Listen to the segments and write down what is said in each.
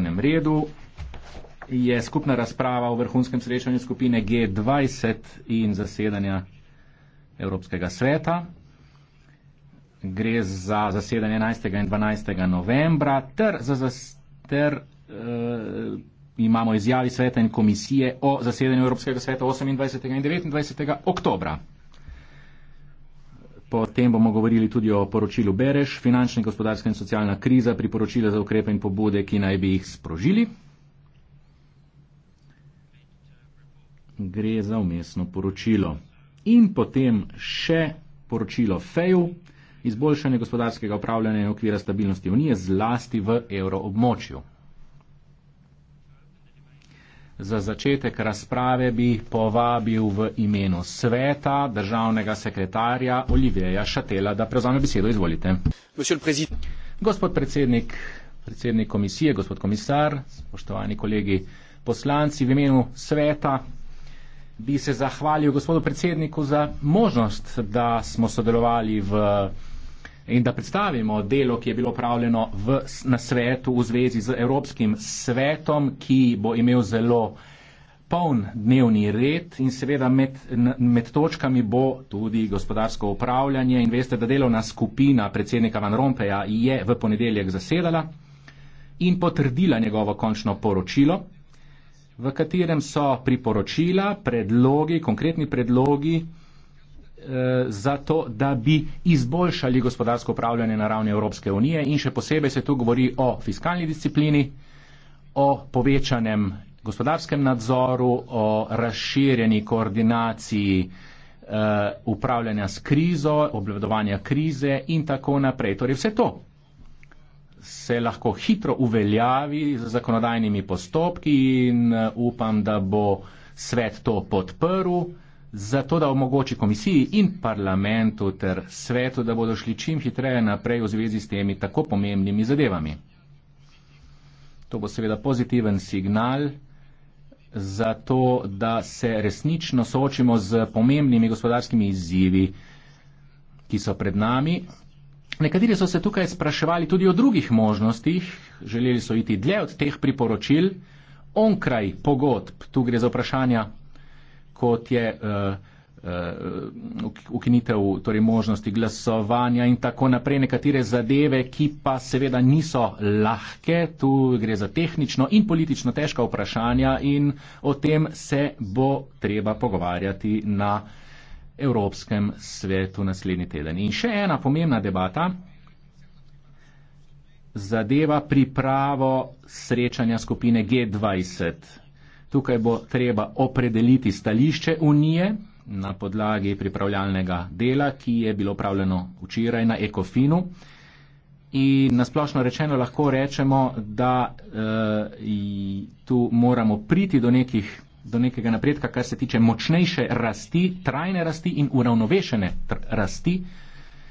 vrstnem redu je skupna razprava o vrhunskem srečanju skupine G20 in zasedanja Evropskega sveta. Gre za zasedanje 11. in 12. novembra ter, za zas, ter uh, imamo izjavi sveta in komisije o zasedanju Evropskega sveta 28. in 29. oktobra. Potem bomo govorili tudi o poročilu Bereš, finančna, gospodarska in socialna kriza, priporočila za ukrepe in pobude, ki naj bi jih sprožili. Gre za umestno poročilo. In potem še poročilo FEJU, izboljšanje gospodarskega upravljanja in okvira stabilnosti unije, zlasti v evroobmočju. Za začetek razprave bi povabil v imenu sveta državnega sekretarja Oliveja Šatela, da prevzame besedo. Izvolite. Gospod predsednik, predsednik komisije, gospod komisar, spoštovani kolegi poslanci, v imenu sveta bi se zahvalil gospodu predsedniku za možnost, da smo sodelovali v in da predstavimo delo, ki je bilo upravljeno v, na svetu v zvezi z Evropskim svetom, ki bo imel zelo poln dnevni red in seveda med, med točkami bo tudi gospodarsko upravljanje in veste, da delovna skupina predsednika Van Rompeja je v ponedeljek zasedala in potrdila njegovo končno poročilo, v katerem so priporočila, predlogi, konkretni predlogi, Eh, zato, da bi izboljšali gospodarsko upravljanje na ravni Evropske unije in še posebej se tu govori o fiskalni disciplini, o povečanem gospodarskem nadzoru, o razširjeni koordinaciji uh, upravljanja s krizo, obvladovanja krize in tako naprej. Torej vse to se lahko hitro uveljavi z zakonodajnimi postopki in eh, upam, da bo svet to podprl zato da omogoči komisiji in parlamentu ter svetu, da bodo šli čim hitreje naprej v zvezi s temi tako pomembnimi zadevami. To bo seveda pozitiven signal za to, da se resnično soočimo z pomembnimi gospodarskimi izzivi, ki so pred nami. Nekateri so se tukaj spraševali tudi o drugih možnostih, želeli so iti dlje od teh priporočil, onkraj pogodb, tu gre za vprašanja kot je eh, eh, ukinitev torej možnosti glasovanja in tako naprej, nekatere zadeve, ki pa seveda niso lahke, tu gre za tehnično in politično težka vprašanja in o tem se bo treba pogovarjati na Evropskem svetu naslednji teden. In še ena pomembna debata zadeva pripravo srečanja skupine G20. Tukaj bo treba opredeliti stališče unije na podlagi pripravljalnega dela, ki je bilo upravljeno včeraj na Ekofinu. In nasplošno rečeno lahko rečemo, da eh, tu moramo priti do, nekih, do nekega napredka, kar se tiče močnejše rasti, trajne rasti in uravnovešene rasti. Eh,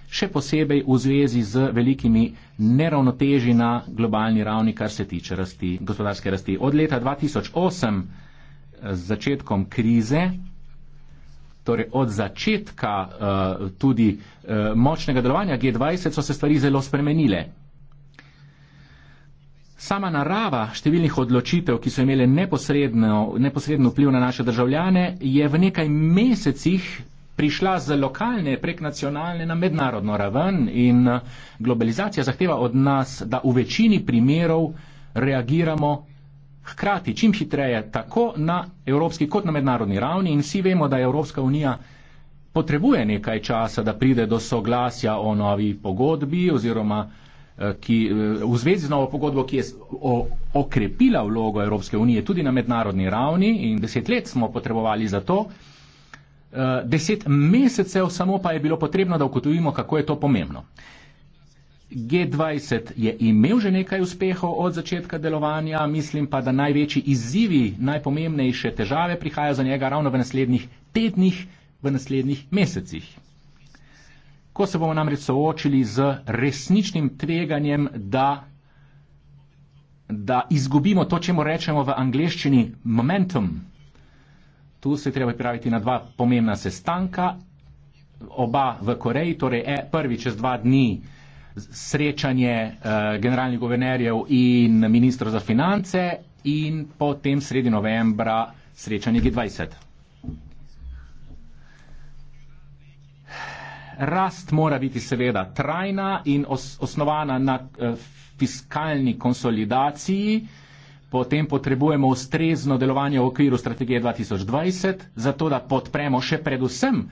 še posebej v zvezi z velikimi neravnoteži na globalni ravni, kar se tiče rasti, gospodarske rasti. Od leta 2008 eh, z začetkom krize, torej od začetka uh, tudi uh, močnega delovanja G20, so se stvari zelo spremenile. Sama narava številnih odločitev, ki so imele neposredno, neposredno vpliv na naše državljane, je v nekaj mesecih prišla z lokalne prek nacionalne na mednarodno raven in eh, globalizacija zahteva od nas, da v večini primerov reagiramo hkrati, čim hitreje, tako na evropski kot na mednarodni ravni in vsi vemo, da je Evropska unija potrebuje nekaj časa, da pride do soglasja o novi pogodbi oziroma eh, ki, eh, v zvezi z novo pogodbo, ki je okrepila vlogo Evropske unije tudi na mednarodni ravni in deset let smo potrebovali za to, uh, deset mesecev, samo pa je bilo potrebno, da ugotovimo, kako je to pomembno. G20 je imel že nekaj uspehov od začetka delovanja, mislim pa, da največji izzivi, najpomembnejše težave prihajajo za njega ravno v naslednjih tednih, v naslednjih mesecih. Ko se bomo namreč soočili z resničnim tveganjem, da, da izgubimo to, čemu rečemo v angleščini momentum, tu se je treba pripraviti na dva pomembna sestanka, oba v Koreji, torej e, prvi čez dva dni srečanje uh, generalnih guvernerjev in ministra za finance in potem sredi novembra srečanje G20. Rast mora biti seveda trajna in os osnovana na uh, fiskalni konsolidaciji uh, potem potrebujemo ustrezno delovanje v okviru strategije 2020, zato da podpremo še predvsem eh,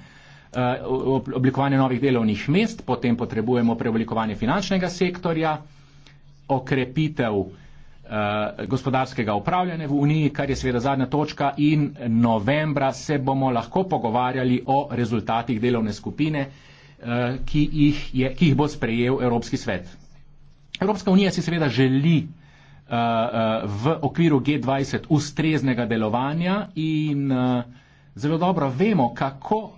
oblikovanje novih delovnih mest, potem potrebujemo preoblikovanje finančnega sektorja, okrepitev eh, gospodarskega upravljanja v Uniji, kar je seveda zadnja točka in novembra se bomo lahko pogovarjali o rezultatih delovne skupine, eh, ki jih, je, ki jih bo sprejel Evropski svet. Evropska unija si seveda želi uh, v okviru G20 ustreznega delovanja in uh, zelo dobro vemo, kako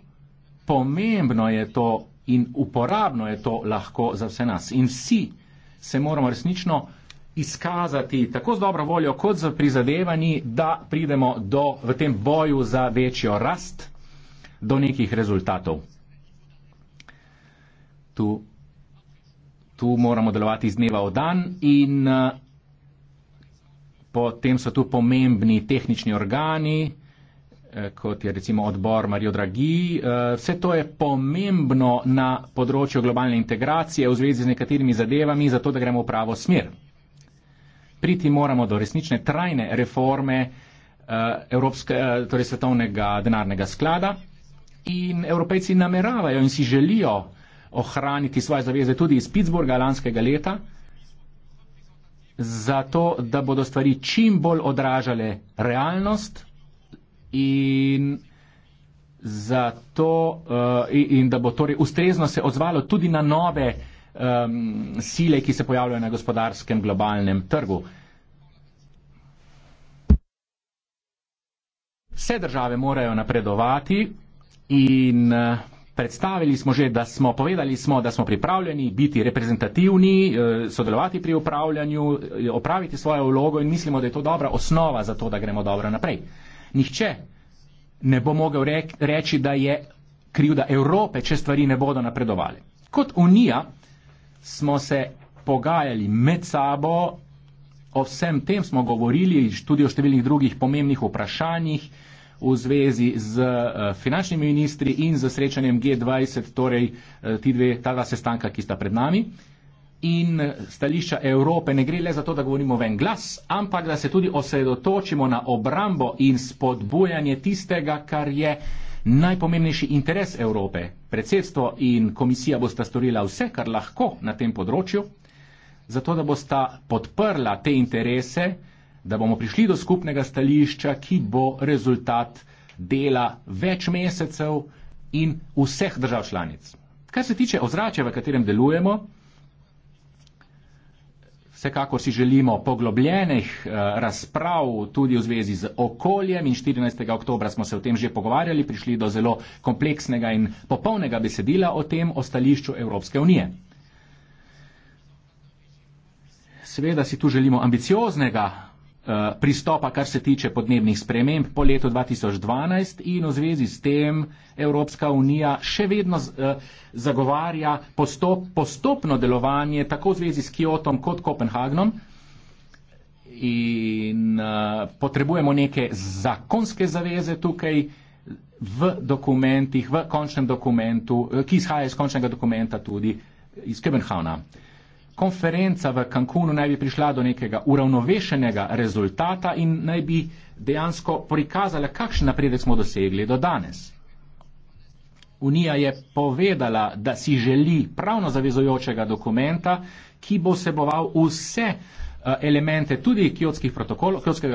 pomembno je to in uporabno je to lahko za vse nas. In vsi se moramo resnično izkazati tako z dobro voljo kot z prizadevanji, da pridemo do, v tem boju za večjo rast do nekih rezultatov. Tu, tu moramo delovati iz dneva v dan in uh, Potem so tu pomembni tehnični organi, eh, kot je recimo odbor Mario Draghi. Eh, vse to je pomembno na področju globalne integracije v zvezi z nekaterimi zadevami, zato da gremo v pravo smer. Priti moramo do resnične trajne reforme eh, Evropske, torej svetovnega denarnega sklada in Evropejci nameravajo in si želijo ohraniti svoje zaveze tudi iz Pittsburgha lanskega leta zato da bodo stvari čim bolj odražale realnost in, zato, uh, in, in da bo torej ustrezno se odzvalo tudi na nove um, sile, ki se pojavljajo na gospodarskem globalnem trgu. Vse države morajo napredovati in uh, Predstavili smo že, da smo povedali, smo, da smo pripravljeni biti reprezentativni, eh, sodelovati pri upravljanju, eh, opraviti svojo vlogo in mislimo, da je to dobra osnova za to, da gremo dobro naprej. Nihče ne bo mogel reči, da je krivda Evrope, če stvari ne bodo napredovali. Kot Unija smo se pogajali med sabo, o vsem tem smo govorili, tudi o številnih drugih pomembnih vprašanjih v zvezi z eh, finančnimi ministri in z srečanjem G20, torej eh, ti dve, ta dva sestanka, ki sta pred nami. In eh, stališča Evrope ne gre le za to, da govorimo ven glas, ampak da se tudi osredotočimo na obrambo in spodbujanje tistega, kar je najpomembnejši interes Evrope. Predsedstvo in komisija bosta storila vse, kar lahko na tem področju, zato da bosta podprla te interese, da bomo prišli do skupnega stališča, ki bo rezultat dela več mesecev in vseh držav članic. Kar se tiče ozračja, v katerem delujemo, vsekakor si želimo poglobljenih eh, razprav tudi v zvezi z okoljem in 14. oktober smo se o tem že pogovarjali, prišli do zelo kompleksnega in popolnega besedila o tem, o stališču Evropske unije. Seveda si tu želimo ambicioznega Eh, pristopa, kar se tiče podnebnih sprememb po letu 2012 in v zvezi s tem Evropska unija še vedno eh, zagovarja postop, postopno delovanje tako v zvezi s Kyotom kot Kopenhagnom in eh, potrebujemo neke zakonske zaveze tukaj v dokumentih, v končnem dokumentu, ki izhaja iz končnega dokumenta tudi iz Kopenhagna konferenca v Cancunu naj bi prišla do nekega uravnovešenega rezultata in naj bi dejansko prikazala, kakšen napredek smo dosegli do danes. Unija je povedala, da si želi pravno zavezojočega dokumenta, ki bo seboval vse eh, elemente tudi kjotskega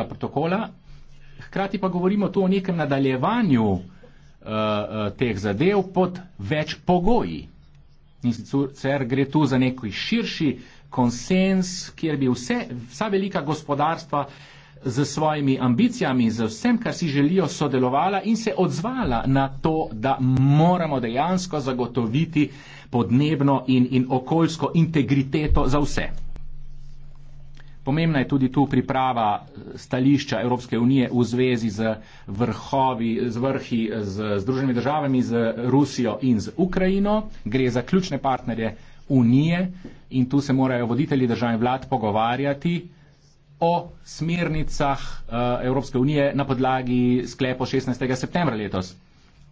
protokola, hkrati pa govorimo tu o nekem nadaljevanju uh, teh zadev pod več pogoji. In sicer gre tu za neki širši konsens, kjer bi vse, vsa velika gospodarstva z svojimi ambicijami, z vsem, kar si želijo, sodelovala in se odzvala na to, da moramo dejansko zagotoviti podnebno in, in okoljsko integriteto za vse. Pomembna je tudi tu priprava eh, stališča Evropske unije v zvezi z vrhovi, z vrhi, z Združenimi državami, z Rusijo in z Ukrajino. Gre za ključne partnerje unije in tu se morajo voditelji držav in vlad pogovarjati o smernicah eh, Evropske unije na podlagi sklepo 16. septembra letos.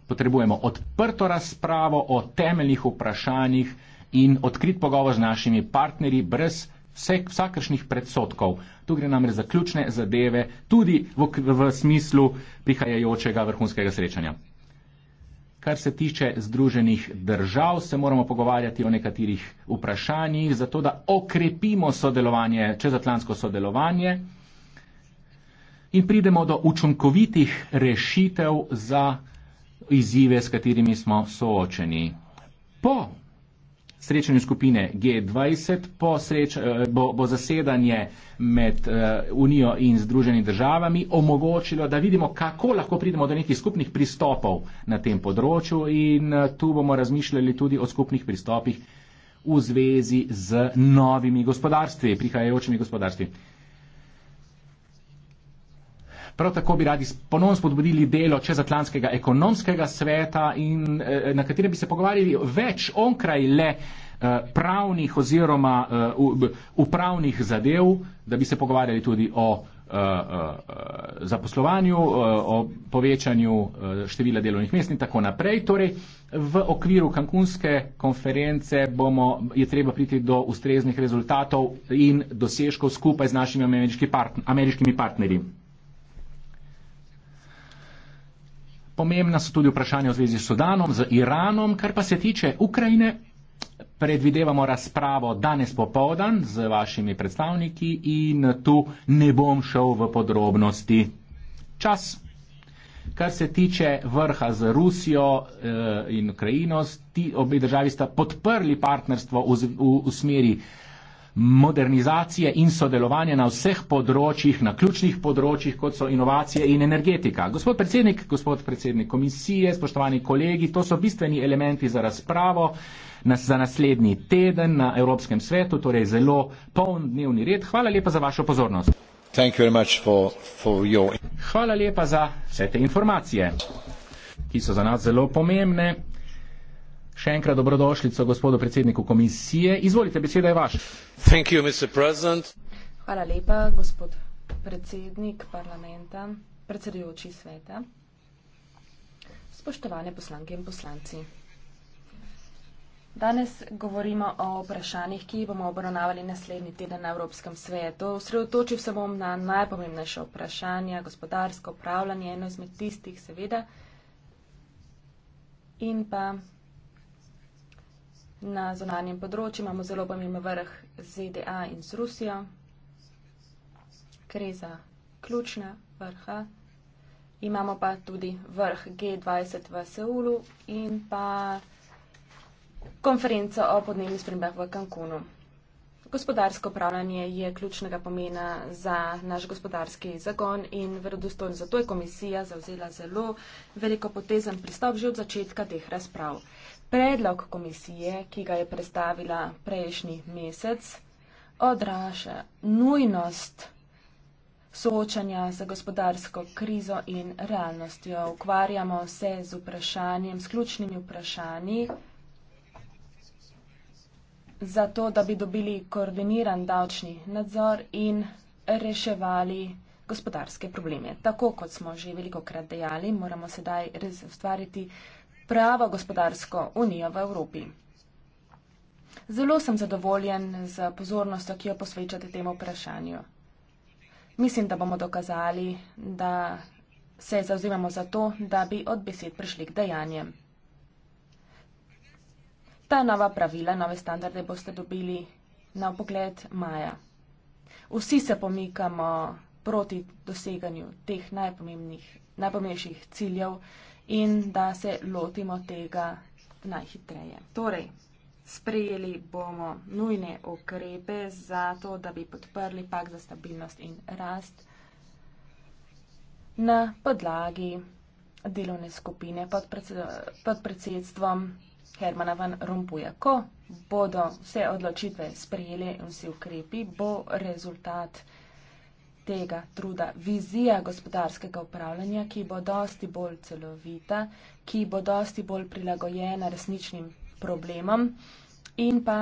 Potrebujemo odprto razpravo o temeljnih vprašanjih in odkrit pogovor z našimi partnerji brez vseh, vsakršnih predsotkov. Tu gre namreč za ključne zadeve, tudi v, v smislu prihajajočega vrhunskega srečanja. Kar se tiče združenih držav, se moramo pogovarjati o nekaterih vprašanjih, zato da okrepimo sodelovanje, čezatlansko sodelovanje in pridemo do učinkovitih rešitev za izzive, s katerimi smo soočeni. Po srečanju skupine G20 po sreč, eh, bo, bo zasedanje med eh, Unijo in Združenimi državami omogočilo, da vidimo, kako lahko pridemo do nekih skupnih pristopov na tem področju in eh, tu bomo razmišljali tudi o skupnih pristopih v zvezi z novimi gospodarstvi, prihajajočimi gospodarstvi. Prav tako bi radi ponovno spodbudili delo čezatlantskega ekonomskega sveta, in, eh, na katerem bi se pogovarjali več onkraj le eh, pravnih oziroma eh, upravnih zadev, da bi se pogovarjali tudi o zaposlovanju, o povečanju števila delovnih mest in tako naprej. Torej, v okviru kankunske konference bomo, je treba priti do ustreznih rezultatov in dosežkov skupaj z našimi ameriški part, ameriškimi partnerji. Pomembna so tudi vprašanja v zvezi s Sudanom, z Iranom. Kar pa se tiče Ukrajine, predvidevamo razpravo danes popovdan z vašimi predstavniki in tu ne bom šel v podrobnosti. Čas. Kar se tiče vrha z Rusijo eh, in Ukrajino, ti obe državi sta podprli partnerstvo v, v, v smeri modernizacije in sodelovanja na vseh področjih, na ključnih področjih, kot so inovacije in energetika. Gospod predsednik, gospod predsednik komisije, spoštovani kolegi, to so bistveni elementi za razpravo za naslednji teden na Evropskem svetu, torej zelo poln dnevni red. Hvala lepa za vašo pozornost. For, for your... Hvala lepa za vse te informacije, ki so za nas zelo pomembne. Še enkrat dobrodošljico gospodu predsedniku komisije. Izvolite, beseda je vaša. Thank you, Mr. President. Hvala lepa, gospod predsednik parlamenta, predsedujoči sveta. Spoštovane poslanke in poslanci. Danes govorimo o vprašanjih, ki bomo obravnavali naslednji teden na Evropskem svetu. Sredotočil se bom na najpomembnejše vprašanja, gospodarsko upravljanje, eno izmed tistih seveda, in pa Na zonarnjem področju imamo zelo pomembno vrh ZDA in z Rusijo. Gre za ključna vrha. Imamo pa tudi vrh G20 v Seulu in pa konferenco o podnebnih spremembah v Cancunu. Gospodarsko upravljanje je ključnega pomena za naš gospodarski zagon in verodostojno zato je komisija zauzela zelo veliko potezen pristop že od začetka teh razprav. Predlog komisije, ki ga je predstavila prejšnji mesec, odraža nujnost soočanja z gospodarsko krizo in realnostjo. Ukvarjamo se z vprašanjem, s ključnimi vprašanji, zato da bi dobili koordiniran davčni nadzor in reševali gospodarske probleme. Tako kot smo že veliko krat dejali, moramo sedaj res ustvariti pravo gospodarsko unijo v Evropi. Zelo sem zadovoljen z pozornostjo, ki jo posvečate temu vprašanju. Mislim, da bomo dokazali, da se zauzemamo za to, da bi od besed prišli k dejanjem. Ta nova pravila, nove standarde boste dobili na pogled maja. Vsi se pomikamo proti doseganju teh najpomembnejših ciljev in da se lotimo tega najhitreje. Torej, sprejeli bomo nujne ukrepe za to, da bi podprli pak za stabilnost in rast na podlagi delovne skupine pod, predsed pod predsedstvom Hermana Van Rompuja. Ko bodo vse odločitve sprejeli in vsi ukrepi, bo rezultat tega truda, vizija gospodarskega upravljanja, ki bo dosti bolj celovita, ki bo dosti bolj prilagojena resničnim problemom in pa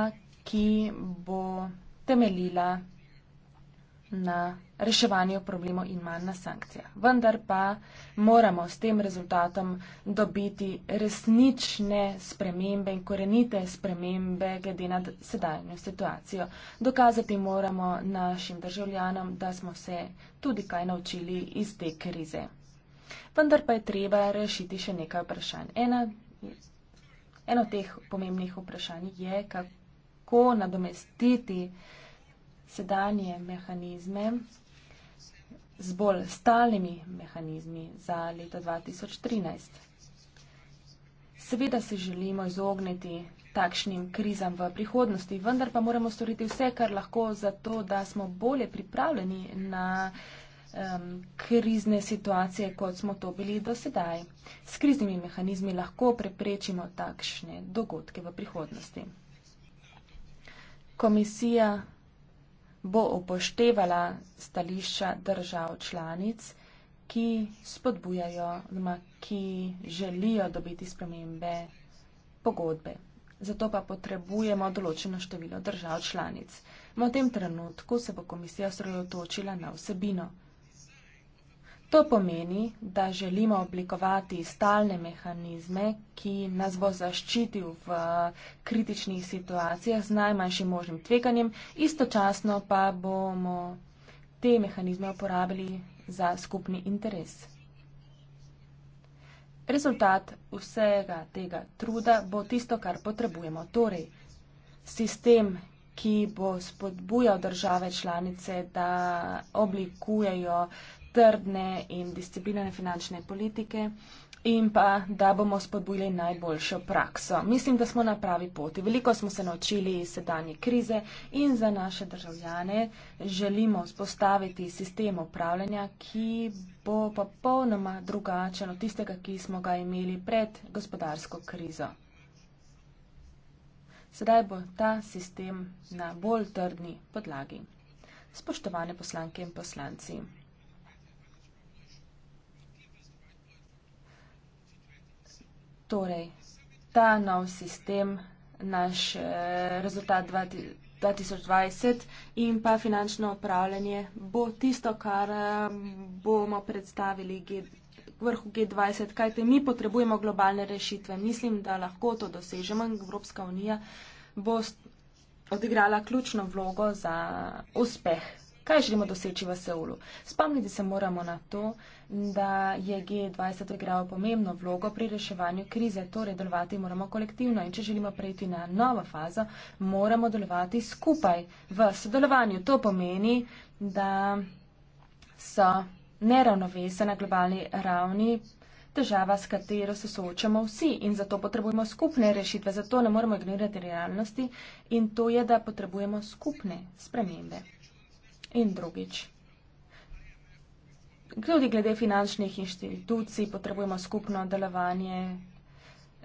ki bo temeljila na reševanju problemov in manj na sankcijah. Vendar pa moramo s tem rezultatom dobiti resnične spremembe in korenite spremembe glede na sedajno situacijo. Dokazati moramo našim državljanom, da smo se tudi kaj naučili iz te krize. Vendar pa je treba rešiti še nekaj vprašanj. Ena, eno teh pomembnih vprašanj je, kako nadomestiti sedanje mehanizme z bolj stalnimi mehanizmi za leto 2013. Seveda se želimo izogniti takšnim krizam v prihodnosti, vendar pa moramo storiti vse, kar lahko, zato da smo bolje pripravljeni na um, krizne situacije, kot smo to bili do sedaj. S kriznimi mehanizmi lahko preprečimo takšne dogodke v prihodnosti. Komisija bo upoštevala stališča držav članic, ki spodbujajo, ki želijo dobiti spremembe pogodbe. Zato pa potrebujemo določeno število držav članic. V tem trenutku se bo komisija osredotočila na vsebino. To pomeni, da želimo oblikovati stalne mehanizme, ki nas bo zaščitil v kritičnih situacijah z najmanjšim možnim tveganjem, istočasno pa bomo te mehanizme uporabili za skupni interes. Rezultat vsega tega truda bo tisto, kar potrebujemo. Torej, sistem, ki bo spodbujal države članice, da oblikujejo trdne in disciplinirane finančne politike in pa, da bomo spodbujali najboljšo prakso. Mislim, da smo na pravi poti. Veliko smo se naučili iz sedanje krize in za naše državljane želimo spostaviti sistem upravljanja, ki bo pa polnoma drugačen od tistega, ki smo ga imeli pred gospodarsko krizo. Sedaj bo ta sistem na bolj trdni podlagi. Spoštovane poslanke in poslanci. Torej, ta nov sistem, naš eh, rezultat 2020 in pa finančno upravljanje bo tisto, kar eh, bomo predstavili v vrhu G20, kajte mi potrebujemo globalne rešitve. Mislim, da lahko to dosežemo in Evropska unija bo odigrala ključno vlogo za uspeh kaj želimo doseči v Seulu. Spomniti se moramo na to, da je G20 igral pomembno vlogo pri reševanju krize, torej delovati moramo kolektivno in če želimo prejti na novo fazo, moramo delovati skupaj v sodelovanju. To pomeni, da so neravnovese na globalni ravni težava, s katero se soočamo vsi in zato potrebujemo skupne rešitve, zato ne moremo ignorirati realnosti in to je, da potrebujemo skupne spremembe. In drugič, tudi glede finančnih inštitucij potrebujemo skupno delovanje.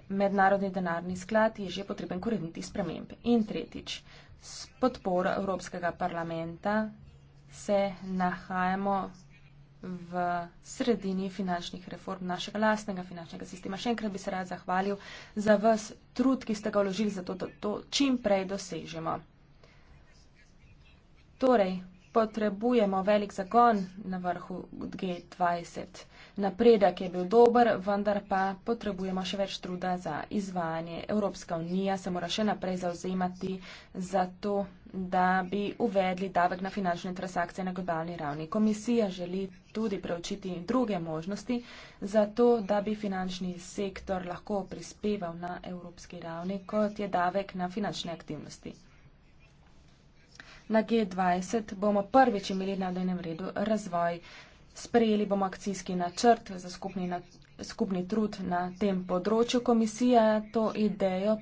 Mednarodni denarni sklad je že potreben korenitih sprememb. In tretjič, s podporo Evropskega parlamenta se nahajamo v sredini finančnih reform našega lastnega finančnega sistema. Še enkrat bi se rad zahvalil za vas trud, ki ste ga vložili, zato da to čim prej dosežemo. Torej, potrebujemo velik zagon na vrhu G20. Napredek je bil dober, vendar pa potrebujemo še več truda za izvajanje. Evropska unija se mora še naprej zauzemati za to, da bi uvedli davek na finančne transakcije na globalni ravni. Komisija želi tudi preučiti druge možnosti za to, da bi finančni sektor lahko prispeval na evropski ravni, kot je davek na finančne aktivnosti. Na G20 bomo prvič imeli na dnevnem redu razvoj, sprejeli bomo akcijski načrt za skupni, na, skupni trud na tem področju. Komisija to idejo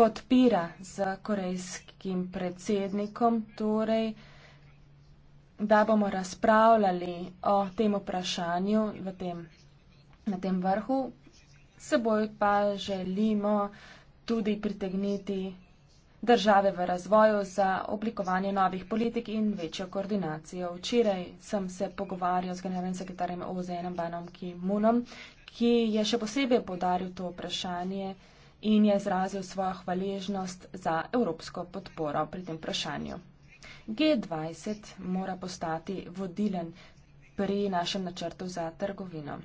podpira z korejskim predsednikom, torej, da bomo razpravljali o tem vprašanju v tem, na tem vrhu. Seboj pa želimo tudi pritegniti države v razvoju za oblikovanje novih politik in večjo koordinacijo. Včeraj sem se pogovarjal z generalnim sekretarjem OZN Banom Kimunom, ki je še posebej podaril to vprašanje in je izrazil svojo hvaležnost za evropsko podporo pri tem vprašanju. G20 mora postati vodilen pri našem načrtu za trgovino.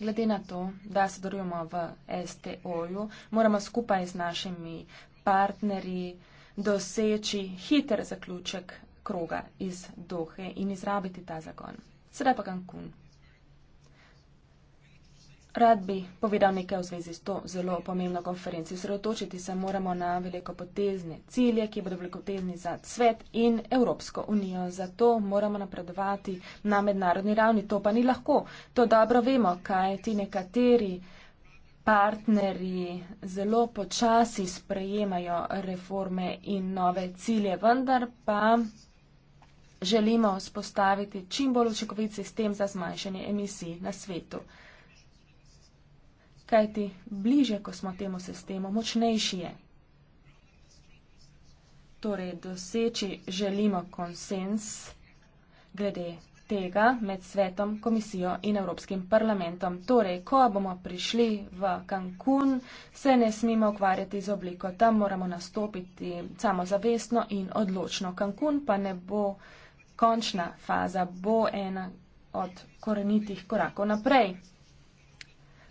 Glede na to, da sodelujemo v STO-ju, moramo skupaj z našimi partnerji doseči hiter zaključek kroga iz Dohe in izrabiti ta zagon. Sedaj pa Cancun. Rad bi povedal nekaj v zvezi s to zelo pomembno konferenci. Sredotočiti se moramo na velikopotezne cilje, ki bodo velikopotezni za svet in Evropsko unijo. Zato moramo napredovati na mednarodni ravni. To pa ni lahko. To dobro vemo, kaj ti nekateri partnerji zelo počasi sprejemajo reforme in nove cilje, vendar pa želimo vzpostaviti čim bolj učinkovit sistem za zmanjšanje emisij na svetu. Kajti bliže, ko smo temu sistemu, močnejši je. Torej, doseči želimo konsens glede tega med svetom, komisijo in Evropskim parlamentom. Torej, ko bomo prišli v Cancun, se ne smemo ukvarjati z obliko, tam moramo nastopiti samozavestno in odločno. Cancun pa ne bo končna faza, bo ena od korenitih korakov naprej.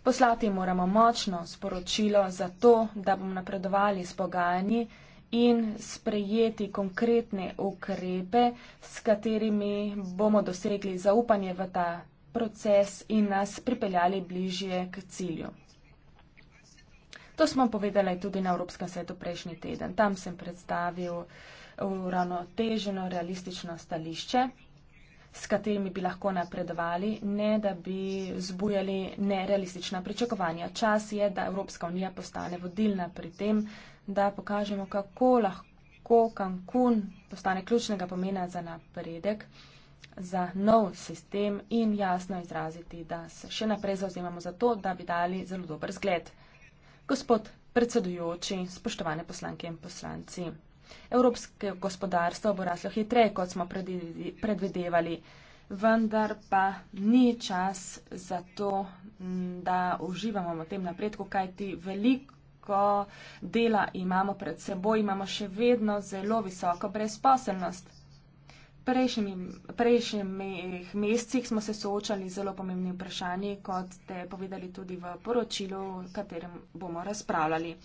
Poslati moramo močno sporočilo za to, da bomo napredovali s pogajanji in sprejeti konkretne ukrepe, s katerimi bomo dosegli zaupanje v ta proces in nas pripeljali bližje k cilju. To smo povedali tudi na Evropskem svetu prejšnji teden. Tam sem predstavil uravnoteženo realistično stališče s katerimi bi lahko napredovali, ne da bi zbujali nerealistična pričakovanja. Čas je, da Evropska unija postane vodilna pri tem, da pokažemo, kako lahko Cancun postane ključnega pomena za napredek, za nov sistem in jasno izraziti, da se še naprej zauzemamo za to, da bi dali zelo dober zgled. Gospod predsedujoči, spoštovane poslanke in poslanci. Evropske gospodarstvo bo raslo hitreje, kot smo predvidevali, vendar pa ni čas za to, da uživamo v tem napredku, kajti veliko dela imamo pred seboj, imamo še vedno zelo visoko brezposelnost. V prejšnjih mesecih smo se soočali z zelo pomembnimi vprašanji, kot ste povedali tudi v poročilu, o katerem bomo razpravljali.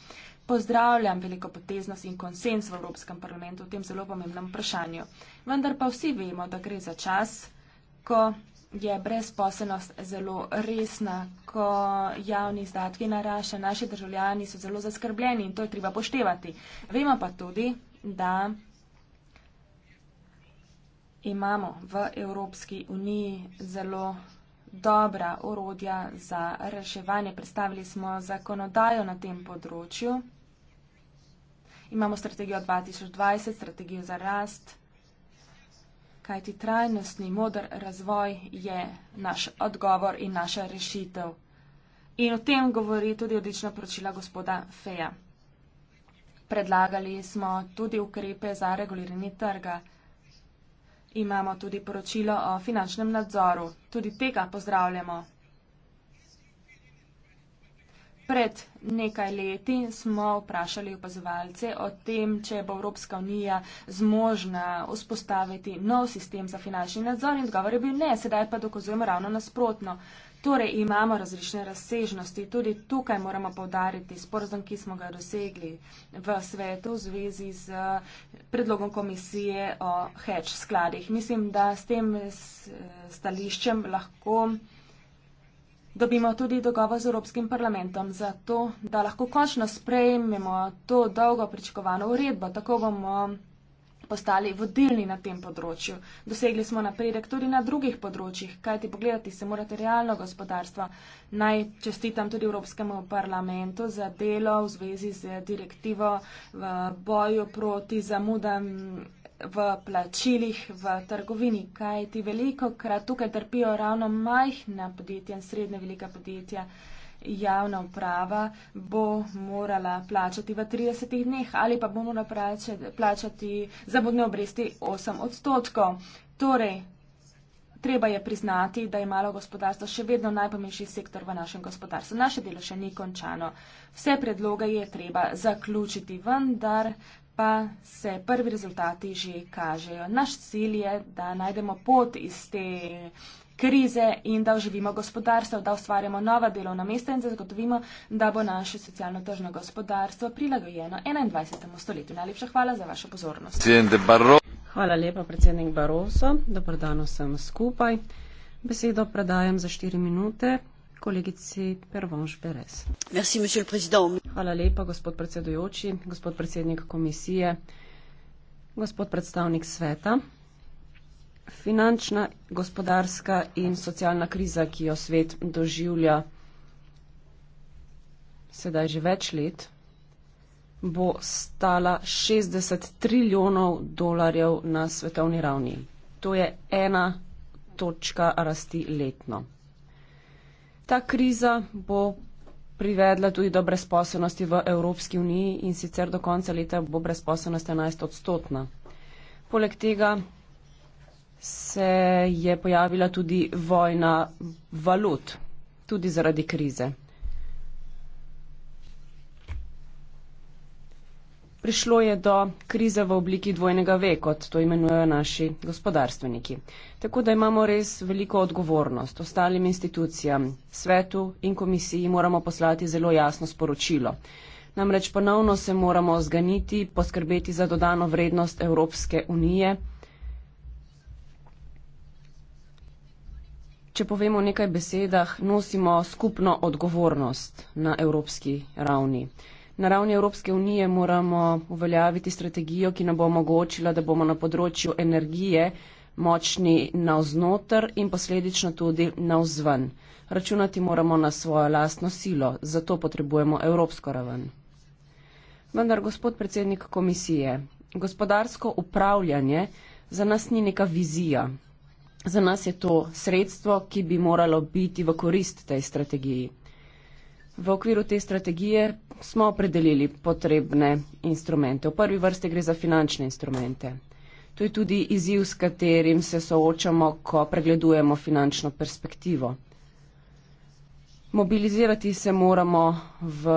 Pozdravljam veliko poteznost in konsens v Evropskem parlamentu v tem zelo pomembnem vprašanju. Vendar pa vsi vemo, da gre za čas, ko je brezposelnost zelo resna, ko javni izdatki narašajo, naši državljani so zelo zaskrbljeni in to je treba poštevati. Vemo pa tudi, da imamo v Evropski uniji zelo dobra orodja za reševanje. Predstavili smo zakonodajo na tem področju. Imamo strategijo 2020, strategijo za rast, kajti trajnostni modr razvoj je naš odgovor in naša rešitev. In o tem govori tudi odlična poročila gospoda Feja. Predlagali smo tudi ukrepe za reguliranje trga. Imamo tudi poročilo o finančnem nadzoru. Tudi tega pozdravljamo. Pred nekaj leti smo vprašali opazovalce o tem, če bo Evropska unija zmožna vzpostaviti nov sistem za finančni nadzor in odgovor je bil ne, sedaj pa dokazujemo ravno nasprotno. Torej imamo različne razsežnosti. Tudi tukaj moramo povdariti sporozum, ki smo ga dosegli v svetu v zvezi z predlogom komisije o hedge skladih. Mislim, da s tem stališčem lahko dobimo tudi dogovor z Evropskim parlamentom za to, da lahko končno sprejmemo to dolgo pričakovano uredbo. Tako bomo postali vodilni na tem področju. Dosegli smo napredek tudi na drugih področjih, kajti pogledati se morate realno gospodarstvo. Naj čestitam tudi Evropskemu parlamentu za delo v zvezi z direktivo v boju proti zamudam v plačilih v trgovini, kaj ti veliko krat tukaj trpijo ravno majhna podjetja in srednje velika podjetja. Javna uprava bo morala plačati v 30 dneh ali pa bo morala plačati zabudne obresti 8 odstotkov. Torej, treba je priznati, da je malo gospodarstvo še vedno najpomembnejši sektor v našem gospodarstvu. Naše delo še ni končano. Vse predloge je treba zaključiti, vendar pa se prvi rezultati že kažejo. Naš cilj je, da najdemo pot iz te krize in da oživimo gospodarstvo, da ustvarjamo nova delovna mesta in zagotovimo, da bo naše socialno-tržno gospodarstvo prilagojeno 21. stoletju. Najlepša hvala za vašo pozornost. Hvala lepa, predsednik Baroso. Dobrodano sem skupaj. Besedo predajam za 4 minute kolegici Pervonge Perez. Merci, Hvala lepa, gospod predsedujoči, gospod predsednik komisije, gospod predstavnik sveta. Finančna, gospodarska in socialna kriza, ki jo svet doživlja sedaj že več let, bo stala 60 trilijonov dolarjev na svetovni ravni. To je ena točka rasti letno. Ta kriza bo privedla tudi do brezposobnosti v Evropski uniji in sicer do konca leta bo brezposobnost 11 odstotna. Poleg tega se je pojavila tudi vojna valut, tudi zaradi krize. Prišlo je do krize v obliki dvojnega ve, kot to imenujejo naši gospodarstveniki. Tako da imamo res veliko odgovornost. Ostalim institucijam, svetu in komisiji moramo poslati zelo jasno sporočilo. Namreč ponovno se moramo zganiti, poskrbeti za dodano vrednost Evropske unije. Če povemo nekaj besedah, nosimo skupno odgovornost na evropski ravni. Na ravni Evropske unije moramo uveljaviti strategijo, ki nam bo omogočila, da bomo na področju energije močni navznoter in posledično tudi navzven. Računati moramo na svojo lastno silo, zato potrebujemo evropsko raven. Vendar, gospod predsednik komisije, gospodarsko upravljanje za nas ni neka vizija. Za nas je to sredstvo, ki bi moralo biti v korist tej strategiji. V okviru te strategije smo opredelili potrebne instrumente. V prvi vrsti gre za finančne instrumente. To je tudi izziv, s katerim se soočamo, ko pregledujemo finančno perspektivo. Mobilizirati se moramo v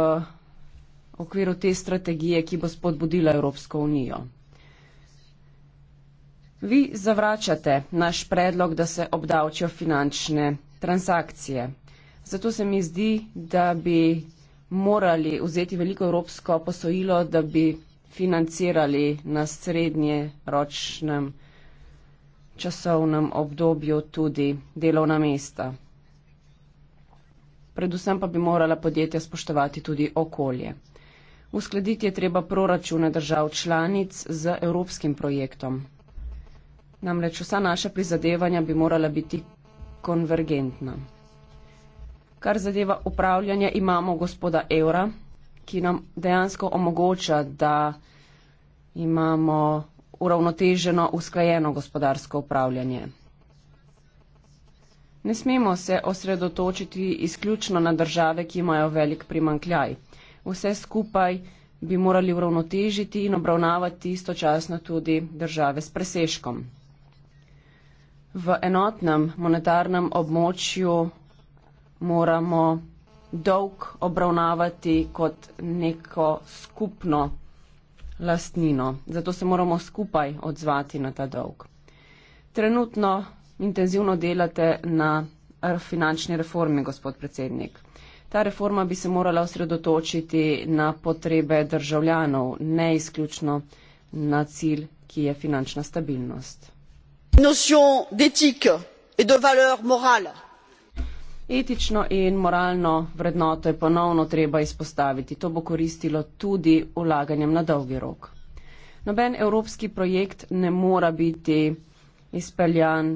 okviru te strategije, ki bo spodbudila Evropsko unijo. Vi zavračate naš predlog, da se obdavčijo finančne transakcije. Zato se mi zdi, da bi morali vzeti veliko evropsko posojilo, da bi financirali na srednje ročnem časovnem obdobju tudi delovna mesta. Predvsem pa bi morala podjetja spoštovati tudi okolje. Uskladiti je treba proračune držav članic z evropskim projektom. Namreč vsa naša prizadevanja bi morala biti konvergentna. Kar zadeva upravljanje, imamo gospoda Evra, ki nam dejansko omogoča, da imamo uravnoteženo, usklajeno gospodarsko upravljanje. Ne smemo se osredotočiti izključno na države, ki imajo velik primankljaj. Vse skupaj bi morali uravnotežiti in obravnavati istočasno tudi države s preseškom. V enotnem monetarnem območju moramo dolg obravnavati kot neko skupno lastnino. Zato se moramo skupaj odzvati na ta dolg. Trenutno intenzivno delate na finančni reformi, gospod predsednik. Ta reforma bi se morala osredotočiti na potrebe državljanov, ne izključno na cilj, ki je finančna stabilnost. Notion d'etique et de valeur morale. Etično in moralno vrednoto je ponovno treba izpostaviti. To bo koristilo tudi vlaganjem na dolgi rok. Noben evropski projekt ne mora biti izpeljan,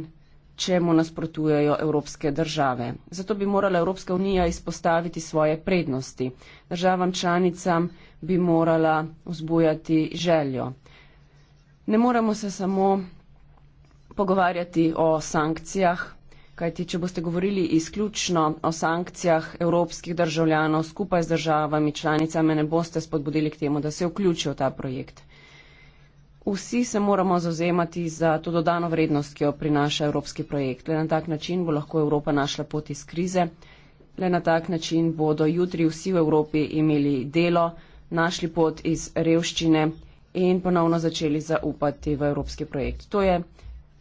če mu nasprotujejo evropske države. Zato bi morala Evropska unija izpostaviti svoje prednosti. Državam članicam bi morala vzbujati željo. Ne moremo se samo pogovarjati o sankcijah, Kajti, če boste govorili izključno o sankcijah evropskih državljanov skupaj z državami članicami, ne boste spodbudili k temu, da se vključijo v ta projekt. Vsi se moramo zauzemati za to dodano vrednost, ki jo prinaša evropski projekt. Le na tak način bo lahko Evropa našla pot iz krize. Le na tak način bodo jutri vsi v Evropi imeli delo, našli pot iz revščine in ponovno začeli zaupati v evropski projekt. To je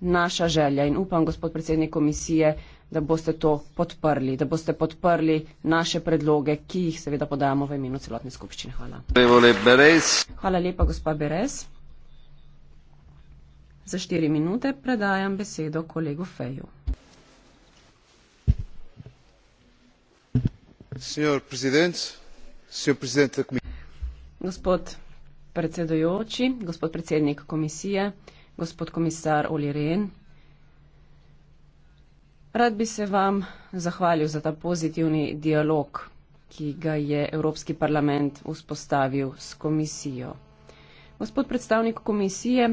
naša želja in upam, gospod predsednik komisije, da boste to podprli, da boste podprli naše predloge, ki jih seveda podajamo v imenu celotne skupščine. Hvala. Hvala lepa, gospa Beres. Za štiri minute predajam besedo kolegu Feju. Gospod predsedujoči, gospod predsednik komisije, gospod komisar Olirén. Rad bi se vam zahvalil za ta pozitivni dialog, ki ga je Evropski parlament vzpostavil s komisijo. Gospod predstavnik komisije,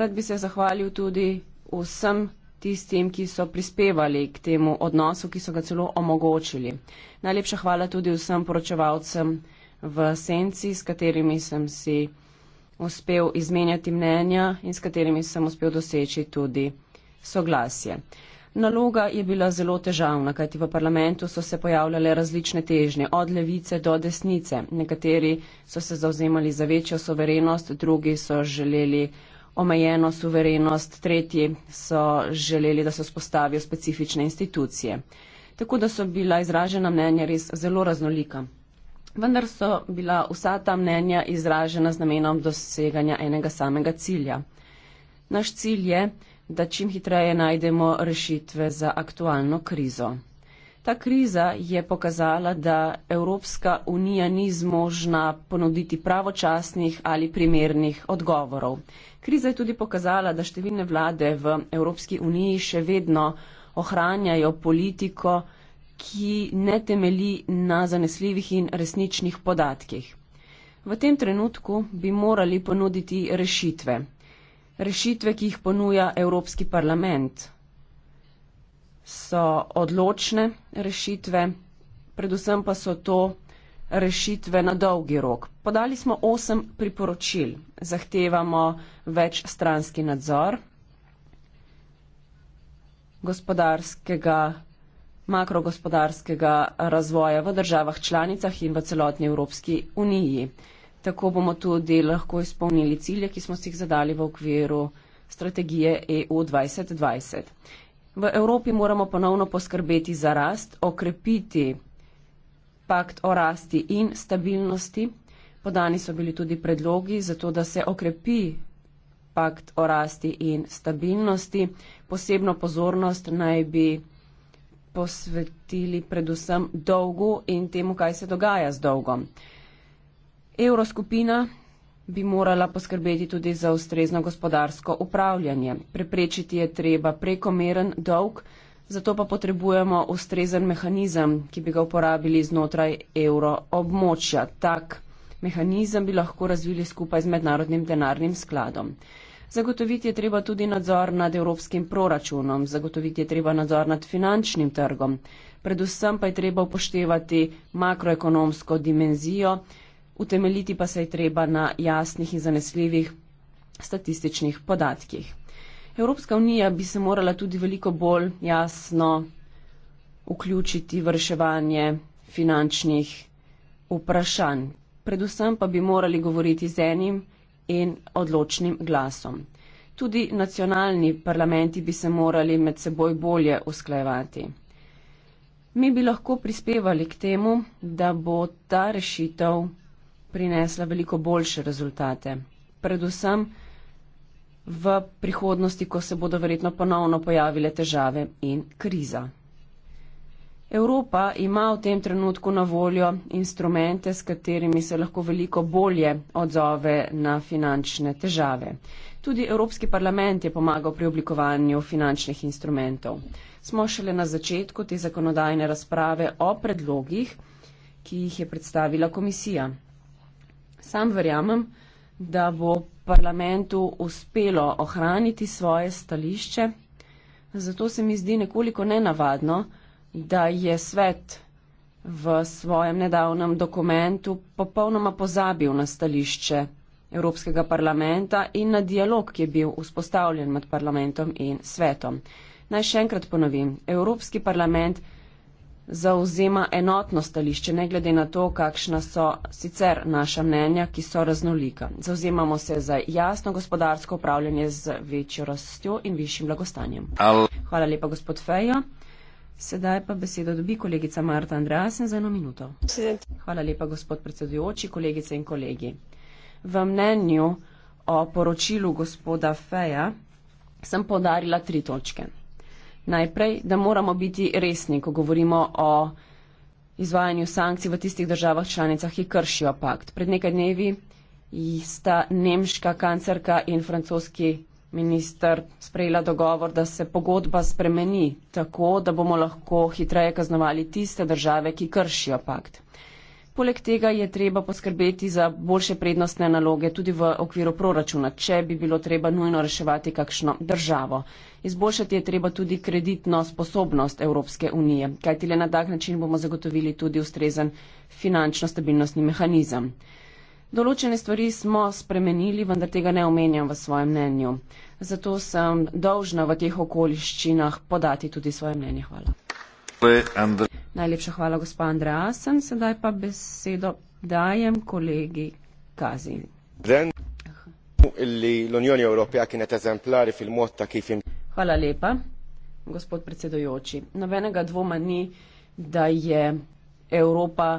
rad bi se zahvalil tudi vsem tistim, ki so prispevali k temu odnosu, ki so ga celo omogočili. Najlepša hvala tudi vsem poročevalcem v senci, s katerimi sem si uspel izmenjati mnenja in s katerimi sem uspel doseči tudi soglasje. Naloga je bila zelo težavna, kajti v parlamentu so se pojavljale različne težnje, od levice do desnice. Nekateri so se zauzemali za večjo soverenost, drugi so želeli omejeno suverenost, tretji so želeli, da se spostavijo specifične institucije. Tako da so bila izražena mnenja res zelo raznolika. Vendar so bila vsa ta mnenja izražena z namenom doseganja enega samega cilja. Naš cilj je, da čim hitreje najdemo rešitve za aktualno krizo. Ta kriza je pokazala, da Evropska unija ni zmožna ponuditi pravočasnih ali primernih odgovorov. Kriza je tudi pokazala, da številne vlade v Evropski uniji še vedno ohranjajo politiko, ki ne temeli na zanesljivih in resničnih podatkih. V tem trenutku bi morali ponuditi rešitve. Rešitve, ki jih ponuja Evropski parlament, so odločne rešitve, predvsem pa so to rešitve na dolgi rok. Podali smo osem priporočil. Zahtevamo več stranski nadzor gospodarskega makrogospodarskega razvoja v državah članicah in v celotni Evropski uniji. Tako bomo tudi lahko izpolnili cilje, ki smo si jih zadali v okviru strategije EU 2020. V Evropi moramo ponovno poskrbeti za rast, okrepiti pakt o rasti in stabilnosti. Podani so bili tudi predlogi za to, da se okrepi pakt o rasti in stabilnosti. Posebno pozornost naj bi posvetili predvsem dolgu in temu, kaj se dogaja z dolgom. Evroskupina bi morala poskrbeti tudi za ustrezno gospodarsko upravljanje. Preprečiti je treba prekomeren dolg, zato pa potrebujemo ustrezen mehanizem, ki bi ga uporabili znotraj evroobmočja. Tak mehanizem bi lahko razvili skupaj z mednarodnim denarnim skladom. Zagotoviti je treba tudi nadzor nad evropskim proračunom, zagotoviti je treba nadzor nad finančnim trgom. Predvsem pa je treba upoštevati makroekonomsko dimenzijo, utemeljiti pa se je treba na jasnih in zanesljivih statističnih podatkih. Evropska unija bi se morala tudi veliko bolj jasno vključiti v reševanje finančnih vprašanj. Predvsem pa bi morali govoriti z enim in odločnim glasom. Tudi nacionalni parlamenti bi se morali med seboj bolje usklajevati. Mi bi lahko prispevali k temu, da bo ta rešitev prinesla veliko boljše rezultate. Predvsem v prihodnosti, ko se bodo verjetno ponovno pojavile težave in kriza. Evropa ima v tem trenutku na voljo instrumente, s katerimi se lahko veliko bolje odzove na finančne težave. Tudi Evropski parlament je pomagal pri oblikovanju finančnih instrumentov. Smo šele na začetku te zakonodajne razprave o predlogih, ki jih je predstavila komisija. Sam verjamem, da bo parlamentu uspelo ohraniti svoje stališče, zato se mi zdi nekoliko nenavadno, da je svet v svojem nedavnem dokumentu popolnoma pozabil na stališče Evropskega parlamenta in na dialog, ki je bil vzpostavljen med parlamentom in svetom. Naj še enkrat ponovim, Evropski parlament zauzema enotno stališče, ne glede na to, kakšna so sicer naša mnenja, ki so raznolika. Zauzemamo se za jasno gospodarsko upravljanje z večjo rastjo in višjim blagostanjem. Hvala lepa, gospod Fejo. Sedaj pa besedo dobi kolegica Marta Andreasen za eno minuto. Hvala lepa, gospod predsedujoči, kolegice in kolegi. V mnenju o poročilu gospoda Feja sem podarila tri točke. Najprej, da moramo biti resni, ko govorimo o izvajanju sankcij v tistih državah članicah, ki kršijo pakt. Pred nekaj dnevi sta nemška kancerka in francoski minister sprejela dogovor, da se pogodba spremeni tako, da bomo lahko hitreje kaznovali tiste države, ki kršijo pakt. Poleg tega je treba poskrbeti za boljše prednostne naloge tudi v okviru proračuna, če bi bilo treba nujno reševati kakšno državo. Izboljšati je treba tudi kreditno sposobnost Evropske unije, kajti le na tak način bomo zagotovili tudi ustrezen finančno stabilnostni mehanizem. Določene stvari smo spremenili, vendar tega ne omenjam v svojem mnenju. Zato sem dolžna v teh okoliščinah podati tudi svoje mnenje. Hvala. Najlepša hvala, gospod Andreasen. Sedaj pa besedo dajem kolegi Kazi. Hvala lepa, gospod predsedojoči. Nobenega dvoma ni, da je Evropa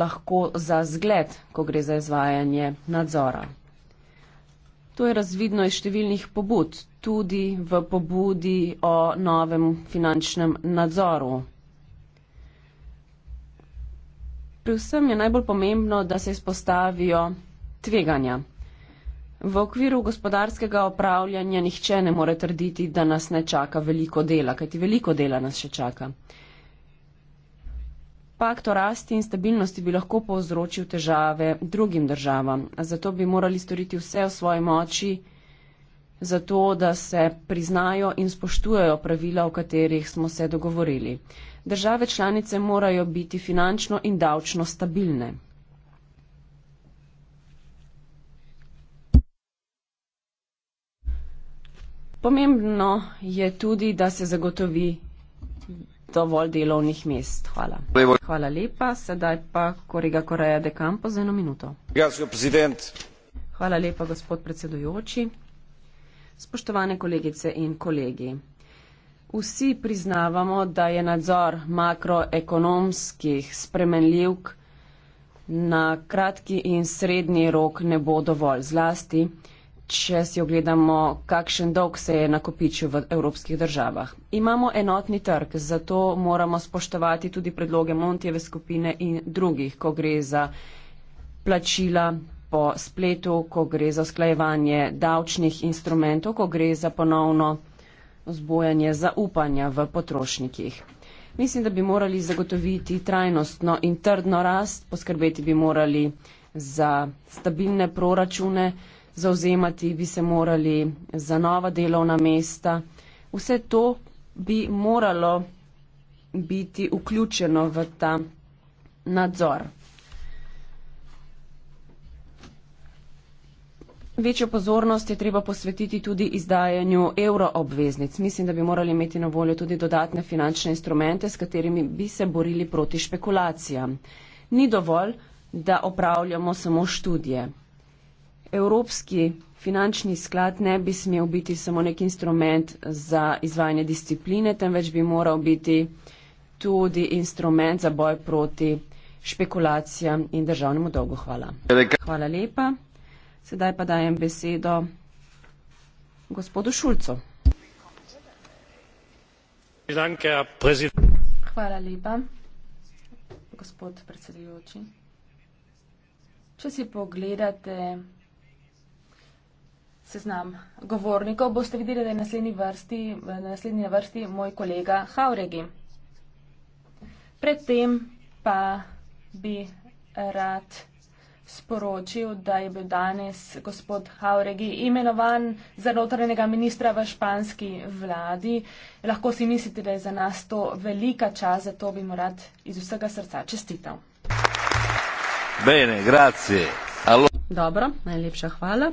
lahko za zgled, ko gre za izvajanje nadzora. To je razvidno iz številnih pobud, tudi v pobudi o novem finančnem nadzoru. Pri vsem je najbolj pomembno, da se izpostavijo tveganja. V okviru gospodarskega opravljanja nihče ne more trditi, da nas ne čaka veliko dela, kajti veliko dela nas še čaka pakt o rasti in stabilnosti bi lahko povzročil težave drugim državam. Zato bi morali storiti vse v svoji moči, zato da se priznajo in spoštujejo pravila, o katerih smo se dogovorili. Države članice morajo biti finančno in davčno stabilne. Pomembno je tudi, da se zagotovi dovolj delovnih mest. Hvala. Hvala lepa. Sedaj pa korega Koreja de Campo za eno minuto. Hvala lepa, gospod predsedujoči. Spoštovane kolegice in kolegi. Vsi priznavamo, da je nadzor makroekonomskih spremenljivk na kratki in srednji rok ne bo dovolj zlasti če si ogledamo, kakšen dolg se je nakopičil v evropskih državah. Imamo enotni trg, zato moramo spoštovati tudi predloge Montjeve skupine in drugih, ko gre za plačila po spletu, ko gre za sklajevanje davčnih instrumentov, ko gre za ponovno vzbojanje zaupanja v potrošnikih. Mislim, da bi morali zagotoviti trajnostno in trdno rast, poskrbeti bi morali za stabilne proračune, zauzemati bi se morali za nova delovna mesta. Vse to bi moralo biti vključeno v ta nadzor. Večjo pozornost je treba posvetiti tudi izdajanju euroobveznic. Mislim, da bi morali imeti na voljo tudi dodatne finančne instrumente, s katerimi bi se borili proti špekulacijam. Ni dovolj, da opravljamo samo študije. Evropski finančni sklad ne bi smel biti samo nek instrument za izvajanje discipline, temveč bi moral biti tudi instrument za boj proti špekulacijam in državnemu dolgu. Hvala. Hvala lepa. Sedaj pa dajem besedo gospodu Šulcu. Hvala lepa, gospod predsedujoči. Če si pogledate seznam govornikov. Boste videli, da je naslednji vrsti, na naslednji vrsti moj kolega Hauregi. Predtem pa bi rad sporočil, da je bil danes gospod Hauregi imenovan za notranjega ministra v španski vladi. Lahko si mislite, da je za nas to velika čas, zato bi mu rad iz vsega srca čestital. Bene, grazie. Alo. Dobro, najlepša hvala.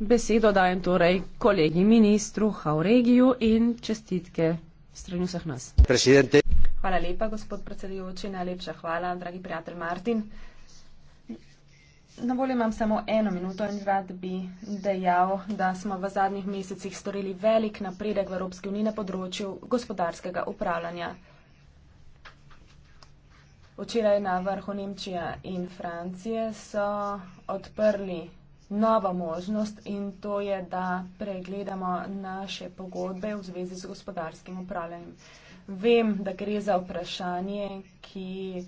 Besedo dajem torej kolegi ministru Hauregiju in čestitke strani vseh nas. Presidente. Hvala lepa, gospod predsedujoči, najlepša hvala, dragi prijatelj Martin. Na voljo imam samo eno minuto in rad bi dejal, da smo v zadnjih mesecih storili velik napredek v Evropski uniji na področju gospodarskega upravljanja. Včeraj na vrhu Nemčija in Francije so odprli nova možnost in to je, da pregledamo naše pogodbe v zvezi z gospodarskim upravljanjem. Vem, da gre za vprašanje, ki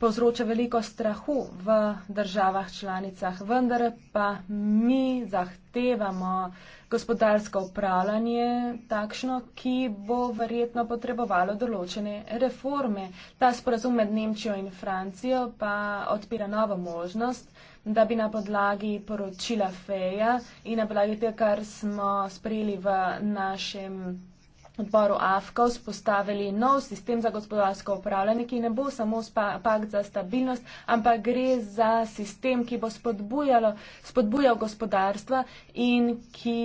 povzroča veliko strahu v državah članicah, vendar pa mi zahtevamo gospodarsko upravljanje takšno, ki bo verjetno potrebovalo določene reforme. Ta sporazum med Nemčijo in Francijo pa odpira novo možnost, da bi na podlagi poročila Feja in na podlagi tega, kar smo sprejeli v našem odboru AFKA, spostavili nov sistem za gospodarsko upravljanje, ki ne bo samo pakt za stabilnost, ampak gre za sistem, ki bo spodbujal gospodarstva in ki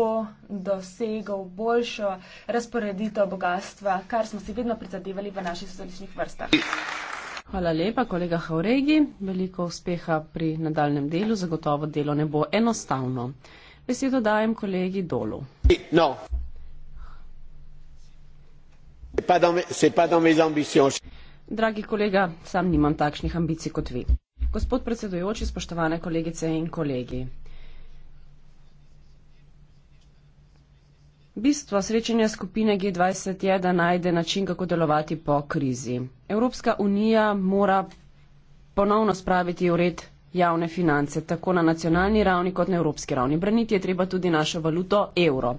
bo dosegal boljšo razporeditev bogatstva, kar smo si vedno prizadevali v naših socialističnih vrstah. Hvala. Hvala lepa, kolega Hauregi. Veliko uspeha pri nadaljem delu. Zagotovo delo ne bo enostavno. Besedo dajem kolegi Dolu. No. Dragi kolega, sam nimam takšnih ambicij kot vi. Gospod predsedujoči, spoštovane kolegice in kolegi. Bistvo srečanja skupine G20 je, da najde način, kako delovati po krizi. Evropska unija mora ponovno spraviti ured javne finance, tako na nacionalni ravni kot na evropski ravni. Braniti je treba tudi našo valuto evro.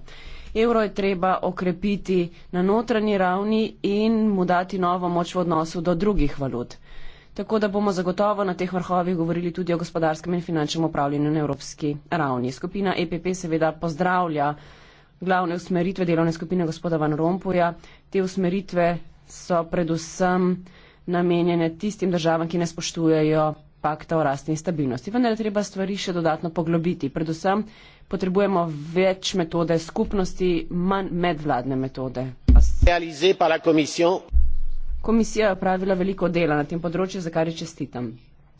Evro je treba okrepiti na notranji ravni in mu dati novo moč v odnosu do drugih valut. Tako da bomo zagotovo na teh vrhovih govorili tudi o gospodarskem in finančnem upravljanju na evropski ravni. Skupina EPP seveda pozdravlja glavne usmeritve delovne skupine gospoda Van Rompuja. Te usmeritve so predvsem namenjene tistim državam, ki ne spoštujejo pakta o rasti in stabilnosti. Vendar je treba stvari še dodatno poglobiti. Predvsem potrebujemo več metode skupnosti, manj medvladne metode. Komisija je opravila veliko dela na tem področju, za kar ji čestitam.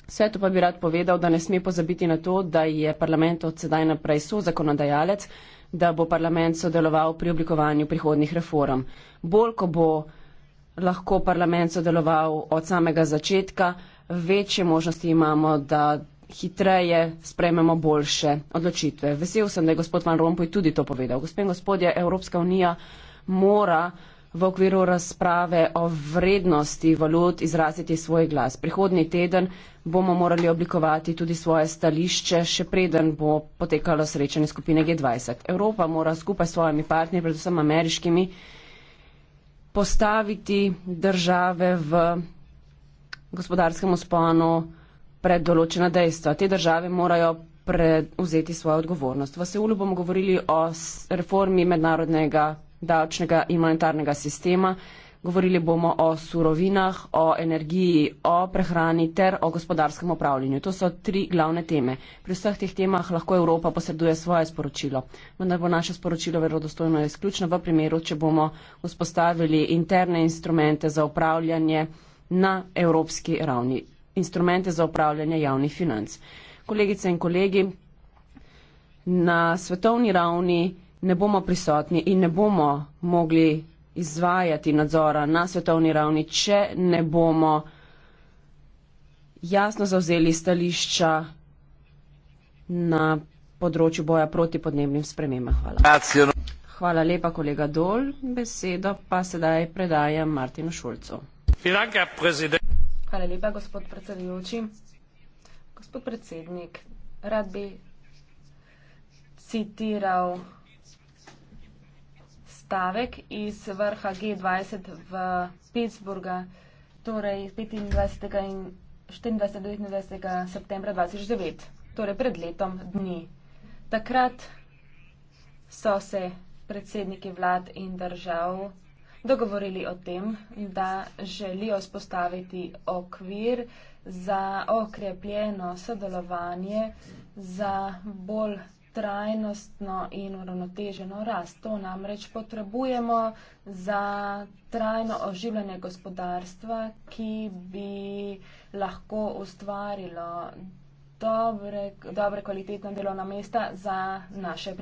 Svetu pa bi rad povedal, da ne sme pozabiti na to, da je parlament od sedaj naprej so zakonodajalec, da bo parlament sodeloval pri oblikovanju prihodnih reform. Bolj, ko bo lahko parlament sodeloval od samega začetka, večje možnosti imamo, da hitreje sprememo boljše odločitve. Vesel sem, da je gospod Van Rompuy tudi to povedal. Gospod in gospodje, Evropska unija mora v okviru razprave o vrednosti valut izraziti svoj glas. Prihodni teden bomo morali oblikovati tudi svoje stališče, še preden bo potekalo srečanje skupine G20. Evropa mora skupaj s svojimi partnerji, predvsem ameriškimi, postaviti države v gospodarskem usponu pred določena dejstva. Te države morajo prevzeti svojo odgovornost. V Seulu bomo govorili o reformi mednarodnega davčnega in monetarnega sistema. Govorili bomo o surovinah, o energiji, o prehrani ter o gospodarskem upravljanju. To so tri glavne teme. Pri vseh teh temah lahko Evropa posreduje svoje sporočilo, vendar bo naše sporočilo verodostojno izključno v primeru, če bomo vzpostavili interne instrumente za upravljanje na evropski ravni, instrumente za upravljanje javnih financ. Kolegice in kolegi, na svetovni ravni ne bomo prisotni in ne bomo mogli izvajati nadzora na svetovni ravni, če ne bomo jasno zauzeli stališča na področju boja proti podnebnim spremembam. Hvala. Hvala lepa, kolega Dol. Besedo pa sedaj predajam Martinu Šulcu. Hvala lepa, gospod predsedujoči. Gospod predsednik, rad bi citiral stavek iz vrha G20 v Pittsburgu, torej 25. in 24.29. septembra 2009, torej pred letom dni. Takrat so se predsedniki vlad in držav dogovorili o tem, da želijo spostaviti okvir za okrepljeno sodelovanje, za bolj trajnostno in uravnoteženo rast. To namreč potrebujemo za trajno oživljanje gospodarstva, ki bi lahko ustvarilo dobre, dobre kvalitetna delovna mesta za naše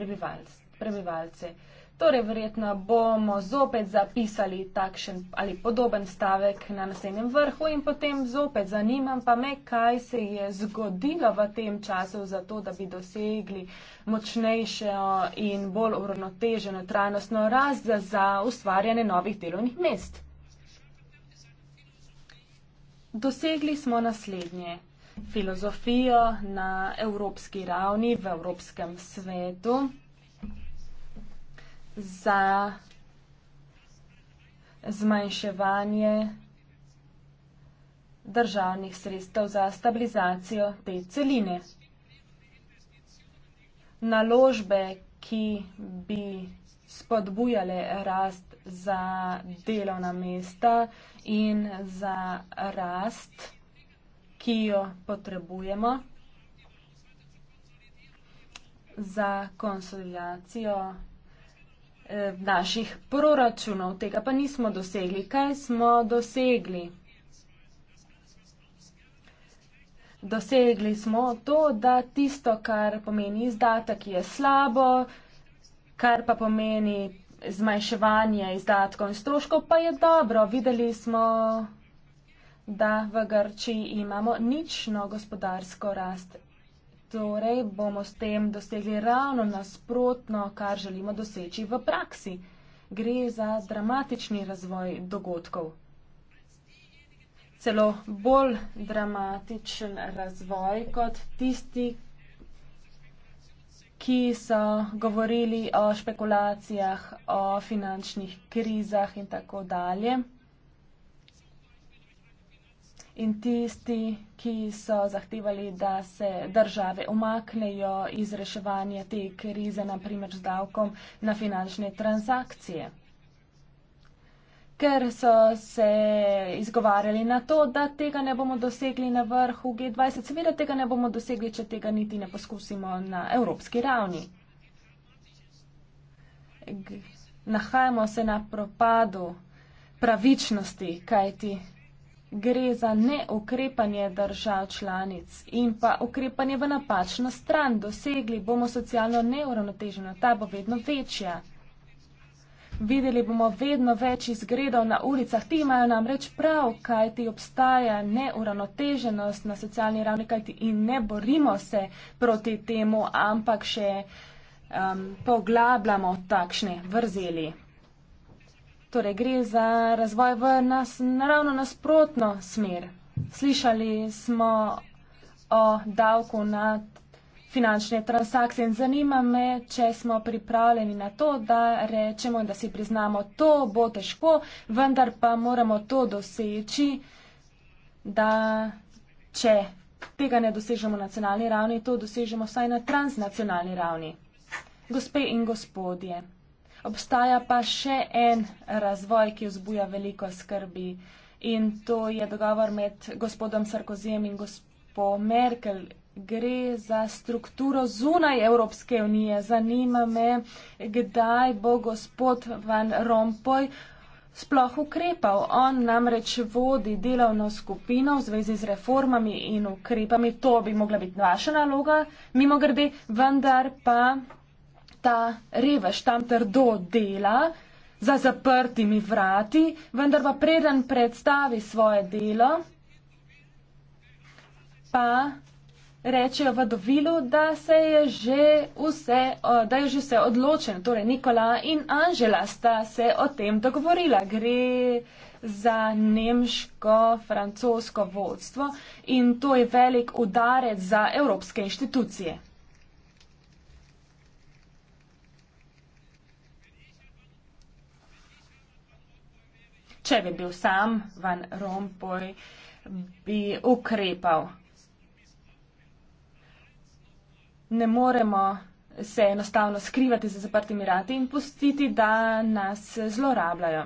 prebivalce. Torej, verjetno bomo zopet zapisali takšen ali podoben stavek na naslednjem vrhu in potem zopet zanimam pa me, kaj se je zgodilo v tem času za to, da bi dosegli močnejše in bolj uravnoteženo trajnostno rast za ustvarjanje novih delovnih mest. Dosegli smo naslednje. Filozofijo na evropski ravni, v evropskem svetu za zmanjševanje državnih sredstev za stabilizacijo te celine. Naložbe, ki bi spodbujale rast za delovna mesta in za rast, ki jo potrebujemo za konsolidacijo Eh, naših proračunov. Tega pa nismo dosegli. Kaj smo dosegli? Dosegli smo to, da tisto, kar pomeni izdatek, je slabo, kar pa pomeni zmanjševanje izdatkov in stroškov, pa je dobro. Videli smo, da v Grči imamo nično gospodarsko rast Torej bomo s tem dosegli ravno nasprotno, kar želimo doseči v praksi. Gre za dramatični razvoj dogodkov. Celo bolj dramatičen razvoj kot tisti, ki so govorili o špekulacijah, o finančnih krizah in tako dalje in tisti, ki so zahtevali, da se države omaknejo iz reševanja te krize, naprimer z davkom na finančne transakcije. Ker so se izgovarjali na to, da tega ne bomo dosegli na vrhu G20, seveda tega ne bomo dosegli, če tega niti ne poskusimo na evropski ravni. Nahajamo se na propadu pravičnosti, kajti gre za neokrepanje držav članic in pa ukrepanje v napačno stran. Dosegli bomo socialno neuravnoteženo, ta bo vedno večja. Videli bomo vedno več izgredov na ulicah, ti imajo namreč prav, kaj ti obstaja neuravnoteženost na socialni ravni, kaj ti in ne borimo se proti temu, ampak še um, poglabljamo takšne vrzeli. Torej, gre za razvoj v nas naravno nasprotno smer. Slišali smo o davku na finančne transakcije in zanima me, če smo pripravljeni na to, da rečemo in da si priznamo, to bo težko, vendar pa moramo to doseči, da če tega ne dosežemo na nacionalni ravni, to dosežemo vsaj na transnacionalni ravni. Gospe in gospodje. Obstaja pa še en razvoj, ki vzbuja veliko skrbi in to je dogovor med gospodom Sarkozijem in gospo Merkel. Gre za strukturo zunaj Evropske unije. Zanima me, kdaj bo gospod Van Rompuy sploh ukrepal. On namreč vodi delovno skupino v zvezi z reformami in ukrepami. To bi mogla biti vaša naloga, mimo grede, vendar pa ta revež tam trdo dela za zaprtimi vrati, vendar pa preden predstavi svoje delo, pa rečejo v dovilu, da se je že vse, da je že vse odločeno. Torej Nikola in Anžela sta se o tem dogovorila. Gre za nemško-francosko vodstvo in to je velik udarec za evropske inštitucije. če bi bil sam van Rompuy, bi ukrepal. Ne moremo se enostavno skrivati za zaprtimi rati in pustiti, da nas zlorabljajo.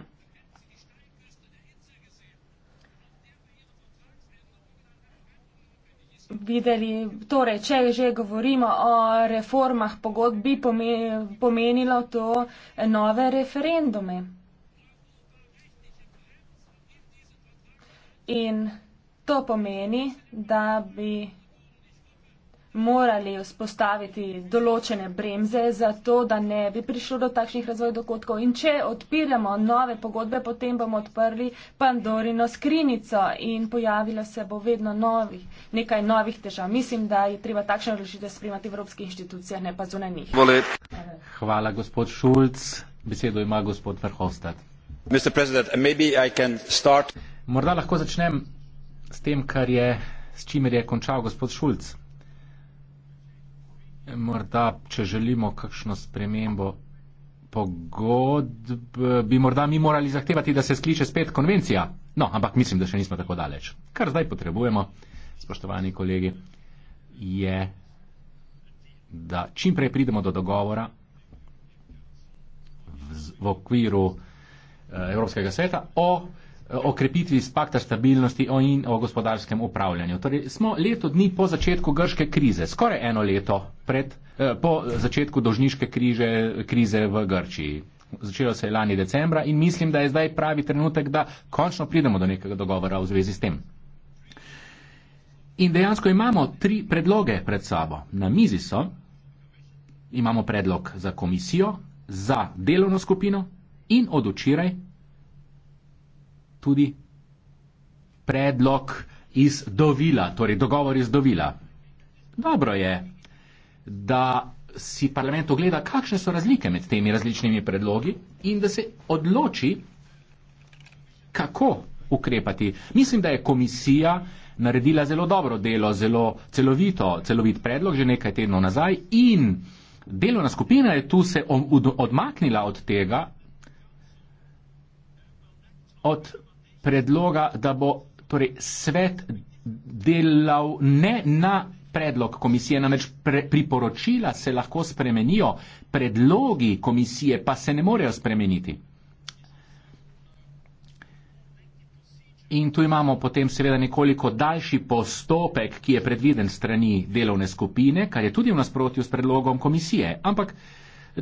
Videli, torej, če že govorimo o reformah pogodb, bi pomenilo to nove referendume. In to pomeni, da bi morali vzpostaviti določene bremze za to, da ne bi prišlo do takšnih razvoj dogodkov. In če odpiramo nove pogodbe, potem bomo odprli Pandorino skrinico in pojavilo se bo vedno novi, nekaj novih težav. Mislim, da je treba takšne rešitve sprejemati v evropskih inštitucijah, ne pa zunaj njih. Hvala, gospod Šulc. Besedo ima gospod Verhofstadt. Morda lahko začnem s tem, kar je, s čimer je končal gospod Šulc. Morda, če želimo kakšno spremembo pogodb, bi morda mi morali zahtevati, da se skliče spet konvencija. No, ampak mislim, da še nismo tako daleč. Kar zdaj potrebujemo, spoštovani kolegi, je, da čim prej pridemo do dogovora v, v okviru eh, Evropskega sveta o Eh, o krepitvi pakta stabilnosti in o gospodarskem upravljanju. Torej, smo leto dni po začetku grške krize, skoraj eno leto pred, eh, po začetku dolžniške krize, krize v Grčiji. Začelo se je lani decembra in mislim, da je zdaj pravi trenutek, da končno pridemo do nekega dogovora v zvezi s tem. In dejansko imamo tri predloge pred sabo. Na mizi so, imamo predlog za komisijo, za delovno skupino in od včeraj tudi predlog iz Dovila, torej dogovor iz Dovila. Dobro je, da si parlament ogleda, kakšne so razlike med temi različnimi predlogi in da se odloči, kako ukrepati. Mislim, da je komisija naredila zelo dobro delo, zelo celovito, celovit predlog že nekaj tednov nazaj in delovna skupina je tu se odmaknila od tega, od predloga, da bo torej, svet delal ne na predlog komisije, namreč pre, priporočila se lahko spremenijo, predlogi komisije pa se ne morejo spremeniti. In tu imamo potem seveda nekoliko daljši postopek, ki je predviden strani delovne skupine, kar je tudi v nasprotju s predlogom komisije. Ampak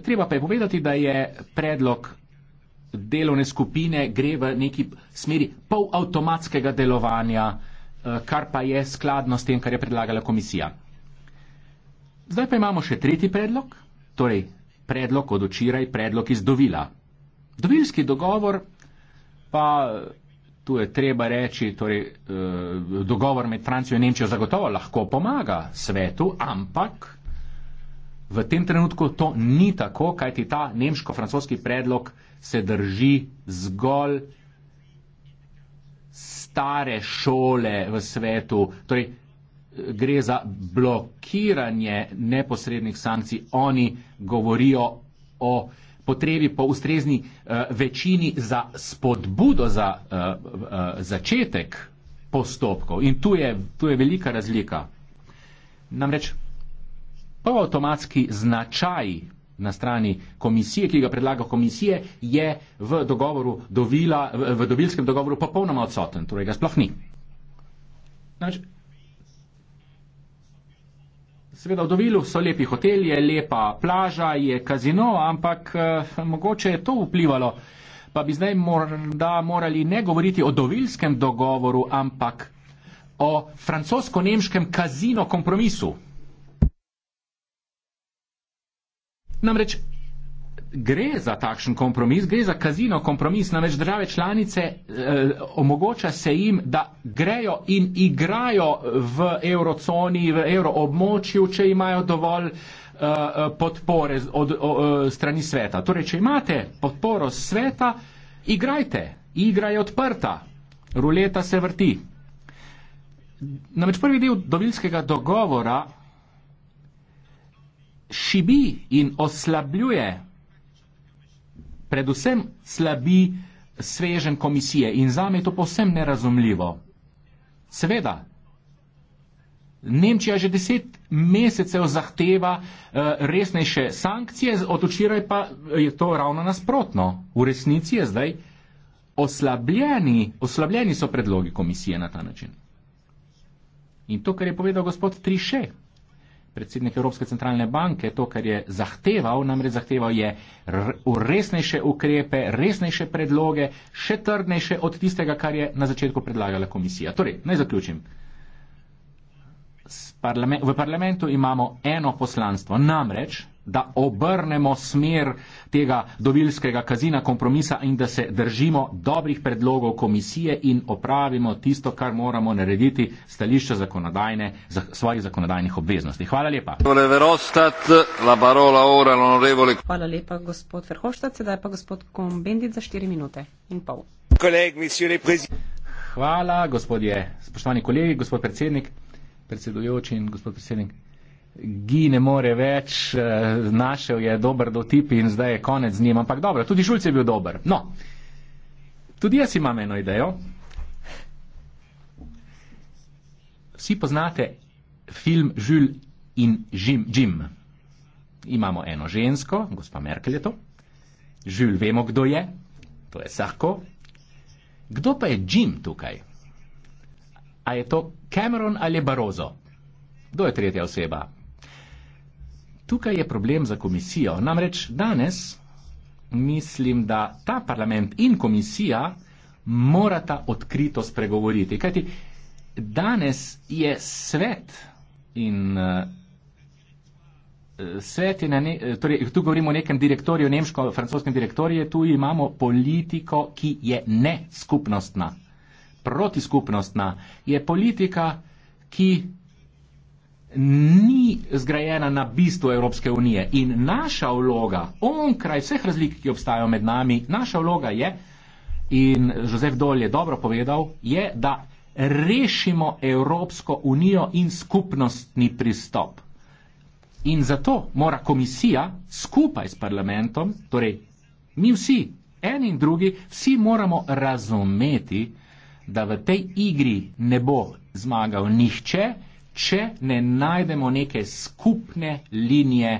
treba pa je povedati, da je predlog delovne skupine gre v neki smeri polavtomatskega delovanja, eh, kar pa je skladno s tem, kar je predlagala komisija. Zdaj pa imamo še tretji predlog, torej predlog od očiraj, predlog iz Dovila. Dovilski dogovor pa. Eh, tu je treba reči, torej, eh, dogovor med Francijo in Nemčijo zagotovo lahko pomaga svetu, ampak V tem trenutku to ni tako, kajti ta nemško-francoski predlog se drži zgolj stare šole v svetu. Torej, gre za blokiranje neposrednih sankcij. Oni govorijo o potrebi po ustrezni uh, večini za spodbudo za uh, uh, začetek postopkov. In tu je, tu je velika razlika. Namreč polavtomatski značaj na strani komisije, ki ga predlaga komisije, je v dogovoru dovila, v, v dobilskem dogovoru popolnoma odsoten, torej ga sploh ni. Nač, seveda v dovilu so lepi hotel, je lepa plaža, je kazino, ampak eh, mogoče je to vplivalo, pa bi zdaj morda morali ne govoriti o dovilskem dogovoru, ampak o francosko-nemškem kazino kompromisu. Namreč gre za takšen kompromis, gre za kazino kompromis, namreč države članice eh, omogoča se jim, da grejo in igrajo v eurozoni, v euroobmočju, če imajo dovolj eh, eh podpore od eh, strani sveta. Torej, če imate podporo sveta, igrajte, igra je odprta, ruleta se vrti. Namreč prvi del dovilskega dogovora šibi in oslabljuje, predvsem slabi svežen komisije in zame je to povsem nerazumljivo. Seveda, Nemčija že deset mesecev zahteva uh, resnejše sankcije, od včeraj pa eh, je to ravno nasprotno. V resnici je zdaj oslabljeni, oslabljeni so predlogi komisije na ta način. In to, kar je povedal gospod Trišek predsednik Evropske centralne banke to, kar je zahteval, namreč zahteval je resnejše ukrepe, resnejše predloge, še trdnejše od tistega, kar je na začetku predlagala komisija. Torej, naj zaključim parlament, v parlamentu imamo eno poslanstvo, namreč, da obrnemo smer tega dovilskega kazina kompromisa in da se držimo dobrih predlogov komisije in opravimo tisto, kar moramo narediti stališča zakonodajne, za, svojih zakonodajnih obveznosti. Hvala lepa. Hvala lepa, gospod Verhoštad, sedaj pa gospod Kombendit za štiri minute in pol. Hvala, gospodje, spoštovani kolegi, gospod predsednik predsedujoči in gospod predsednik. Gi ne more več, eh, našel je dober dotip in zdaj je konec z njim, ampak dobro, tudi Žulc je bil dober. No, tudi jaz imam eno idejo. Vsi poznate film Žul in Jim, Jim. Imamo eno žensko, gospa Merkel je to. Žul vemo, kdo je, to je Sahko. Kdo pa je Jim tukaj? A je to Cameron ali Barozo? Kdo je tretja oseba? Tukaj je problem za komisijo. Namreč danes mislim, da ta parlament in komisija morata odkrito spregovoriti. Kajti danes je svet in. Eh, svet je na ne, torej, tu govorimo o nekem direktorju, nemško-francoskem direktorju, tu imamo politiko, ki je neskupnostna protiskupnostna, je politika, ki ni zgrajena na bistvu Evropske unije. In naša vloga, onkraj vseh razlik, ki obstajajo med nami, naša vloga je, in Žozef Dol je dobro povedal, je, da rešimo Evropsko unijo in skupnostni pristop. In zato mora komisija skupaj s parlamentom, torej mi vsi, eni in drugi, vsi moramo razumeti, da v tej igri ne bo zmagal nihče, če ne najdemo neke skupne linije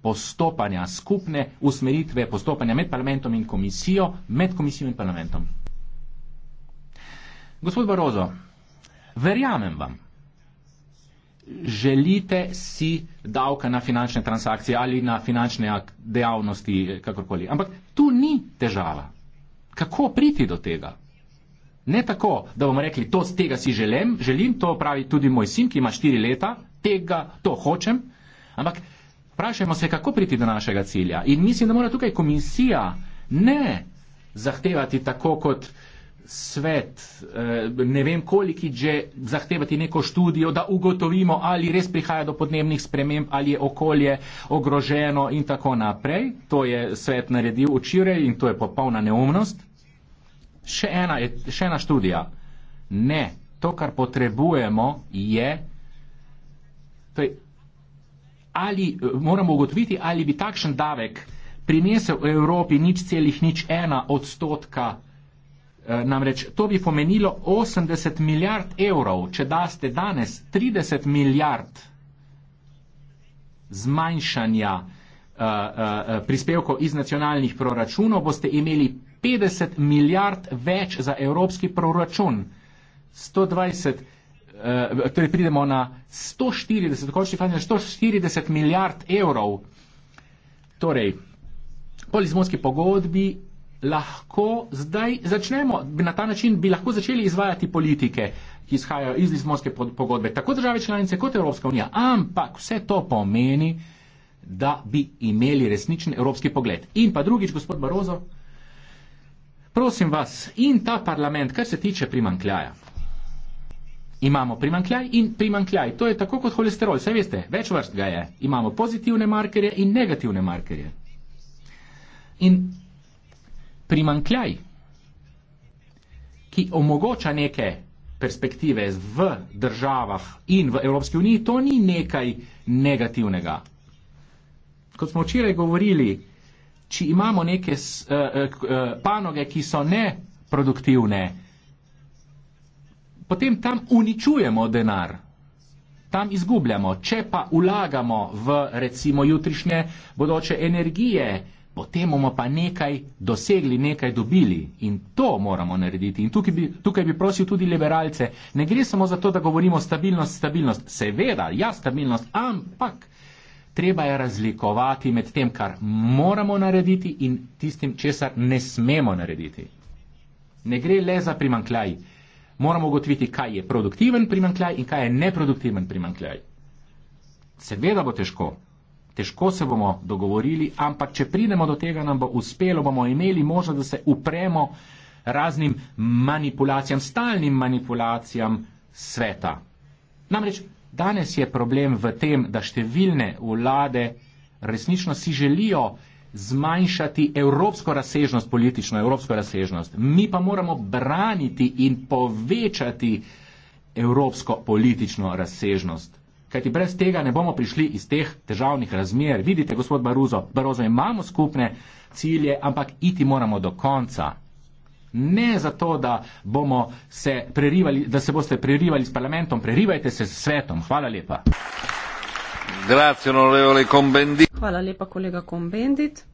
postopanja, skupne usmeritve postopanja med parlamentom in komisijo, med komisijo in parlamentom. Gospod Barozo, verjamem vam, želite si davka na finančne transakcije ali na finančne dejavnosti, eh, kakorkoli. Ampak tu ni težava. Kako priti do tega? Ne tako, da bomo rekli, to z tega si želim, želim, to pravi tudi moj sin, ki ima štiri leta, tega to hočem, ampak vprašajmo se, kako priti do našega cilja. In mislim, da mora tukaj komisija ne zahtevati tako kot svet, eh, ne vem koliki že zahtevati neko študijo, da ugotovimo, ali res prihaja do podnebnih sprememb, ali je okolje ogroženo in tako naprej. To je svet naredil včeraj in to je popolna neumnost. Še ena, še ena študija. Ne, to, kar potrebujemo, je, je ali moramo ugotoviti, ali bi takšen davek prinesel v Evropi nič celih nič ena odstotka. Eh, namreč to bi pomenilo 80 milijard evrov, če daste danes 30 milijard zmanjšanja uh, uh, prispevkov iz nacionalnih proračunov, boste imeli 50 milijard več za evropski proračun. 120, eh, torej pridemo na 140, na 140 milijard evrov. Torej, po Lizbonski pogodbi lahko zdaj začnemo, na ta način bi lahko začeli izvajati politike, ki izhajajo iz Lizbonske pogodbe, tako države članice kot Evropska unija. Ampak vse to pomeni, da bi imeli resničen evropski pogled. In pa drugič, gospod Barozo, prosim vas in ta parlament, kar se tiče primankljaja. Imamo primankljaj in primankljaj. To je tako kot holesterol. Saj veste, več vrst ga je. Imamo pozitivne markerje in negativne markerje. In primankljaj, ki omogoča neke perspektive v državah in v Evropski uniji, to ni nekaj negativnega. Kot smo včeraj govorili, če imamo neke eh, eh, eh, panoge, ki so neproduktivne, potem tam uničujemo denar. Tam izgubljamo. Če pa vlagamo v recimo jutrišnje bodoče energije, potem bomo pa nekaj dosegli, nekaj dobili in to moramo narediti. In tukaj bi, tukaj bi prosil tudi liberalce, ne gre samo za to, da govorimo stabilnost, stabilnost, seveda, ja, stabilnost, ampak Treba je razlikovati med tem, kar moramo narediti in tistim, česar ne smemo narediti. Ne gre le za primankljaj. Moramo ugotoviti, kaj je produktiven primankljaj in kaj je neproduktiven primankljaj. Seveda bo težko. Težko se bomo dogovorili, ampak če pridemo do tega, nam bo uspelo, bomo imeli možnost, da se upremo raznim manipulacijam, stalnim manipulacijam sveta. Namreč Danes je problem v tem, da številne vlade resnično si želijo zmanjšati evropsko razsežnost, politično evropsko razsežnost. Mi pa moramo braniti in povečati evropsko politično razsežnost. Kajti brez tega ne bomo prišli iz teh težavnih razmer. Vidite, gospod Baruzo, Barozo, imamo skupne cilje, ampak iti moramo do konca. Ne zato, da, se, prerivali, da se boste prerivali s parlamentom, prerivajte se s svetom. Hvala lepa. Hvala lepa, kolega Kombendit.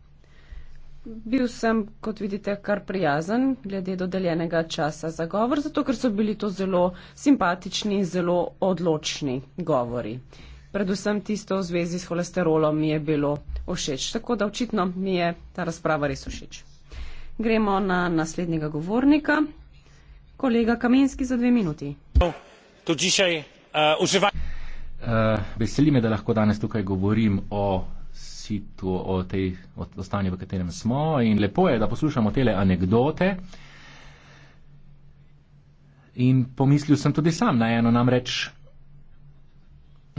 Bil sem, kot vidite, kar prijazen glede dodeljenega časa za govor, zato ker so bili to zelo simpatični in zelo odločni govori. Predvsem tisto v zvezi s holesterolom mi je bilo všeč, tako da očitno mi je ta razprava res všeč. Gremo na naslednjega govornika, kolega Kamenski za dve minuti. Tudi dzisiaj, uh, uživa... uh, veseli me, da lahko danes tukaj govorim o situ, o tej o, o stanju, v katerem smo in lepo je, da poslušamo tele anegdote. In pomislil sem tudi sam na eno, namreč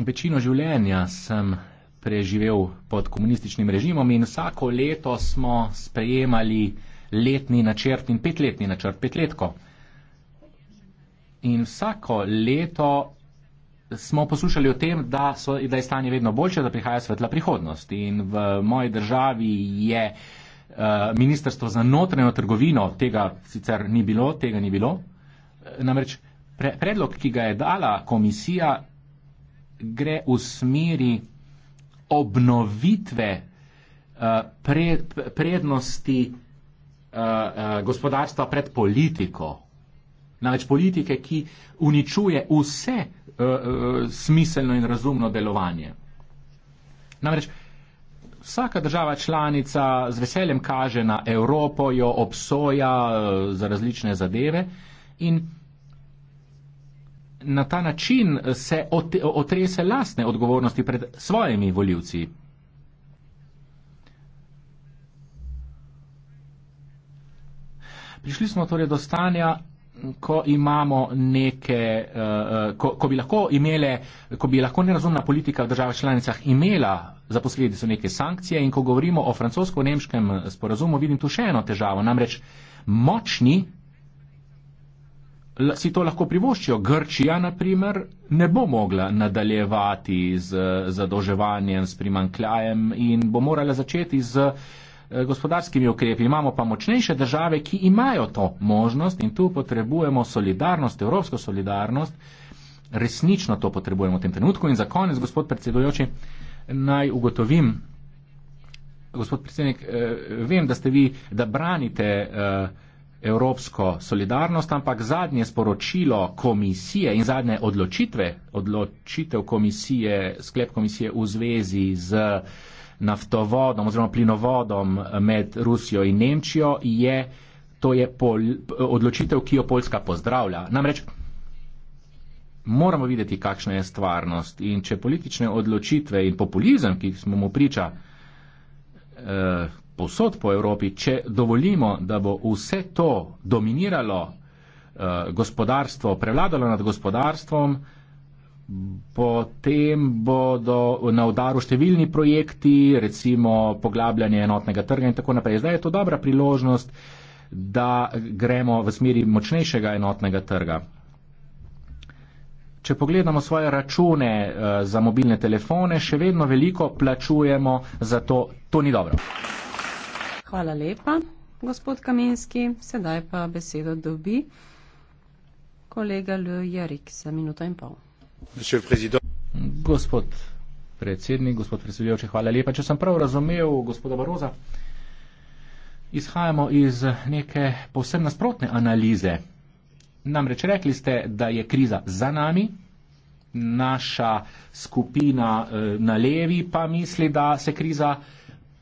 večino življenja sem preživel pod komunističnim režimom in vsako leto smo sprejemali letni načrt in petletni načrt, petletko. In vsako leto smo poslušali o tem, da, so, da je stanje vedno boljše, da prihaja svetla prihodnost. In v moji državi je uh, Ministrstvo za notranjo trgovino, tega sicer ni bilo, tega ni bilo. Eh, namreč pre, predlog, ki ga je dala komisija, gre v smeri obnovitve uh, pre, prednosti Eh, eh, gospodarstva pred politiko. Namreč politike, ki uničuje vse uh, uh, smiselno in razumno delovanje. Namreč vsaka država članica z veseljem kaže na Evropo, jo obsoja uh, za različne zadeve in na ta način se ot otrese lasne odgovornosti pred svojimi voljivci. Prišli smo torej do stanja, ko imamo neke, uh, ko, ko bi lahko imele, ko bi lahko nerazumna politika v državah članicah imela za posledico neke sankcije in ko govorimo o francosko-nemškem sporazumu, vidim tu še eno težavo. Namreč močni si to lahko privoščijo. Grčija, na primer, ne bo mogla nadaljevati z zadolževanjem, s primankljajem in bo morala začeti z. Uh, Eh, gospodarskimi ukrepi. Imamo pa močnejše države, ki imajo to možnost in tu potrebujemo solidarnost, evropsko solidarnost. Resnično to potrebujemo v tem trenutku. In za konec, gospod predsedujoči, naj ugotovim, gospod predsednik, eh, vem, da ste vi, da branite eh, evropsko solidarnost, ampak zadnje sporočilo komisije in zadnje odločitve, odločitev komisije, sklep komisije v zvezi z naftovodom oziroma plinovodom med Rusijo in Nemčijo, je to je pol, odločitev, ki jo Poljska pozdravlja. Namreč moramo videti, kakšna je stvarnost in če politične odločitve in populizem, ki smo mu priča eh, posod po Evropi, če dovolimo, da bo vse to dominiralo eh, gospodarstvo, prevladalo nad gospodarstvom, eh, Potem bodo na udaru številni projekti, recimo poglabljanje enotnega trga in tako naprej. Zdaj je to dobra priložnost, da gremo v smeri močnejšega enotnega trga. Če pogledamo svoje račune eh, za mobilne telefone, še vedno veliko plačujemo za to. To ni dobro. Hvala lepa, gospod Kamenski. Sedaj pa besedo dobi kolega Ljujarik za minuto in pol. Gospod predsednik, gospod predsedujoči, hvala lepa. Če sem prav razumel gospoda Baroza, izhajamo iz neke povsem nasprotne analize. Namreč rekli ste, da je kriza za nami, naša skupina eh, na levi pa misli, da se kriza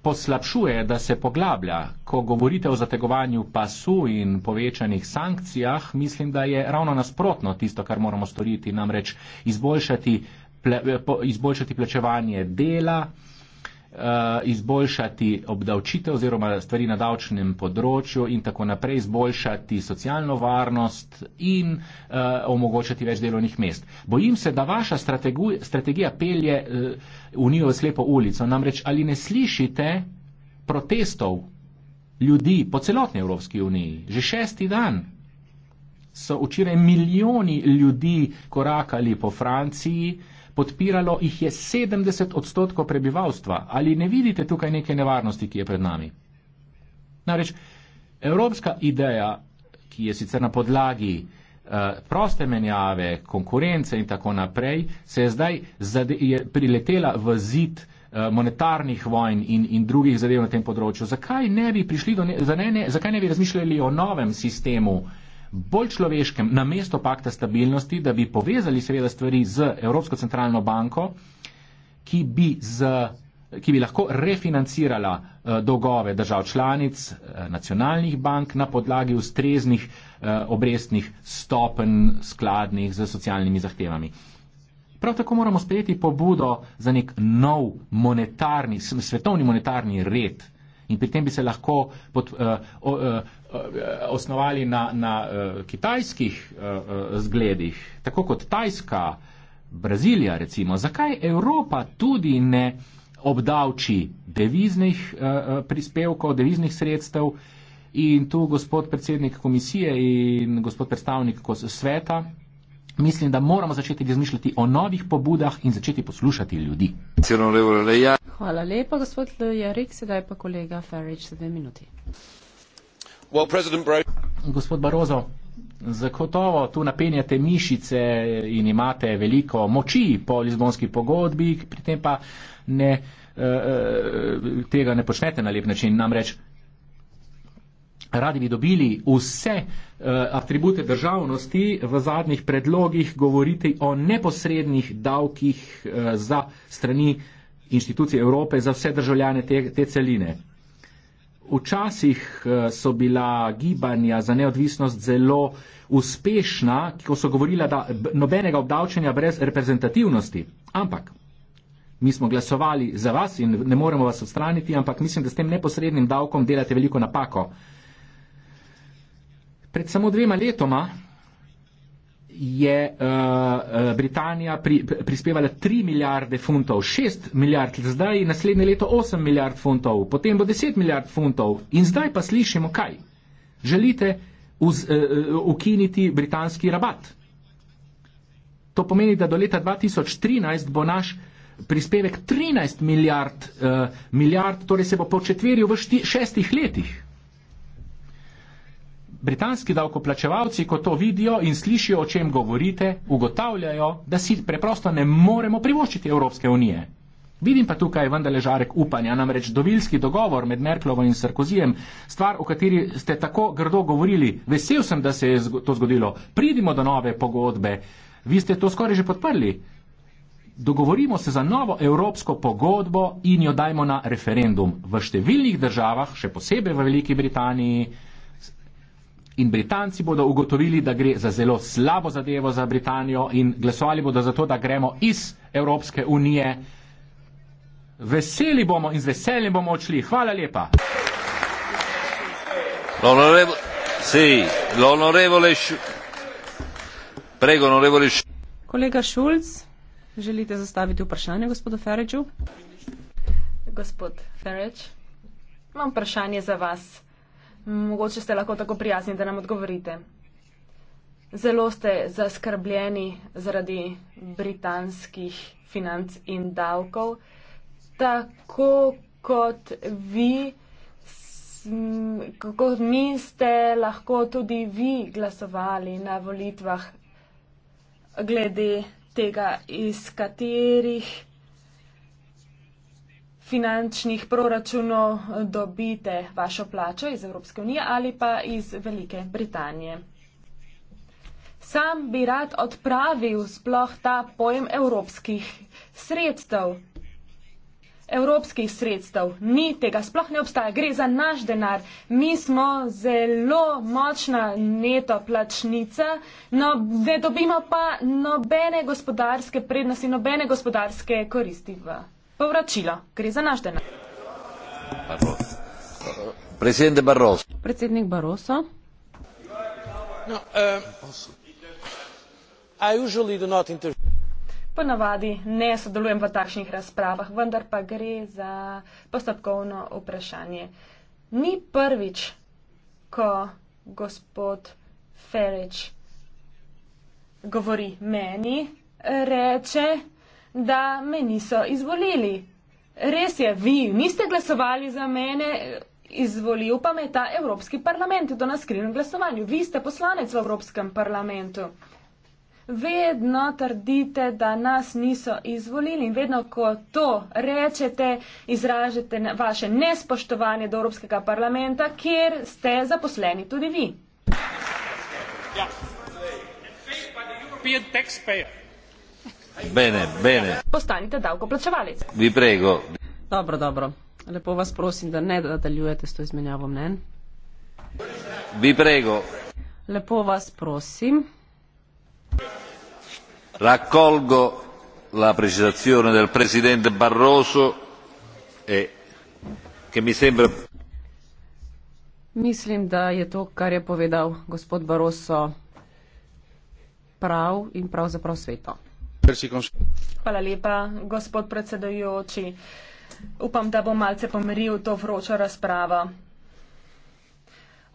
poslabšuje, da se poglablja. Ko govorite o zategovanju pasu in povečanih sankcijah, mislim, da je ravno nasprotno tisto, kar moramo storiti, namreč izboljšati, izboljšati plačevanje dela, Eh, izboljšati obdavčitev oziroma stvari na davčnem področju in tako naprej izboljšati socialno varnost in uh, omogočati več delovnih mest. Bojim se, da vaša strategi strategija pelje uh, Unijo v slepo ulico. Namreč ali ne slišite protestov ljudi po celotni Evropski uniji? Že šesti dan so včeraj milijoni ljudi korakali po Franciji, uh, podpiralo jih je 70 odstotkov prebivalstva. Ali ne vidite tukaj neke nevarnosti, ki je pred nami? Nareč, evropska ideja, ki je sicer na podlagi uh, proste menjave, konkurence in tako naprej, se je zdaj je priletela v zid eh, monetarnih vojn in, in drugih zadev na tem področju. Zakaj ne bi, do, ne, ne, zakaj ne bi razmišljali o novem sistemu uh, bolj človeškem, na mesto pakta stabilnosti, da bi povezali seveda stvari z Evropsko centralno banko, ki bi, z, ki bi lahko refinancirala eh, dolgove držav članic, eh, nacionalnih bank na podlagi ustreznih eh, obrestnih stopen skladnih z socialnimi zahtevami. Prav tako moramo sprejeti pobudo za nek nov monetarni, svetovni monetarni red. In pri tem bi se lahko pod, uh, uh, Eh, osnovali na, na uh, kitajskih uh, uh, zgledih, tako kot Tajska, Brazilija recimo, zakaj Evropa tudi ne obdavči deviznih uh, prispevkov, deviznih sredstev in tu gospod predsednik komisije in gospod predstavnik sveta, mislim, da moramo začeti razmišljati o novih pobudah in začeti poslušati ljudi. Hvala lepa, gospod Jarek, sedaj pa kolega Farage za dve minuti. Gospod Barozo, zagotovo tu napenjate mišice in imate veliko moči po Lizbonski pogodbi, pri tem pa ne, eh, eh, tega ne počnete na lep način. Namreč radi bi dobili vse eh, atribute državnosti, v zadnjih predlogih govorite o neposrednih davkih za strani inštitucije Evrope za vse državljane te, te celine. Včasih eh, so bila gibanja za neodvisnost zelo uspešna, ko so govorila, da nobenega obdavčanja brez reprezentativnosti. Ampak mi smo glasovali za vas in ne moremo vas odstraniti, ampak mislim, da s tem neposrednim davkom delate veliko napako. Pred samo dvema letoma je uh, Britanija pri, prispevala 3 milijarde funtov, 6 milijard, zdaj naslednje leto 8 milijard funtov, potem bo 10 milijard funtov in zdaj pa slišimo kaj. Želite uz, uh, ukiniti britanski rabat. To pomeni, da do leta 2013 bo naš prispevek 13 milijard, uh, milijard torej se bo početveril v šti, šestih letih. Britanski davkoplačevalci, ko to vidijo in slišijo, o čem govorite, ugotavljajo, da si preprosto ne moremo privoščiti Evropske unije. Vidim pa tukaj vendarle žarek upanja, namreč dovilski dogovor med Merklovo in Sarkozijem, stvar, o kateri ste tako grdo govorili, vesel sem, da se je to zgodilo, pridimo do nove pogodbe, vi ste to skoraj že podprli. Dogovorimo se za novo evropsko pogodbo in jo dajmo na referendum. V številnih državah, še posebej v Veliki Britaniji, In Britanci bodo ugotovili, da gre za zelo slabo zadevo za Britanijo in glasovali bodo za to, da gremo iz Evropske unije. Veseli bomo in z veseljem bomo odšli. Hvala lepa. Kolega Šulc, želite zastaviti vprašanje gospodu Ferreču? Gospod Ferreč, imam vprašanje za vas. Mogoče ste lahko tako prijazni, da nam odgovorite. Zelo ste zaskrbljeni zaradi britanskih financ in davkov. Tako kot vi, kako mi ste lahko tudi vi glasovali na volitvah glede tega, iz katerih finančnih proračunov dobite vašo plačo iz Evropske unije ali pa iz Velike Britanije. Sam bi rad odpravil sploh ta pojem evropskih sredstev. Evropskih sredstev ni tega, sploh ne obstaja, gre za naš denar. Mi smo zelo močna neto plačnica, no, ne dobimo pa nobene gospodarske prednosti, nobene gospodarske koristi v povračilo. Gre za naš denar. Predsednik Barroso. Predsednik Barroso. No, uh, Ponavadi ne sodelujem v takšnih razpravah, vendar pa gre za postopkovno vprašanje. Ni prvič, ko gospod Ferič govori meni, reče, da me niso izvolili. Res je, vi niste glasovali za mene, izvolil pa me ta Evropski parlament do naskrivnem glasovanju. Vi ste poslanec v Evropskem parlamentu. Vedno trdite, da nas niso izvolili in vedno, ko to rečete, izražate vaše nespoštovanje do Evropskega parlamenta, kjer ste zaposleni tudi vi. Ja. Bene, bene. Postanite davkoplačevalec. Vi prego. Dobro, dobro. Lepo vas prosim, da ne nadaljujete s to izmenjavo mnen. Vi prego. Lepo vas prosim. Raccolgo la precisazione del presidente Barroso e che mi sembra. Mislim, da je to, kar je povedal gospod Barroso, prav in pravzaprav sveto gospod predsedujoči. Upam, da bo malce pomiril to vročo razpravo.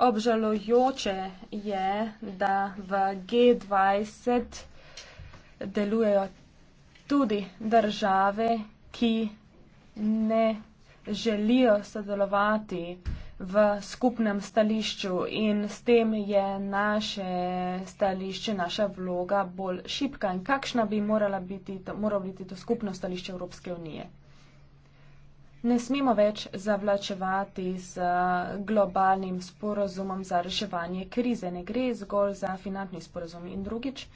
Obžalujoče je, da v G20 delujejo tudi države, ki ne želijo sodelovati v skupnem stališču in s tem je naše stališče, naša vloga bolj šipka in kakšna bi morala biti to, moralo biti to skupno stališče Evropske unije. Ne smemo več zavlačevati z globalnim sporozumom za reševanje krize. Ne gre zgolj za finančni sporozum. In drugič,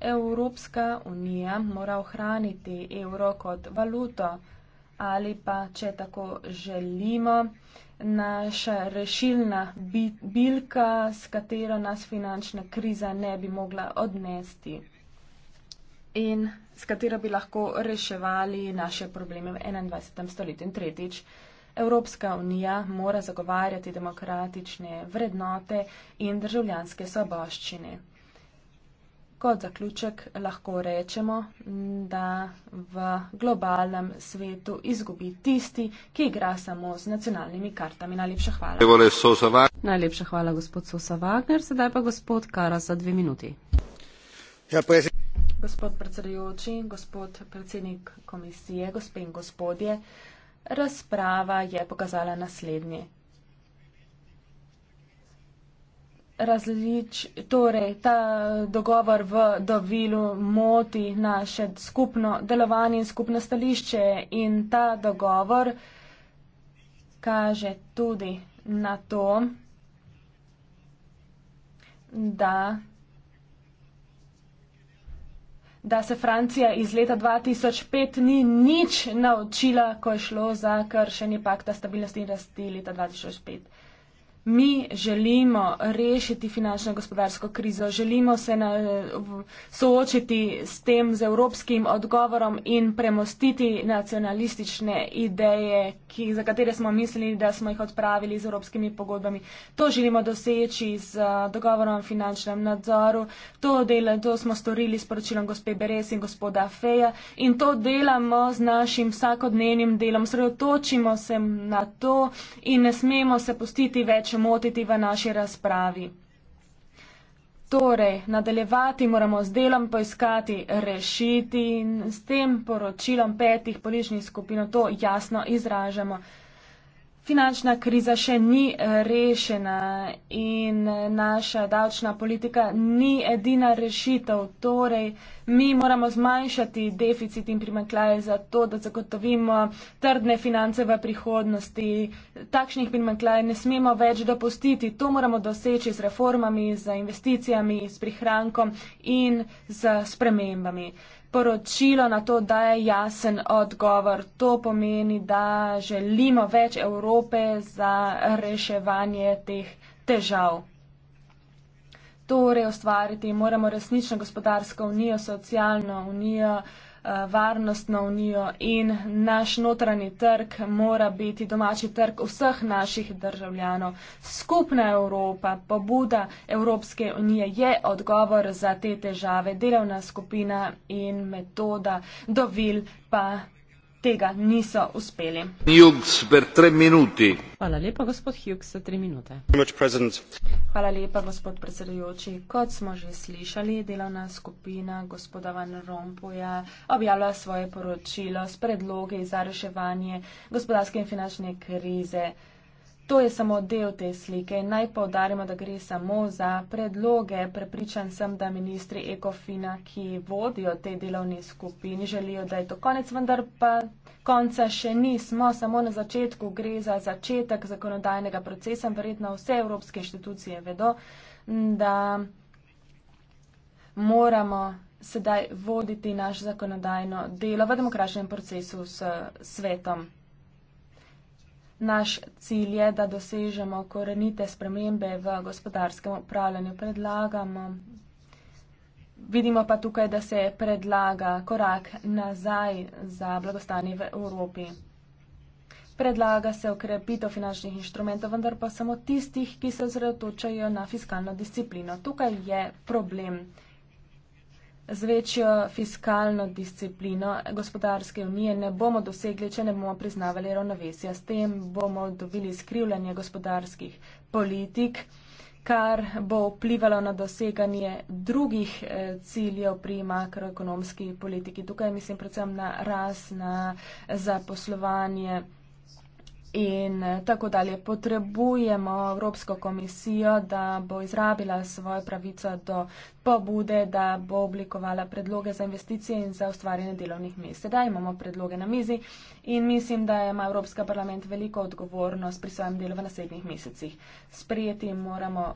Evropska unija mora ohraniti evro kot valuto ali pa, če tako želimo, naša rešilna bilka, s katero nas finančna kriza ne bi mogla odnesti in s katero bi lahko reševali naše probleme v 21. stoletju. In tretjič, Evropska unija mora zagovarjati demokratične vrednote in državljanske soboščine. Kot zaključek lahko rečemo, da v globalnem svetu izgubi tisti, ki igra samo z nacionalnimi kartami. Najlepša hvala. Najlepša hvala, gospod Sosa Wagner. Sedaj pa gospod Kara za dve minuti. Ja, gospod predsedujoči, gospod predsednik komisije, gospe in gospodje, razprava je pokazala naslednje. različ, torej ta dogovor v Dovilu moti naše skupno delovanje in skupno stališče in ta dogovor kaže tudi na to, da, da se Francija iz leta 2005 ni nič naučila, ko je šlo za kršenje pakta stabilnosti in rasti leta 2005 mi želimo rešiti finančno gospodarsko krizo, želimo se na, soočiti s tem z evropskim odgovorom in premostiti nacionalistične ideje, ki, za katere smo mislili, da smo jih odpravili z evropskimi pogodbami. To želimo doseči z uh, dogovorom o finančnem nadzoru. To, dele, to smo storili s poročilom gospe Beres in gospoda Feja in to delamo z našim vsakodnevnim delom. Sredotočimo se na to in ne smemo se pustiti več motiti v naši razpravi. Torej, nadaljevati moramo z delom, poiskati rešiti in s tem poročilom petih političnih skupin to jasno izražamo finančna kriza še ni eh, rešena in eh, naša davčna politika ni edina rešitev. Torej, mi moramo zmanjšati deficit in primankljaj za to, da zagotovimo trdne finance v prihodnosti. Takšnih primankljaj ne smemo več dopustiti. To moramo doseči z reformami, z investicijami, z prihrankom in z spremembami poročilo na to daje jasen odgovor. To pomeni, da želimo več Evrope za reševanje teh težav. Torej ustvariti moramo resnično gospodarsko unijo, socialno unijo, uh, Eh, varnostno unijo in naš notranji trg mora biti domači trg vseh naših državljanov. Skupna Evropa, pobuda Evropske unije je odgovor za te težave, delovna skupina in metoda dovil pa tega niso uspeli. Hvala lepa, gospod Hughes, za tri minute. Hvala lepa, gospod predsedujoči. Kot smo že slišali, delovna skupina gospoda Van Rompuja objavlja svoje poročilo s predlogi za reševanje gospodarske in finančne krize. To je samo del te slike. Naj povdarimo, da gre samo za predloge. Prepričan sem, da ministri Ekofina, ki vodijo te delovne skupine, želijo, da je to konec, vendar pa konca še nismo. Samo na začetku gre za začetek zakonodajnega procesa. Verjetno vse evropske inštitucije vedo, da moramo sedaj voditi naš zakonodajno delo v demokratičnem procesu s svetom. Naš cilj je, da dosežemo korenite spremembe v gospodarskem upravljanju. Predlagamo. Vidimo pa tukaj, da se predlaga korak nazaj za blagostanje v Evropi. Predlaga se okrepitev finančnih inštrumentov, vendar pa samo tistih, ki se zredotočajo na fiskalno disciplino. Tukaj je problem. Z večjo fiskalno disciplino gospodarske unije ne bomo dosegli, če ne bomo priznavali ravnovesja. S tem bomo dobili skrivljanje gospodarskih politik, kar bo vplivalo na doseganje drugih eh, ciljev pri makroekonomski politiki. Tukaj mislim predvsem na rast, na zaposlovanje in eh, tako dalje. Potrebujemo Evropsko komisijo, da bo izrabila svojo pravico do pobude, da bo oblikovala predloge za investicije in za ustvarjanje delovnih mest. Sedaj imamo predloge na mizi in mislim, da ima Evropska parlament veliko odgovornost pri svojem delu v naslednjih mesecih. Sprejeti moramo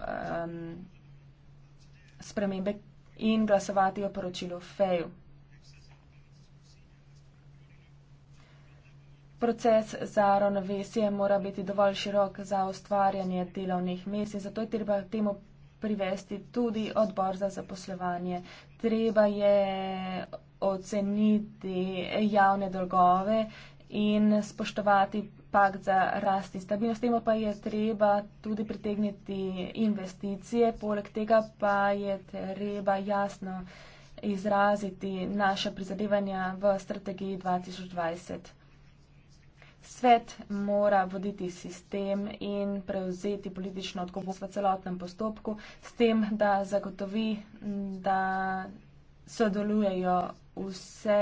um, spremembe in glasovati o poročilu Feju. proces za ravnovesje mora biti dovolj širok za ustvarjanje delovnih mest in zato je treba temu privesti tudi odbor za zaposlovanje. Treba je oceniti javne dolgove in spoštovati pak za rast in stabilnost. Temu pa je treba tudi pritegniti investicije, poleg tega pa je treba jasno izraziti naše prizadevanja v strategiji 2020. Svet mora voditi sistem in prevzeti politično odgovornost v celotnem postopku, s tem, da zagotovi, da sodelujejo vse,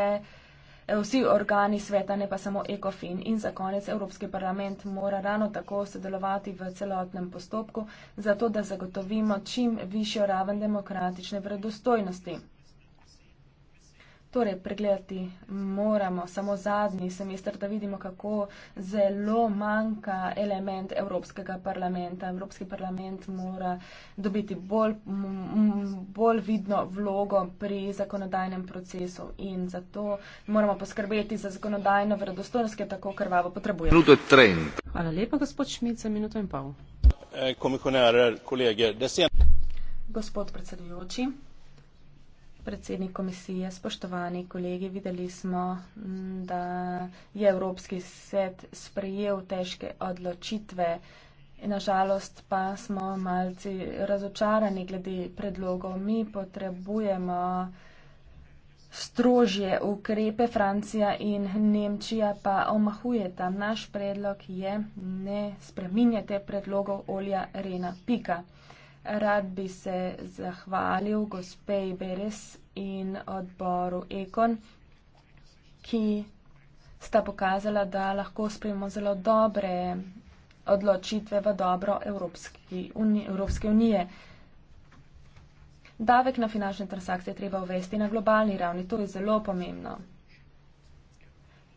eh, vsi organi sveta, ne pa samo ECOFIN. In za konec, Evropski parlament mora ravno tako sodelovati v celotnem postopku, zato da zagotovimo čim višjo raven demokratične vredostojnosti. Torej, pregledati moramo samo zadnji semester, da vidimo, kako zelo manjka element Evropskega parlamenta. Evropski parlament mora dobiti bolj, bolj vidno vlogo pri zakonodajnem procesu in zato moramo poskrbeti za zakonodajno vredostojnost, ki jo tako krvavo potrebuje. Hvala lepa, gospod Šmit, za minuto in pol. Eh, komisionar, kolege, desen. Gospod predsedujoči predsednik komisije, spoštovani kolegi, videli smo, mm, da je Evropski svet sprejel težke odločitve. Nažalost pa smo malce razočarani glede predlogov. Mi potrebujemo strožje ukrepe. Francija in Nemčija pa omahujeta. Naš predlog je ne spreminjate predlogov olja Rena Pika. Rad bi se zahvalil gospej Beres in odboru Ekon, ki sta pokazala, da lahko sprejmo zelo dobre odločitve v dobro Evropski uni, Evropske unije. Davek na finančne transakcije treba uvesti na globalni ravni, to je zelo pomembno.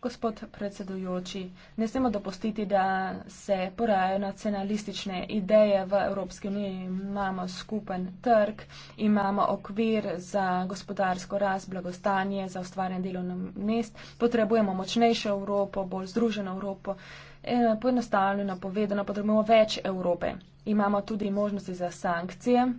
Gospod predsedujoči, ne smemo dopustiti, da se porajajo nacionalistične ideje v Evropski uniji. Imamo skupen trg, imamo okvir za gospodarsko rast, blagostanje, za ustvarjanje delovnih mest. Potrebujemo močnejšo Evropo, bolj združeno Evropo. E, poenostavljeno povedano, potrebujemo več Evrope. Imamo tudi možnosti za sankcije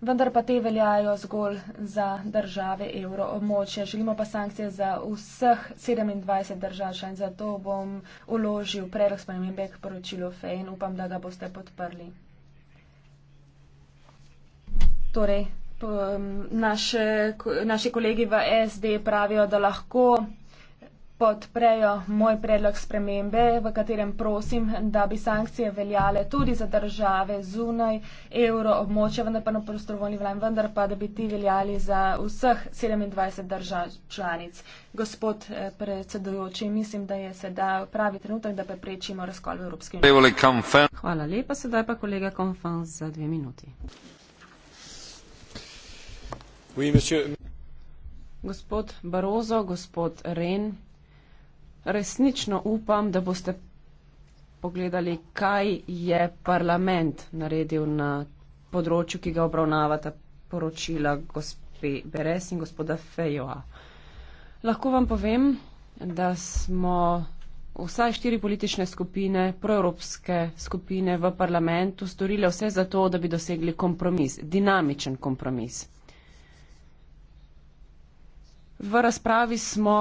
vendar pa te veljajo zgolj za države evroobmočja. Želimo pa sankcije za vseh 27 držav in zato bom uložil predlog spremembe k poročilu FEJN. Upam, da ga boste podprli. Torej, um, naše, naši kolegi v SD pravijo, da lahko podprejo moj predlog spremembe, v katerem prosim, da bi sankcije veljale tudi za države zunaj evro območja, vendar pa na prostorovni vlajn, vendar pa, da bi ti veljali za vseh 27 držav članic. Gospod eh, predsedujoči, mislim, da je sedaj pravi trenutek, da preprečimo razkol v Evropski uniji. Hvala lepa, sedaj pa kolega Konfan za dve minuti. Oui, gospod Barozo, gospod Ren, resnično upam, da boste pogledali, kaj je parlament naredil na področju, ki ga obravnavata poročila gospe Beres in gospoda Fejoa. Lahko vam povem, da smo vsaj štiri politične skupine, proevropske skupine v parlamentu storile vse za to, da bi dosegli kompromis, dinamičen kompromis. V razpravi smo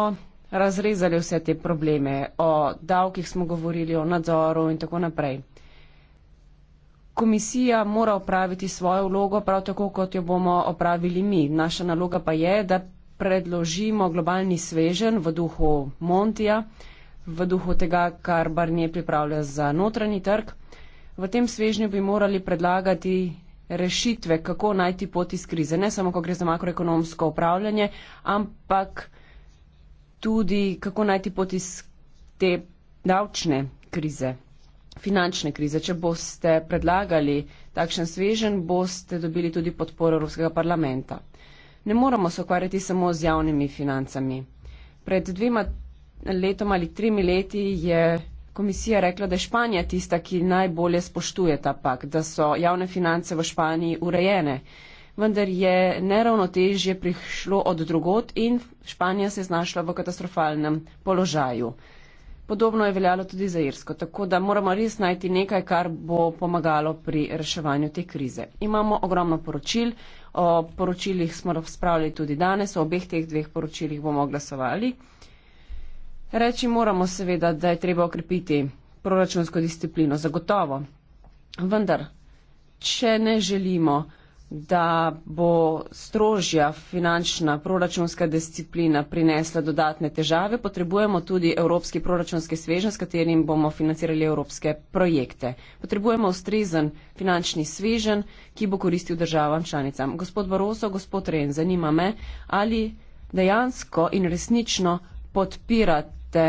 razrezali vse te probleme, o davkih smo govorili, o nadzoru in tako naprej. Komisija mora opraviti svojo vlogo, prav tako kot jo bomo opravili mi. Naša naloga pa je, da predložimo globalni svežen v duhu Montija, v duhu tega, kar Barnier pripravlja za notranji trg. V tem svežnju bi morali predlagati rešitve, kako najti pot iz krize. Ne samo, ko gre za makroekonomsko upravljanje, ampak tudi, kako najti pot iz te davčne krize, finančne krize. Če boste predlagali takšen svežen, boste dobili tudi podporo Evropskega parlamenta. Ne moramo se okvarjati samo z javnimi financami. Pred dvema letoma ali trimi leti je komisija rekla, da je Španija tista, ki najbolje spoštuje ta pakt, da so javne finance v Španiji urejene vendar je neravnotežje prišlo od drugot in Španija se je znašla v katastrofalnem položaju. Podobno je veljalo tudi za Irsko, tako da moramo res najti nekaj, kar bo pomagalo pri reševanju te krize. Imamo ogromno poročil, o poročilih smo razpravljali tudi danes, o obeh teh dveh poročilih bomo glasovali. Reči moramo seveda, da je treba okrepiti proračunsko disciplino, zagotovo. Vendar, če ne želimo, da bo strožja finančna proračunska disciplina prinesla dodatne težave, potrebujemo tudi evropski proračunski svežen, s katerim bomo financirali evropske projekte. Potrebujemo ustrezen finančni svežen, ki bo koristil državam članicam. Gospod Baroso, gospod Ren, zanima me, ali dejansko in resnično podpirate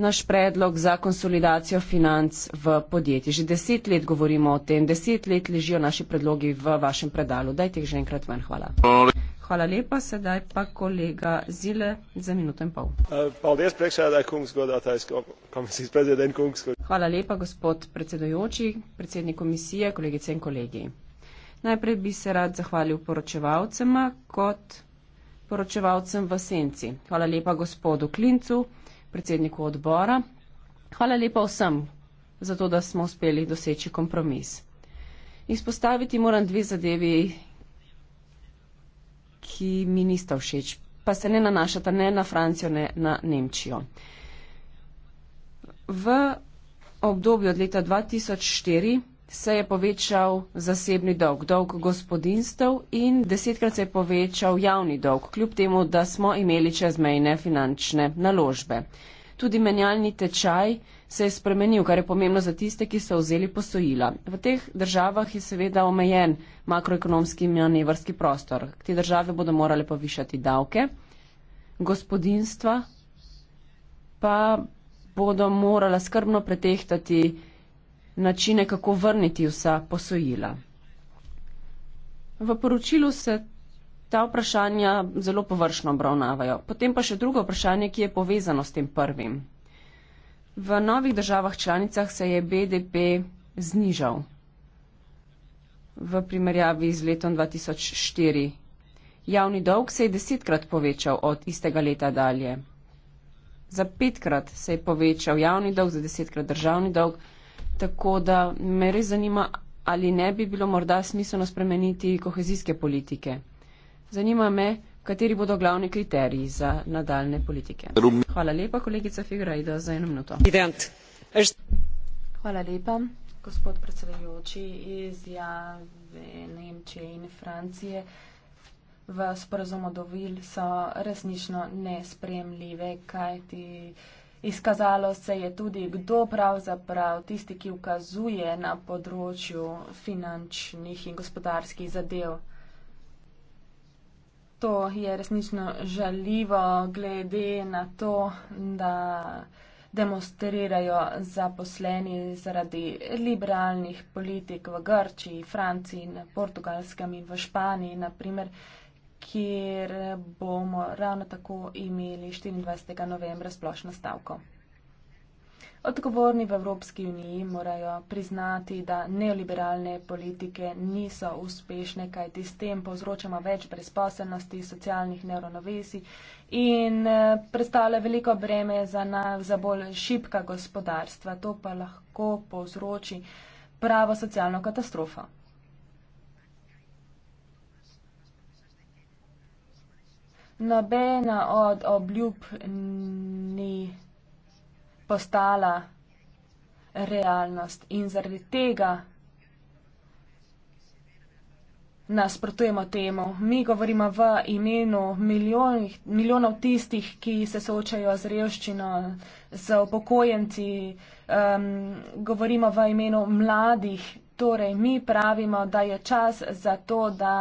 naš predlog za konsolidacijo financ v podjetji. Že deset let govorimo o tem, deset let ležijo naši predlogi v vašem predalu. Dajte jih že enkrat ven. Hvala. Hvala lepa, sedaj pa kolega Zile za minuto in pol. Hvala lepa, gospod predsedujoči, predsednik komisije, kolegice in kolegi. Najprej bi se rad zahvalil poročevalcema kot poročevalcem v senci. Hvala lepa gospodu Klincu predsedniku odbora. Hvala lepa vsem za to, da smo uspeli doseči kompromis. Izpostaviti moram dve zadevi, ki mi nista všeč, pa se ne nanašata ne na Francijo, ne na Nemčijo. V obdobju od leta 2004 se je povečal zasebni dolg, dolg gospodinstv in desetkrat se je povečal javni dolg, kljub temu, da smo imeli čezmejne finančne naložbe. Tudi menjalni tečaj se je spremenil, kar je pomembno za tiste, ki so vzeli posojila. V teh državah je seveda omejen makroekonomski manevrski prostor. Te države bodo morale povišati davke, gospodinstva pa bodo morala skrbno pretehtati načine, kako vrniti vsa posojila. V poročilu se ta vprašanja zelo površno obravnavajo. Potem pa še drugo vprašanje, ki je povezano s tem prvim. V novih državah članicah se je BDP znižal v primerjavi z letom 2004. Javni dolg se je desetkrat povečal od istega leta dalje. Za petkrat se je povečal javni dolg, za desetkrat državni dolg. Tako da me res zanima, ali ne bi bilo morda smiselno spremeniti kohezijske politike. Zanima me, kateri bodo glavni kriteriji za nadaljne politike. Hvala lepa, kolegica Figrajda, za eno minuto. Hvala lepa, gospod predsedajoči, izjave Nemčije in Francije v sporozumu dovil so resnično nespremljive, kajti. Uh, Izkazalo se je tudi, kdo pravzaprav tisti, ki ukazuje na področju finančnih in gospodarskih zadev. To je resnično žaljivo, glede na to, da demonstrirajo zaposleni zaradi liberalnih politik v Grčiji, Franciji, Portugalskem in v Španiji, naprimer kjer bomo ravno tako imeli 24. novembra splošno stavko. Odgovorni v Evropski uniji morajo priznati, da neoliberalne politike niso uspešne, kajti s tem povzročamo več brezposelnosti, socialnih neuronovesij in eh, predstavlja veliko breme za, na, za bolj šipka gospodarstva. To pa lahko povzroči pravo socialno katastrofo. nobena od obljub ni postala realnost in zaradi tega nasprotujemo temu. Mi govorimo v imenu milijonih, milijonov tistih, ki se soočajo z revščino, z upokojenci, um, govorimo v imenu mladih. Torej, mi pravimo, da je čas za to, da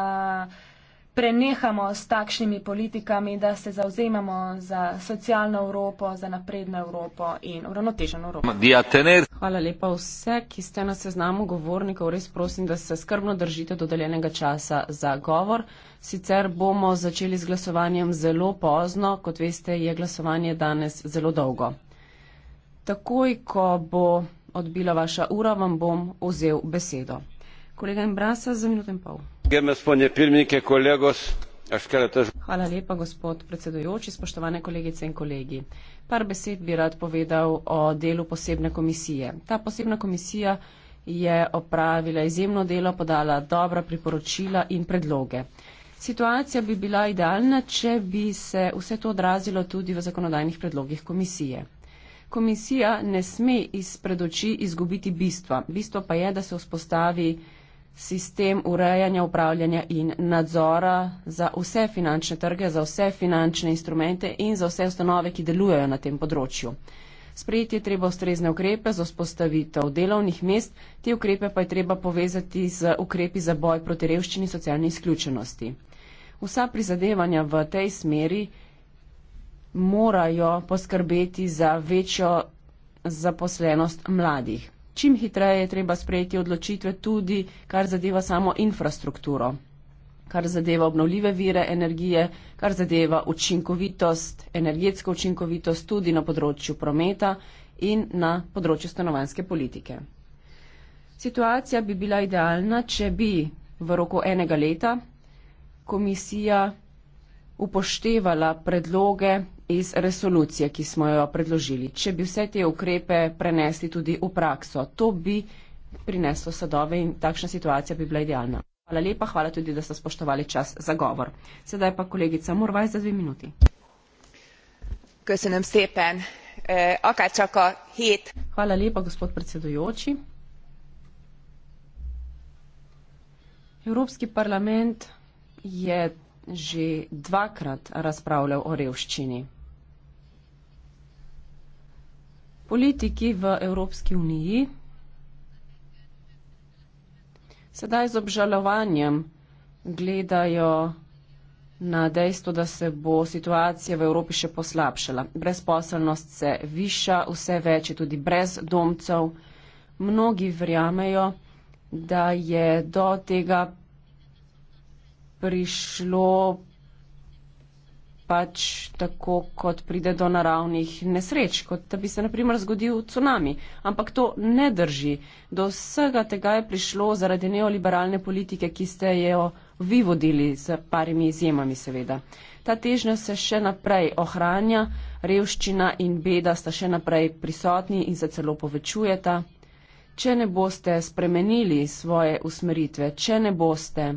prenehamo s takšnimi politikami, da se zauzemamo za socialno Evropo, za napredno Evropo in uravnoteženo Evropo. Hvala lepa vse, ki ste na seznamu govornikov. Res prosim, da se skrbno držite dodeljenega časa za govor. Sicer bomo začeli z glasovanjem zelo pozno, kot veste, je glasovanje danes zelo dolgo. Takoj, ko bo odbila vaša ura, vam bom vzel besedo. Hvala lepa, gospod predsedujoči. Spoštovane kolegice in kolegi. Par besed bi rad povedal o delu posebne komisije. Ta posebna komisija je opravila izjemno delo, podala dobra priporočila in predloge. Situacija bi bila idealna, če bi se vse to odrazilo tudi v zakonodajnih predlogih komisije. Komisija ne sme iz pred oči izgubiti bistva. Bistvo pa je, da se vzpostavi sistem urejanja, upravljanja in nadzora za vse finančne trge, za vse finančne instrumente in za vse ustanove, ki delujejo na tem področju. Sprejeti je treba ustrezne ukrepe za spostavitev delovnih mest, te ukrepe pa je treba povezati z ukrepi za boj proti revščini in socialni izključenosti. Vsa prizadevanja v tej smeri morajo poskrbeti za večjo zaposlenost mladih čim hitreje je treba sprejeti odločitve tudi, kar zadeva samo infrastrukturo, kar zadeva obnovljive vire energije, kar zadeva učinkovitost, energetsko učinkovitost tudi na področju prometa in na področju stanovanske politike. Situacija bi bila idealna, če bi v roku enega leta komisija upoštevala predloge iz resolucije, ki smo jo predložili, če bi vse te ukrepe prenesli tudi v prakso. To bi prineslo sadove in takšna situacija bi bila idealna. Hvala lepa, hvala tudi, da ste spoštovali čas za govor. Sedaj pa kolegica Morvaj za dve minuti. Köszönöm szépen. Akár csak a hét. Hvala lepa, gospod predsedujoči. Evropski parlament je že dvakrat razpravljal o revščini. Politiki v Evropski uniji sedaj z obžalovanjem gledajo na dejstvo, da se bo situacija v Evropi še poslabšala. Brezposelnost se viša, vse več je tudi brez domcev. Mnogi verjamejo, da je do tega prišlo pač tako, kot pride do naravnih nesreč, kot da bi se naprimer zgodil tsunami. Ampak to ne drži. Do vsega tega je prišlo zaradi neoliberalne politike, ki ste jo vi vodili z parimi izjemami seveda. Ta težnja se še naprej ohranja, revščina in beda sta še naprej prisotni in se celo povečujeta. Če ne boste spremenili svoje usmeritve, če ne boste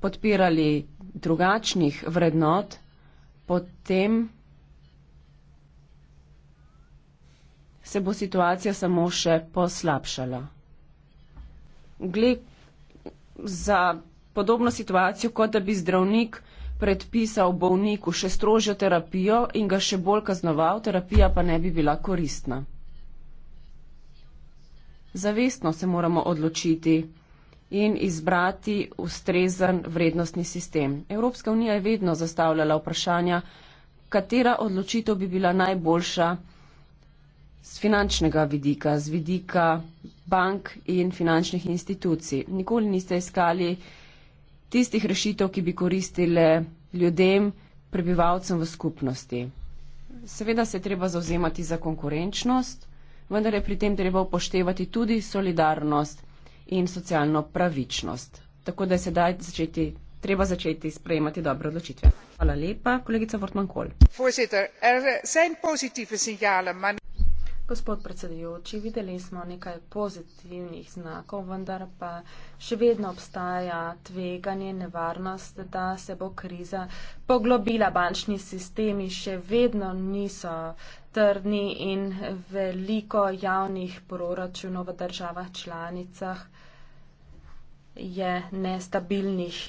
podpirali drugačnih vrednot, potem se bo situacija samo še poslabšala. Gle, za podobno situacijo, kot da bi zdravnik predpisal bolniku še strožjo terapijo in ga še bolj kaznoval, terapija pa ne bi bila koristna. Zavestno se moramo odločiti, in izbrati ustrezen vrednostni sistem. Evropska unija je vedno zastavljala vprašanja, katera odločitev bi bila najboljša z finančnega vidika, z vidika bank in finančnih institucij. Nikoli niste iskali tistih rešitev, ki bi koristile ljudem, prebivalcem v skupnosti. Seveda se je treba zauzemati za konkurenčnost, vendar je pri tem treba upoštevati tudi solidarnost in socialno pravičnost. Tako da je sedaj začeti, treba začeti sprejemati dobre odločitve. Hvala lepa, kolegica Vortman-Kol. Er Gospod predsedujoči, videli smo nekaj pozitivnih znakov, vendar pa še vedno obstaja tveganje, nevarnost, da se bo kriza poglobila. Bančni sistemi še vedno niso trdni in veliko javnih proračunov v državah članicah je nestabilnih.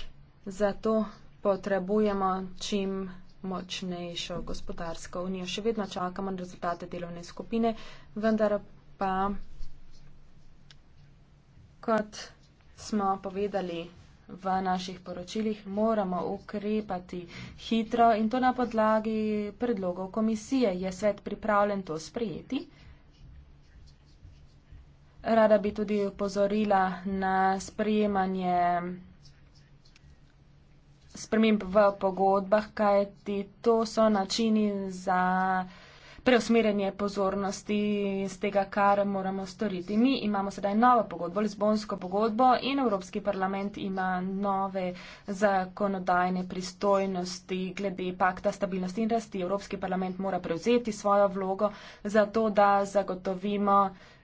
Zato potrebujemo čim močnejšo gospodarsko unijo. Še vedno čakamo na rezultate delovne skupine, vendar pa, kot smo povedali v naših poročilih, moramo ukrepati hitro in to na podlagi predlogov komisije. Je svet pripravljen to sprejeti? Rada bi tudi upozorila na sprejemanje sprememb v pogodbah, kajti to so načini za preusmerjanje pozornosti z tega, kar moramo storiti. Mi imamo sedaj novo pogodbo, Lizbonsko pogodbo in Evropski parlament ima nove zakonodajne pristojnosti glede pakta stabilnosti in rasti. Evropski parlament mora prevzeti svojo vlogo za to, da zagotovimo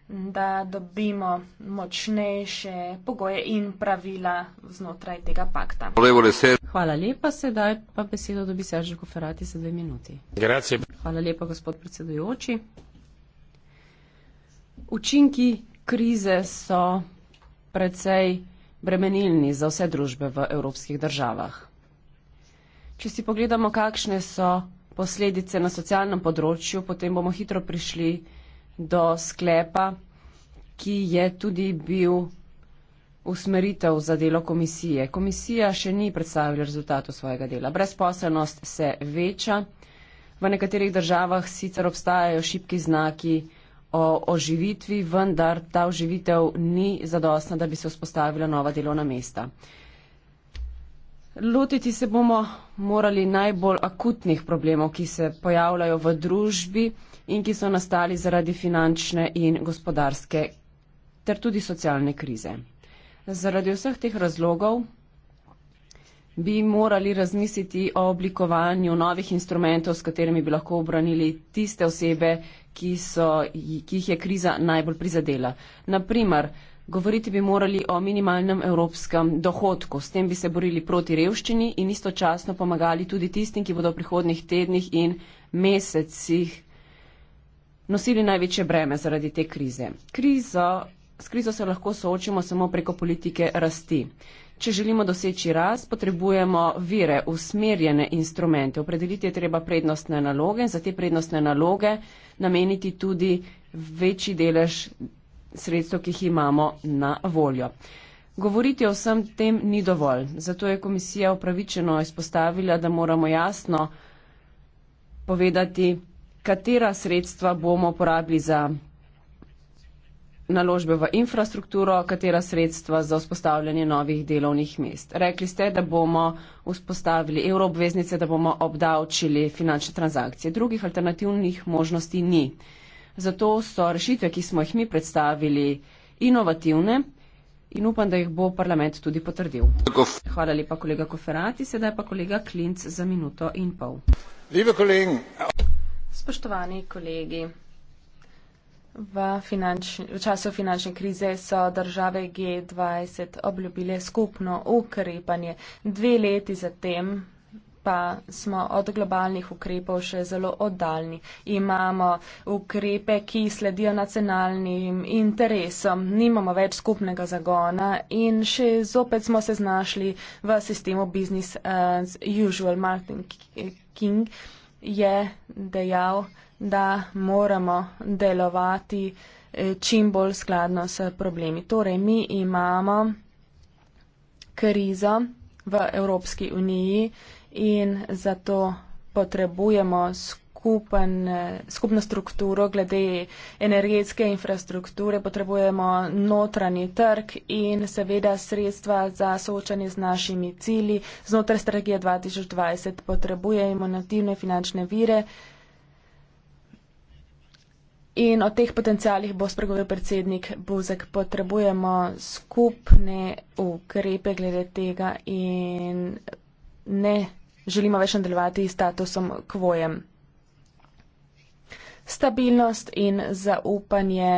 da dobimo močnejše pogoje in pravila znotraj tega pakta. Hvala lepa, sedaj pa besedo dobi Sergio Koferati za dve minuti. Grazie. Hvala lepa, gospod predsedujoči. Učinki krize so precej bremenilni za vse družbe v evropskih državah. Če si pogledamo, kakšne so posledice na socialnem področju, potem bomo hitro prišli do sklepa, ki je tudi bil usmeritev za delo komisije. Komisija še ni predstavila rezultatov svojega dela. Brezposelnost se veča. V nekaterih državah sicer obstajajo šibki znaki o oživitvi, vendar ta oživitev ni zadostna, da bi se vzpostavila nova delovna mesta. Lotiti se bomo morali najbolj akutnih problemov, ki se pojavljajo v družbi in ki so nastali zaradi finančne in gospodarske ter tudi socialne krize. Zaradi vseh teh razlogov bi morali razmisliti o oblikovanju novih instrumentov, s katerimi bi lahko obranili tiste osebe, ki, so, ki jih je kriza najbolj prizadela. Naprimer, Govoriti bi morali o minimalnem evropskem dohodku. S tem bi se borili proti revščini in istočasno pomagali tudi tistim, ki bodo v prihodnih tednih in mesecih nosili največje breme zaradi te krize. Krizo, s krizo se lahko soočimo samo preko politike rasti. Če želimo doseči rast, potrebujemo vire, usmerjene instrumente. Opredeliti je treba prednostne naloge in za te prednostne naloge nameniti tudi večji delež sredstev, ki jih imamo na voljo. Govoriti o vsem tem ni dovolj, zato je komisija upravičeno izpostavila, da moramo jasno povedati, katera sredstva bomo uporabili za naložbe v infrastrukturo, katera sredstva za vzpostavljanje novih delovnih mest. Rekli ste, da bomo vzpostavili evroobveznice, da bomo obdavčili finančne transakcije. Drugih alternativnih možnosti ni. Zato so rešitve, ki smo jih mi predstavili, inovativne in upam, da jih bo parlament tudi potrdil. Hvala lepa, kolega Koferati. Sedaj pa kolega Klinc za minuto in pol. Spoštovani kolegi. V, finanč, v času finančne krize so države G20 obljubile skupno ukrepanje. Dve leti zatem pa smo od globalnih ukrepov še zelo oddaljni. Imamo ukrepe, ki sledijo nacionalnim interesom, nimamo več skupnega zagona in še zopet smo se znašli v sistemu business as usual. Martin King je dejal, da moramo delovati eh, čim bolj skladno s problemi. Torej, mi imamo krizo v Evropski uniji, in zato potrebujemo skupen, skupno strukturo glede energetske infrastrukture, potrebujemo notranji trg in seveda sredstva za soočanje z našimi cilji. Znotraj strategije 2020 potrebujemo nativne finančne vire. In o teh potencijalih bo spregovoril predsednik Buzek. Potrebujemo skupne ukrepe glede tega in ne želimo več nadaljevati s statusom kvojem. Stabilnost in zaupanje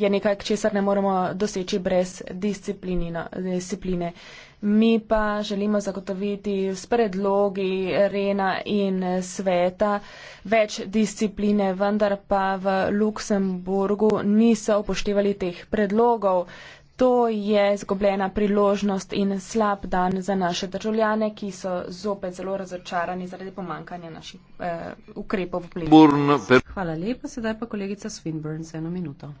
je nekaj, česar ne moremo doseči brez discipline. Mi pa želimo zagotoviti s predlogi Rena in sveta več discipline, vendar pa v Luksemburgu niso upoštevali teh predlogov. To je zgobljena priložnost in slab dan za naše državljane, ki so zopet zelo razočarani zaradi pomankanja naših eh, ukrepov v plenu. Hvala lepa, sedaj pa kolegica Swinburne za eno minuto.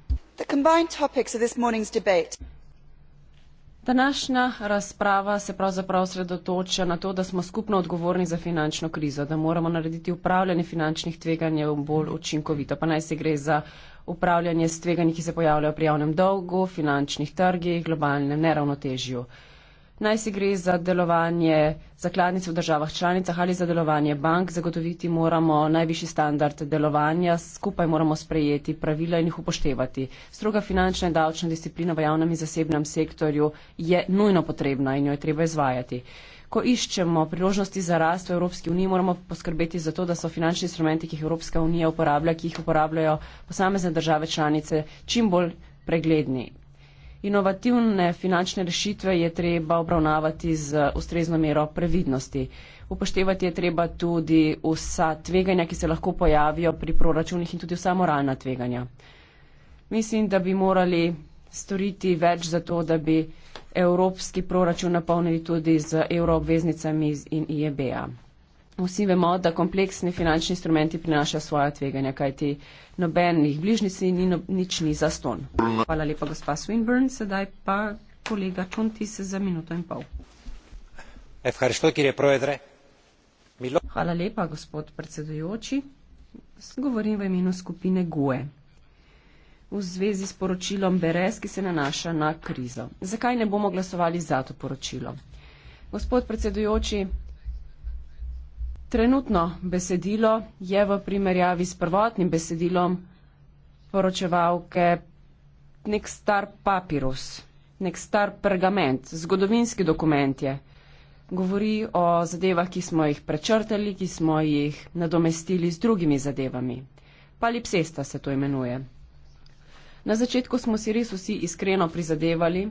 Današnja razprava se pravzaprav sredotoča na to, da smo skupno odgovorni za finančno krizo, da moramo narediti upravljanje finančnih tveganj bolj učinkovito, pa naj se gre za upravljanje s tveganji, ki se pojavljajo pri javnem dolgu, finančnih trgih, globalnem neravnotežju naj si gre za delovanje zakladnic v državah članicah ali za delovanje bank, zagotoviti moramo najvišji standard delovanja, skupaj moramo sprejeti pravila in jih upoštevati. Stroga finančna in davčna disciplina v javnem in zasebnem sektorju je nujno potrebna in jo je treba izvajati. Ko iščemo priložnosti za rast v Evropski uniji, moramo poskrbeti za to, da so finančni instrumenti, ki jih Evropska unija uporablja, ki jih uporabljajo posamezne države članice, čim bolj pregledni. Inovativne finančne rešitve je treba obravnavati z ustrezno mero previdnosti. Upoštevati je treba tudi vsa tveganja, ki se lahko pojavijo pri proračunih in tudi vsa moralna tveganja. Mislim, da bi morali storiti več za to, da bi evropski proračun napolnili tudi z euroobveznicami in IEB-a vsi vemo, da kompleksni finančni instrumenti prinašajo svoje tveganja, kajti nobenih bližnjici ni no, nič ni za ston. Hvala lepa, gospa Swinburne. Sedaj pa kolega Čunti se za minuto in pol. Hvala lepa, gospod predsedujoči. Govorim v imenu skupine GUE v zvezi s poročilom BRS, ki se nanaša na krizo. Zakaj ne bomo glasovali za to poročilo? Gospod predsedujoči, Trenutno besedilo je v primerjavi s prvotnim besedilom poročevalke nek star papirus, nek star pergament, zgodovinski dokument je. Govori o zadevah, ki smo jih prečrtali, ki smo jih nadomestili z drugimi zadevami. Palipsesta se to imenuje. Na začetku smo si res vsi iskreno prizadevali,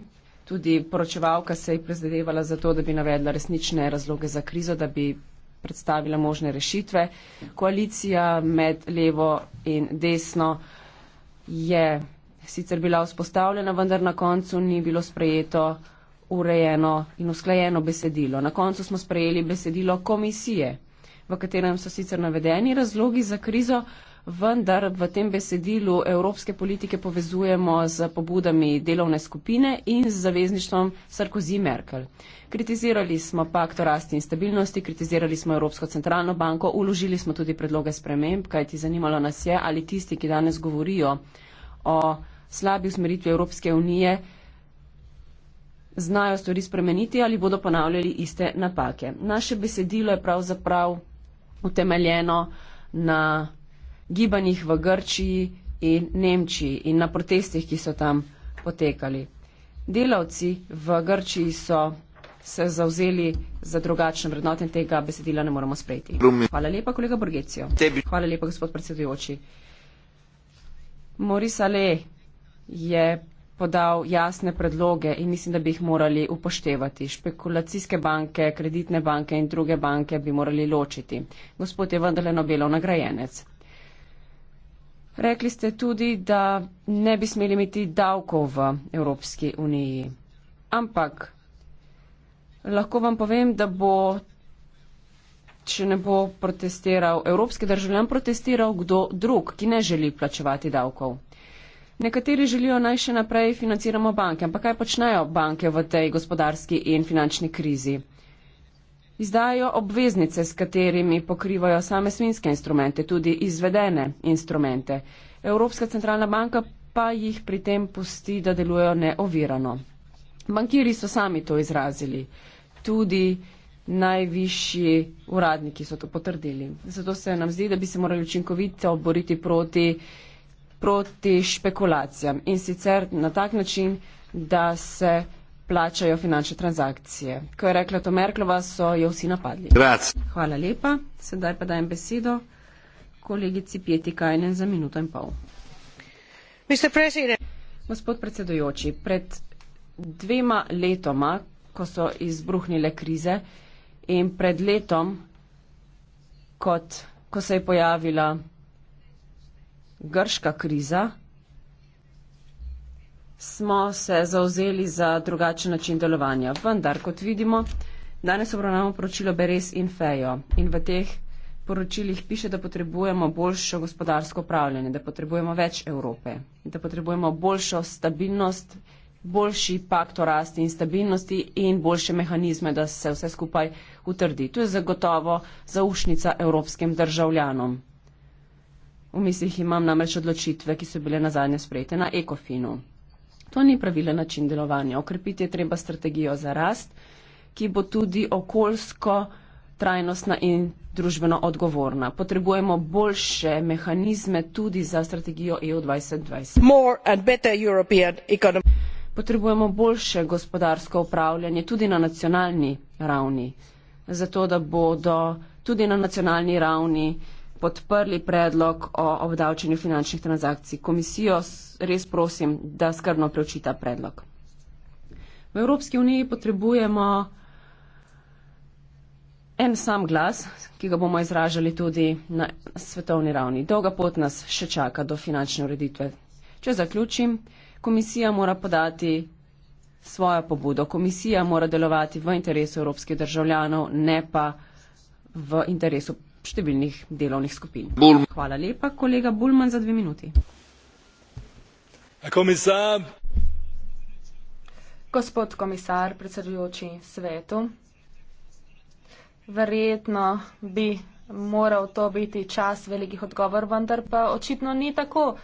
tudi poročevalka se je prizadevala za to, da bi navedla resnične razloge za krizo, da bi predstavila možne rešitve. Koalicija med levo in desno je sicer bila vzpostavljena, vendar na koncu ni bilo sprejeto urejeno in usklajeno besedilo. Na koncu smo sprejeli besedilo komisije, v katerem so sicer navedeni razlogi za krizo, vendar v tem besedilu evropske politike povezujemo z pobudami delovne skupine in z zavezništvom Sarkozy-Merkel. Kritizirali smo pakt o rasti in stabilnosti, kritizirali smo Evropsko centralno banko, uložili smo tudi predloge sprememb, kajti zanimalo nas je, ali tisti, ki danes govorijo o slabi usmeritvi Evropske unije, znajo stvari spremeniti ali bodo ponavljali iste napake. Naše besedilo je pravzaprav utemeljeno na gibanjih v Grčiji in Nemčiji in na protestih, ki so tam potekali. Delavci v Grčiji so se zauzeli za drugačne vrednote in tega besedila ne moramo sprejeti. Hvala lepa, kolega Borgecijo. Hvala lepa, gospod predsedujoči. Moris Ale je podal jasne predloge in mislim, da bi jih morali upoštevati. Špekulacijske banke, kreditne banke in druge banke bi morali ločiti. Gospod je vendarle Nobelov nagrajenec. Rekli ste tudi, da ne bi smeli imeti davkov v Evropski uniji. Ampak lahko vam povem, da bo, če ne bo protestiral evropski državljan, protestiral kdo drug, ki ne želi plačevati davkov. Nekateri želijo naj še naprej financiramo banke, ampak kaj počnejo banke v tej gospodarski in finančni krizi? izdajajo obveznice, s katerimi pokrivajo same svinske instrumente, tudi izvedene instrumente. Evropska centralna banka pa jih pri tem pusti, da delujejo neovirano. Bankiri so sami to izrazili, tudi najvišji uradniki so to potrdili. Zato se nam zdi, da bi se morali učinkovito boriti proti, proti špekulacijam in sicer na tak način, da se plačajo finančne transakcije. Ko je rekla to Merklova, so jo vsi napadli. Grazie. Hvala lepa. Sedaj pa dajem besedo kolegici Pieti Kajnen za minuto in pol. Gospod predsedujoči, pred dvema letoma, ko so izbruhnile krize in pred letom, kot, ko se je pojavila grška kriza, smo se zauzeli za drugačen način delovanja. Vendar, kot vidimo, danes obravnavamo poročilo Beres in Fejo in v teh poročilih piše, da potrebujemo boljšo gospodarsko upravljanje, da potrebujemo več Evrope, da potrebujemo boljšo stabilnost, boljši pakt o rasti in stabilnosti in boljše mehanizme, da se vse skupaj utrdi. To je zagotovo zaušnica evropskim državljanom. V mislih imam namreč odločitve, ki so bile na zadnje sprejete na ekofinu. To ni pravilen način delovanja. Okrepiti je treba strategijo za rast, ki bo tudi okoljsko trajnostna in družbeno odgovorna. Potrebujemo boljše mehanizme tudi za strategijo e EU 2020. Potrebujemo boljše gospodarsko upravljanje tudi na nacionalni ravni, zato da bodo tudi na nacionalni ravni uh, podprli predlog o obdavčenju finančnih transakcij. Komisijo res prosim, da skrbno preučita predlog. V Evropski uniji potrebujemo en sam glas, ki ga bomo izražali tudi na svetovni ravni. Dolga pot nas še čaka do finančne ureditve. Če zaključim, komisija mora podati svojo pobudo. Komisija mora delovati v interesu evropskih državljanov, ne pa v interesu številnih delovnih skupin. Hvala lepa, kolega Bulman, za dve minuti. Komisar. Gospod komisar, predsedujoči svetu, verjetno bi moral to biti čas velikih odgovor, vendar pa očitno ni tako.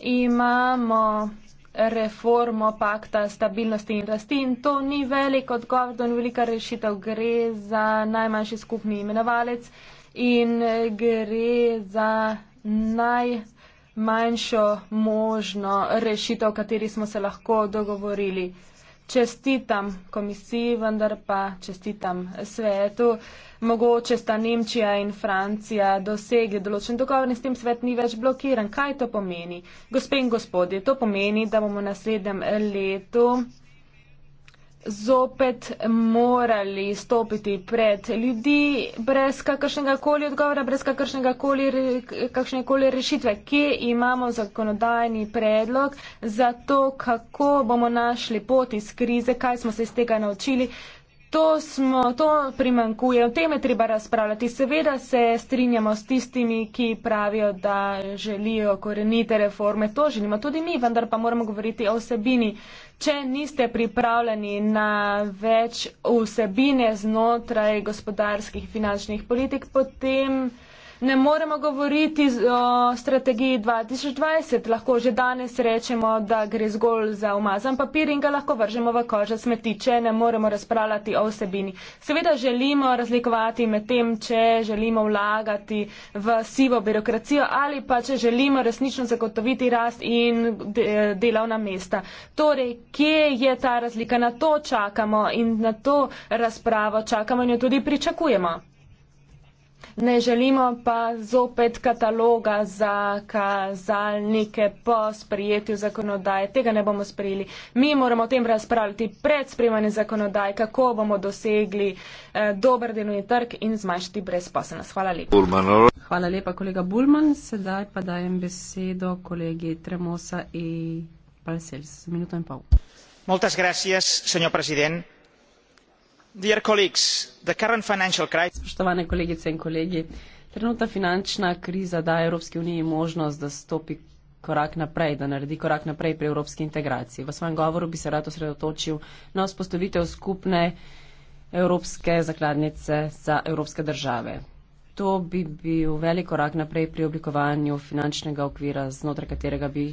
Imamo reformo pakta stabilnosti in rasti in to ni velik odgovor, to ni velika rešitev, gre za najmanjši skupni imenovalec in eh, gre za najmanjšo možno rešitev, o kateri smo se lahko dogovorili. Čestitam komisiji, vendar pa čestitam svetu. Mogoče sta Nemčija in Francija dosegli določen dogovor in s tem svet ni več blokiran. Kaj to pomeni? Gospe in gospodje, to pomeni, da bomo v naslednjem letu zopet morali stopiti pred ljudi brez kakršnega koli odgovora, brez kakršne koli rešitve, ki imamo zakonodajni predlog za to, kako bomo našli pot iz krize, kaj smo se iz tega naučili To, smo, to primankuje, o tem je treba razpravljati. Seveda se strinjamo s tistimi, ki pravijo, da želijo korenite reforme. To želimo tudi mi, vendar pa moramo govoriti o vsebini. Če niste pripravljeni na več vsebine znotraj gospodarskih finančnih politik, potem ne moremo govoriti o strategiji 2020, lahko že danes rečemo, da gre zgolj za umazan papir in ga lahko vržemo v kožo smeti, če ne moremo razpravljati o vsebini. Seveda želimo razlikovati med tem, če želimo vlagati v sivo birokracijo ali pa če želimo resnično zagotoviti rast in delovna mesta. Torej, kje je ta razlika? Na to čakamo in na to razpravo čakamo in jo tudi pričakujemo ne želimo pa zopet kataloga za kazalnike po sprijetju zakonodaje. Tega ne bomo sprijeli. Mi moramo o tem razpravljati pred sprejemanjem zakonodaje, kako bomo dosegli eh, dober delovni trg in zmanjšati brezposelnost. Hvala lepa. No. Hvala lepa, kolega Bulman. Sedaj pa dajem besedo kolegi Tremosa in Palsels. Minuto in pol. Muchas gracias, señor presidente spoštovane kolegice in kolegi trenutna finančna kriza daje evropski uniji možnost da stopi korak naprej da naredi korak naprej pri evropski integraciji v svojem govoru bi se rad osredotočil na vzpostavitev skupne evropske zakladnice za evropske države to bi bil velik korak naprej pri oblikovanju finančnega okvira, znotraj katerega bi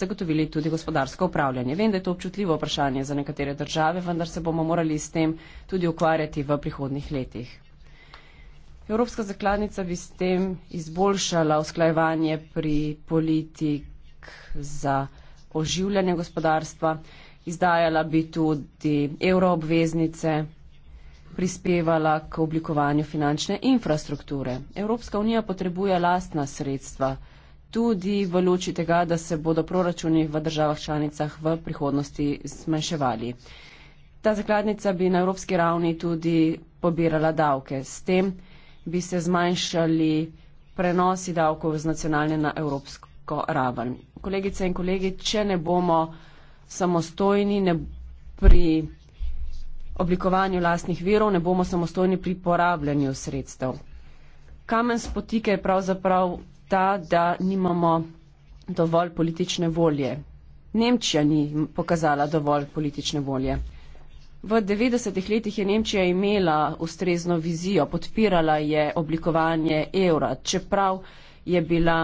zagotovili tudi gospodarsko upravljanje. Vem, da je to občutljivo vprašanje za nekatere države, vendar se bomo morali s tem tudi ukvarjati v prihodnih letih. Evropska zakladnica bi s tem izboljšala usklajevanje pri politik za oživljanje gospodarstva, izdajala bi tudi evroobveznice, prispevala k oblikovanju finančne infrastrukture. Evropska unija potrebuje lastna sredstva, tudi v luči tega, da se bodo proračuni v državah članicah v prihodnosti zmanjševali. Ta zakladnica bi na evropski ravni tudi pobirala davke. S tem bi se zmanjšali prenosi davkov z nacionalne na evropsko raven. Kolegice in kolegi, če ne bomo samostojni ne pri oblikovanju lastnih virov, ne bomo samostojni pri porabljanju sredstev. Kamen spotike je pravzaprav ta, da nimamo dovolj politične volje. Nemčija ni pokazala dovolj politične volje. V 90-ih letih je Nemčija imela ustrezno vizijo, podpirala je oblikovanje evra, čeprav je bila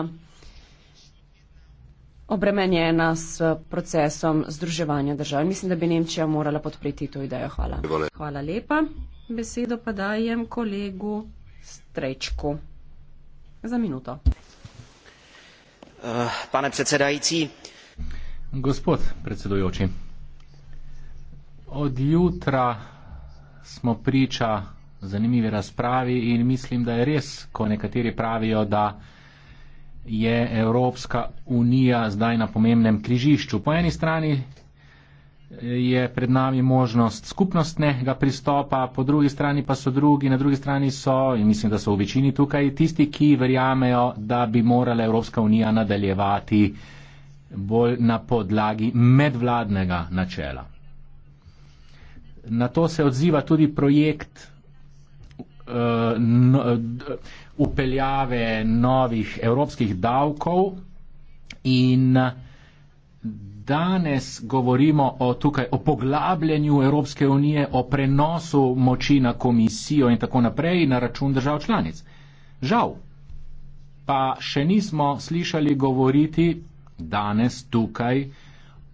obremenjena s procesom združevanja držav. Mislim, da bi Nemčija morala podpreti to idejo. Hvala. Hvala lepa. Besedo pa dajem kolegu Strečku. Za minuto. Uh, pane predsedajci. Gospod predsedujoči. Od jutra smo priča zanimivi razpravi in mislim, da je res, ko nekateri pravijo, da je Evropska unija zdaj na pomembnem križišču. Po eni strani eh, je pred nami možnost skupnostnega pristopa, po drugi strani pa so drugi, na drugi strani so, in mislim, da so v večini tukaj, tisti, ki verjamejo, da bi morala Evropska unija nadaljevati bolj na podlagi medvladnega načela. Na to se odziva tudi projekt uh, no, upeljave novih evropskih davkov in danes govorimo o tukaj o poglabljanju Evropske unije, o prenosu moči na komisijo in tako naprej na račun držav članic. Žal pa še nismo slišali govoriti danes tukaj,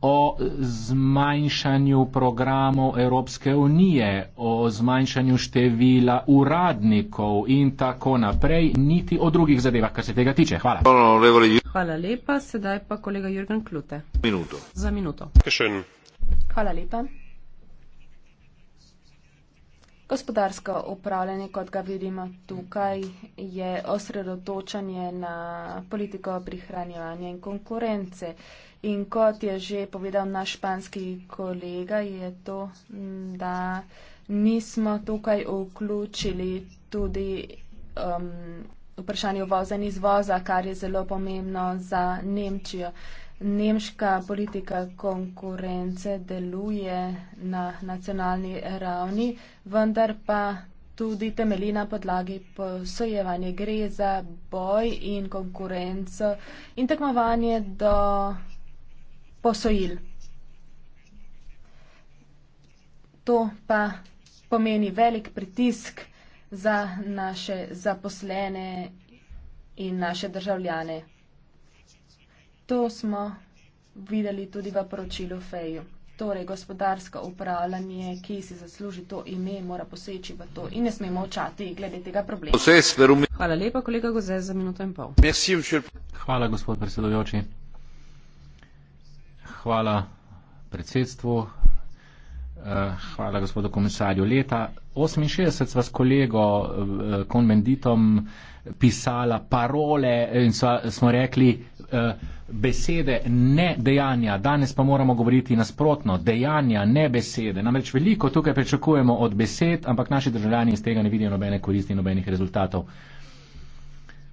o zmanjšanju programov Evropske unije, o zmanjšanju števila uradnikov in tako naprej, niti o drugih zadevah, kar se tega tiče. Hvala. Hvala lepa, sedaj pa kolega Jurgen Klute. Minuto. Za minuto. Hvala lepa. Gospodarsko upravljanje, kot ga vidimo tukaj, je osredotočanje na politiko prihranjevanja in konkurence. In kot je že povedal naš španski kolega, je to, da nismo tukaj vključili tudi um, vprašanje uvoza in izvoza, kar je zelo pomembno za Nemčijo nemška politika konkurence deluje na nacionalni ravni, vendar pa tudi temelji na podlagi posojevanja. Gre za boj in konkurenco in tekmovanje do posojil. To pa pomeni velik pritisk za naše zaposlene in naše državljane. To smo videli tudi v poročilu Feju. Torej, gospodarsko upravljanje, ki si zasluži to ime, mora poseči v to in ne smemo očati glede tega problema. Hvala lepa, kolega Goze, za minuto in pol. Hvala, gospod predsedujoči. Hvala predsedstvu. Eh, hvala gospodu komisarju. Leta 68 s kolego eh, Konbenditom. Uh, pisala parole in so, smo rekli uh, besede, ne dejanja. Danes pa moramo govoriti nasprotno, dejanja, ne besede. Namreč veliko tukaj pričakujemo od besed, ampak naši državljani iz tega ne vidijo nobene koristi, nobenih rezultatov.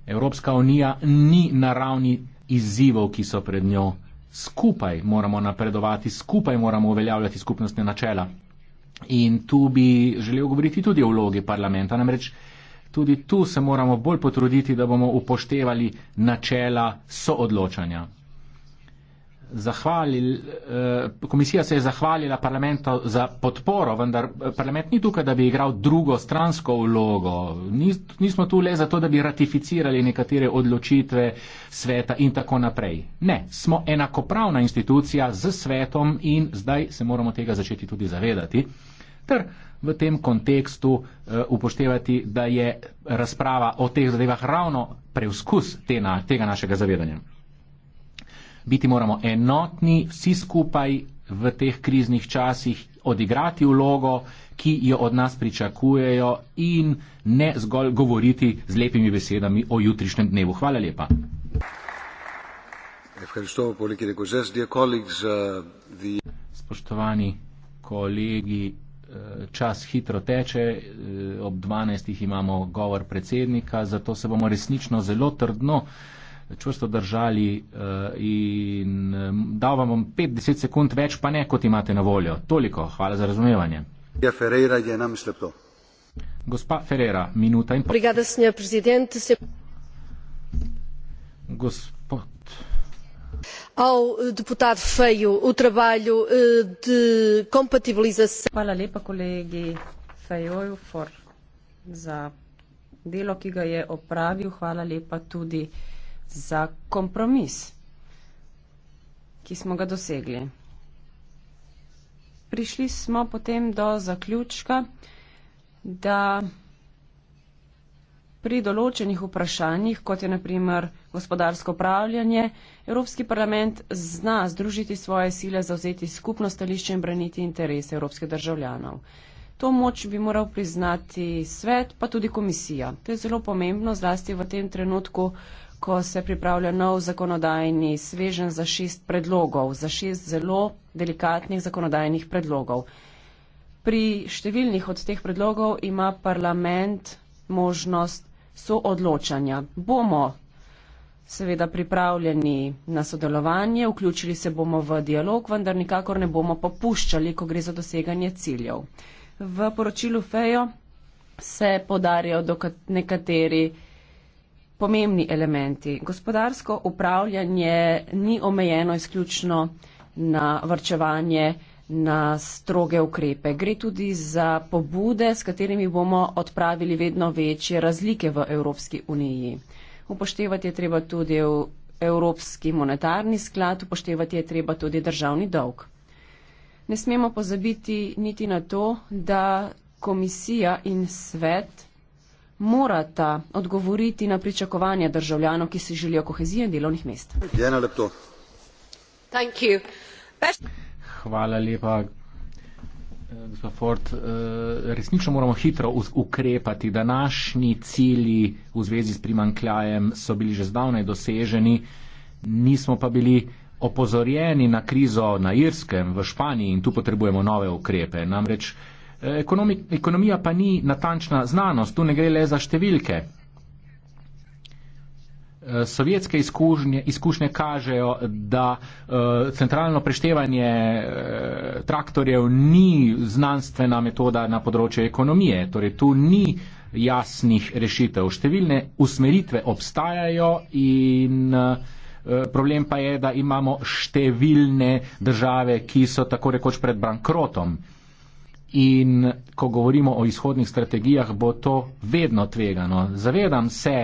Evropska unija ni na ravni izzivov, ki so pred njo. Skupaj moramo napredovati, skupaj moramo uveljavljati skupnostne načela. In tu bi želel govoriti tudi o vlogi parlamenta. Namreč uh, tudi tu se moramo bolj potruditi, da bomo upoštevali načela soodločanja. Zahvalil, eh, komisija se je zahvalila parlamentu za podporo, vendar eh, parlament ni tukaj, da bi igral drugo stransko vlogo. Nismo tu le zato, da bi ratificirali nekatere odločitve sveta in tako naprej. Ne, smo enakopravna institucija z svetom in zdaj se moramo tega začeti tudi zavedati. Ter v tem kontekstu eh, upoštevati, da je razprava o teh zadevah ravno preuskus te na, tega našega zavedanja. Biti moramo enotni, vsi skupaj v teh kriznih časih odigrati vlogo, ki jo od nas pričakujejo in ne zgolj govoriti z lepimi besedami o jutrišnjem dnevu. Hvala lepa. Uh, Spoštovani kolegi. Eh, čas hitro teče, eh, ob 12. imamo govor predsednika, zato se bomo resnično zelo trdno eh, čvrsto držali in dal vam 50 sekund več, pa ne kot imate na voljo. Toliko, hvala za razumevanje. Ja, Ferreira, je nam slepo. Gospa Ferreira, minuta in pol. Brigada, senjor predsednik, se. Gospa ao eh, deputado feio o trabalho eh, de compatibilização. Hvala lepa kolegi Fejoju for za delo, ki ga je opravil. Hvala lepa tudi za kompromis, ki smo ga dosegli. Prišli smo potem do zaključka, da pri določenih vprašanjih, kot je naprimer gospodarsko upravljanje, Evropski parlament zna združiti svoje sile, zauzeti skupno stališče in braniti interese evropskih državljanov. To moč bi moral priznati svet, pa tudi komisija. To je zelo pomembno, zlasti v tem trenutku, ko se pripravlja nov zakonodajni svežen za šest predlogov, za šest zelo delikatnih zakonodajnih predlogov. Pri številnih od teh predlogov ima parlament možnost soodločanja. Bomo seveda pripravljeni na sodelovanje, vključili se bomo v dialog, vendar nikakor ne bomo popuščali, ko gre za doseganje ciljev. V poročilu Fejo se podarijo do nekateri pomembni elementi. Gospodarsko upravljanje ni omejeno izključno na vrčevanje, na stroge ukrepe. Gre tudi za pobude, s katerimi bomo odpravili vedno večje razlike v Evropski uniji upoštevati je treba tudi Evropski monetarni sklad, upoštevati je treba tudi državni dolg. Ne smemo pozabiti niti na to, da komisija in svet morata odgovoriti na pričakovanja državljanov, ki si želijo kohezije in delovnih mest. Hvala lepa, Gospod Ford, eh, resnično moramo hitro ukrepati. Današnji cilji v zvezi s primankljajem so bili že zdavnaj doseženi, nismo pa bili opozorjeni na krizo na Irskem, v Španiji in tu potrebujemo nove ukrepe. Namreč eh, ekonomi, ekonomija pa ni natančna znanost, tu ne gre le za številke sovjetske izkušnje, izkušnje kažejo, da eh, centralno preštevanje eh, traktorjev ni znanstvena metoda na področju ekonomije. Torej, tu ni jasnih rešitev. Številne usmeritve obstajajo in eh, problem pa je, da imamo številne države, ki so tako rekoč pred bankrotom. In ko govorimo o izhodnih strategijah, bo to vedno tvegano. Zavedam se,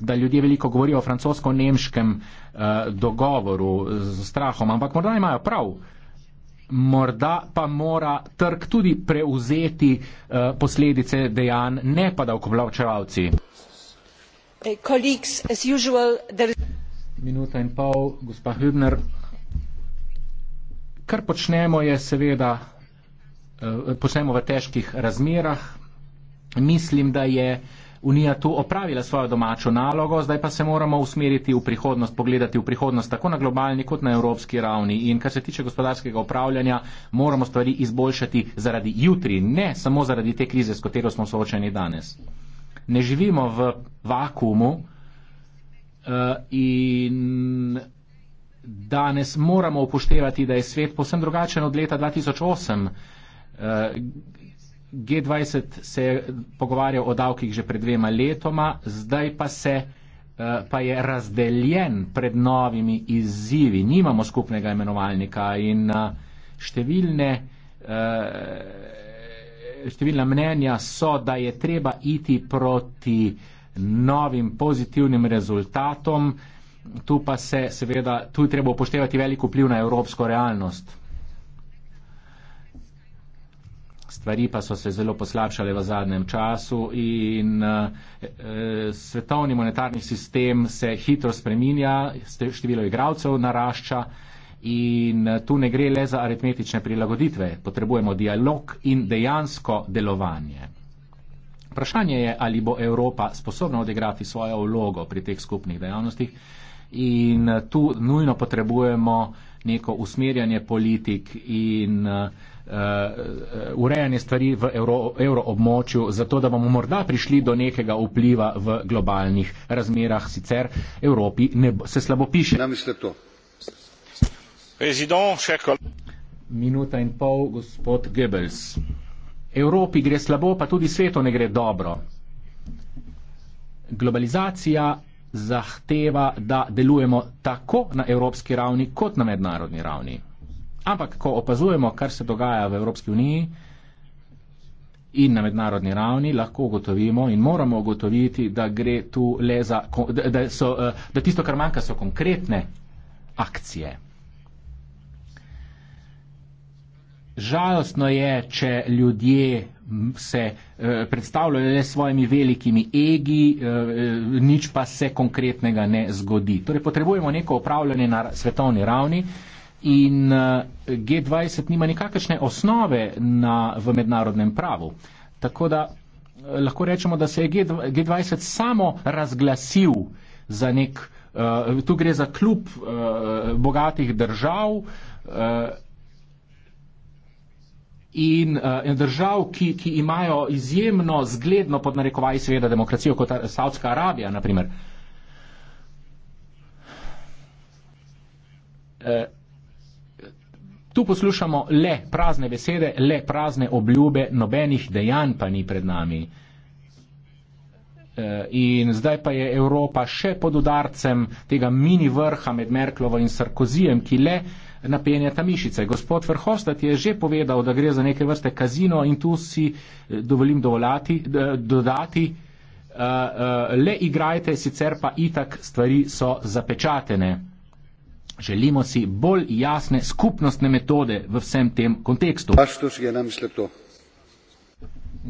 da ljudje veliko govorijo o francosko-nemškem eh, dogovoru z strahom, ampak morda imajo prav. Morda pa mora trg tudi prevzeti eh, posledice dejanj, ne pa da okoblavčevalci. Eh, Minuta in pol, gospa Hübner. Kar počnemo je seveda, eh, počnemo v težkih razmerah. Mislim, da je eh, Unija tu opravila svojo domačo nalogo, zdaj pa se moramo usmeriti v prihodnost, pogledati v prihodnost tako na globalni kot na evropski ravni. In kar se tiče gospodarskega upravljanja, moramo stvari izboljšati zaradi jutri, ne samo zaradi te krize, s katero smo soočeni danes. Ne živimo v vakumu eh, in danes moramo upoštevati, da je svet posebno drugačen od leta 2008. G20 se je pogovarjal o davkih že pred dvema letoma, zdaj pa, se, eh, pa je razdeljen pred novimi izzivi. Nimamo skupnega imenovalnika in eh, številne, eh, številna mnenja so, da je treba iti proti novim pozitivnim rezultatom. Tu pa se seveda, tu je treba upoštevati veliko vpliv na evropsko realnost. Stvari pa so se zelo poslabšale v zadnjem času in eh, eh, svetovni monetarni sistem se hitro spreminja, število igralcev narašča in eh, tu ne gre le za aritmetične prilagoditve, potrebujemo dialog in dejansko delovanje. Vprašanje je, ali bo Evropa sposobna odigrati svojo vlogo pri teh skupnih dejavnostih in eh, tu nujno potrebujemo neko usmerjanje politik in eh, uh, urejanje stvari v evroobmočju, euro zato da bomo morda prišli do nekega vpliva v globalnih razmerah, sicer Evropi ne, se slabo piše. Minuta in pol, gospod Goebbels. Evropi gre slabo, pa tudi svetu ne gre dobro. Globalizacija zahteva, da delujemo tako na evropski ravni kot na mednarodni ravni. Ampak, ko opazujemo, kar se dogaja v Evropski uniji in na mednarodni ravni, lahko ugotovimo in moramo ugotoviti, da gre tu le za, da, so, eh, da tisto, kar manjka, so konkretne akcije. Žalostno je, če ljudje se eh, predstavljajo le svojimi velikimi egi, eh, nič pa se konkretnega ne zgodi. Torej, potrebujemo neko upravljanje na svetovni ravni in eh, G20 nima nikakršne osnove na, v mednarodnem pravu. Tako da eh, lahko rečemo, da se je G20 samo razglasil za nek, uh, tu gre za klub uh, bogatih držav uh, in uh, držav, ki, ki imajo izjemno zgledno pod narekovaji seveda demokracijo kot Saudska Arabija, naprimer. Uh, Tu poslušamo le prazne besede, le prazne obljube, nobenih dejanj pa ni pred nami. Eh, in zdaj pa je Evropa še pod udarcem tega mini vrha med Merklovo in Sarkozijem, ki le napenja ta mišice. Gospod Verhofstadt je že povedal, da gre za neke vrste kazino in tu si eh, dovolim dovolati, dodati, eh, le igrajte, sicer pa itak stvari so zapečatene. Želimo si bolj jasne skupnostne metode v vsem tem kontekstu. Bastos je nam slepo.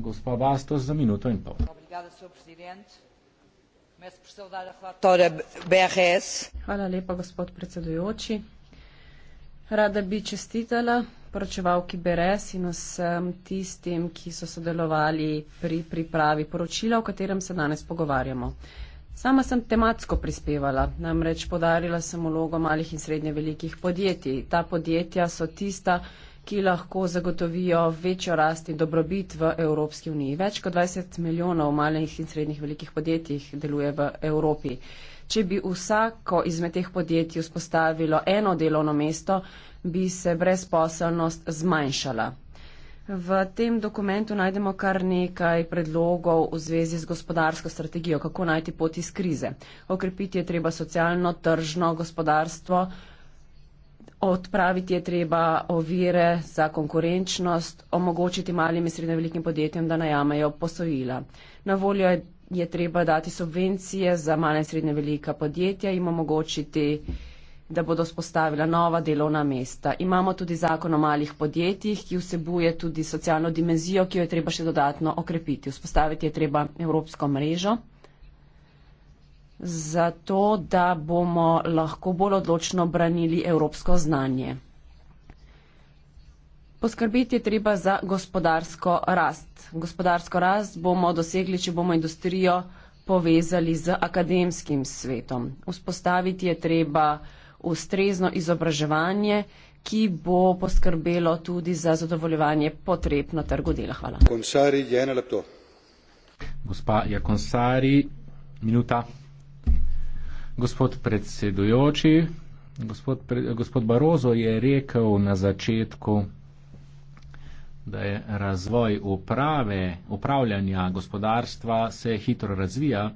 Gospa Bastos za minuto in pol. Hvala lepa, gospod predsedujoči. Rada bi čestitala poročevalki Beres in vsem tistim, ki so sodelovali pri pripravi poročila, o katerem se danes pogovarjamo. Sama sem tematsko prispevala, namreč podarila sem vlogo malih in srednje velikih podjetij. Ta podjetja so tista, ki lahko zagotovijo večjo rast in dobrobit v Evropski uniji. Več kot 20 milijonov malih in srednjih velikih podjetij deluje v Evropi. Če bi vsako izmed teh podjetij vzpostavilo eno delovno mesto, bi se brezposelnost zmanjšala. V tem dokumentu najdemo kar nekaj predlogov v zvezi z gospodarsko strategijo, kako najti pot iz krize. Okrepiti je treba socialno, tržno gospodarstvo, odpraviti je treba ovire za konkurenčnost, omogočiti malim in srednje velikim podjetjem, da najamejo posojila. Na voljo je, je treba dati subvencije za male in srednje velika podjetja in omogočiti da bodo spostavila nova delovna mesta. Imamo tudi zakon o malih podjetjih, ki vsebuje tudi socialno dimenzijo, ki jo je treba še dodatno okrepiti. Vzpostaviti je treba evropsko mrežo, zato da bomo lahko bolj odločno branili evropsko znanje. Poskrbiti je treba za gospodarsko rast. Gospodarsko rast bomo dosegli, če bomo industrijo povezali z akademskim svetom. Vzpostaviti je treba uh, ustrezno izobraževanje, ki bo poskrbelo tudi za zadovoljevanje potreb na trgu dela. Hvala. Konsari, jene lepto. Gospa Jakonsari, minuta. Gospod predsedujoči, gospod, pre, gospod Barozo je rekel na začetku, da je razvoj uprave, upravljanja gospodarstva se hitro razvija.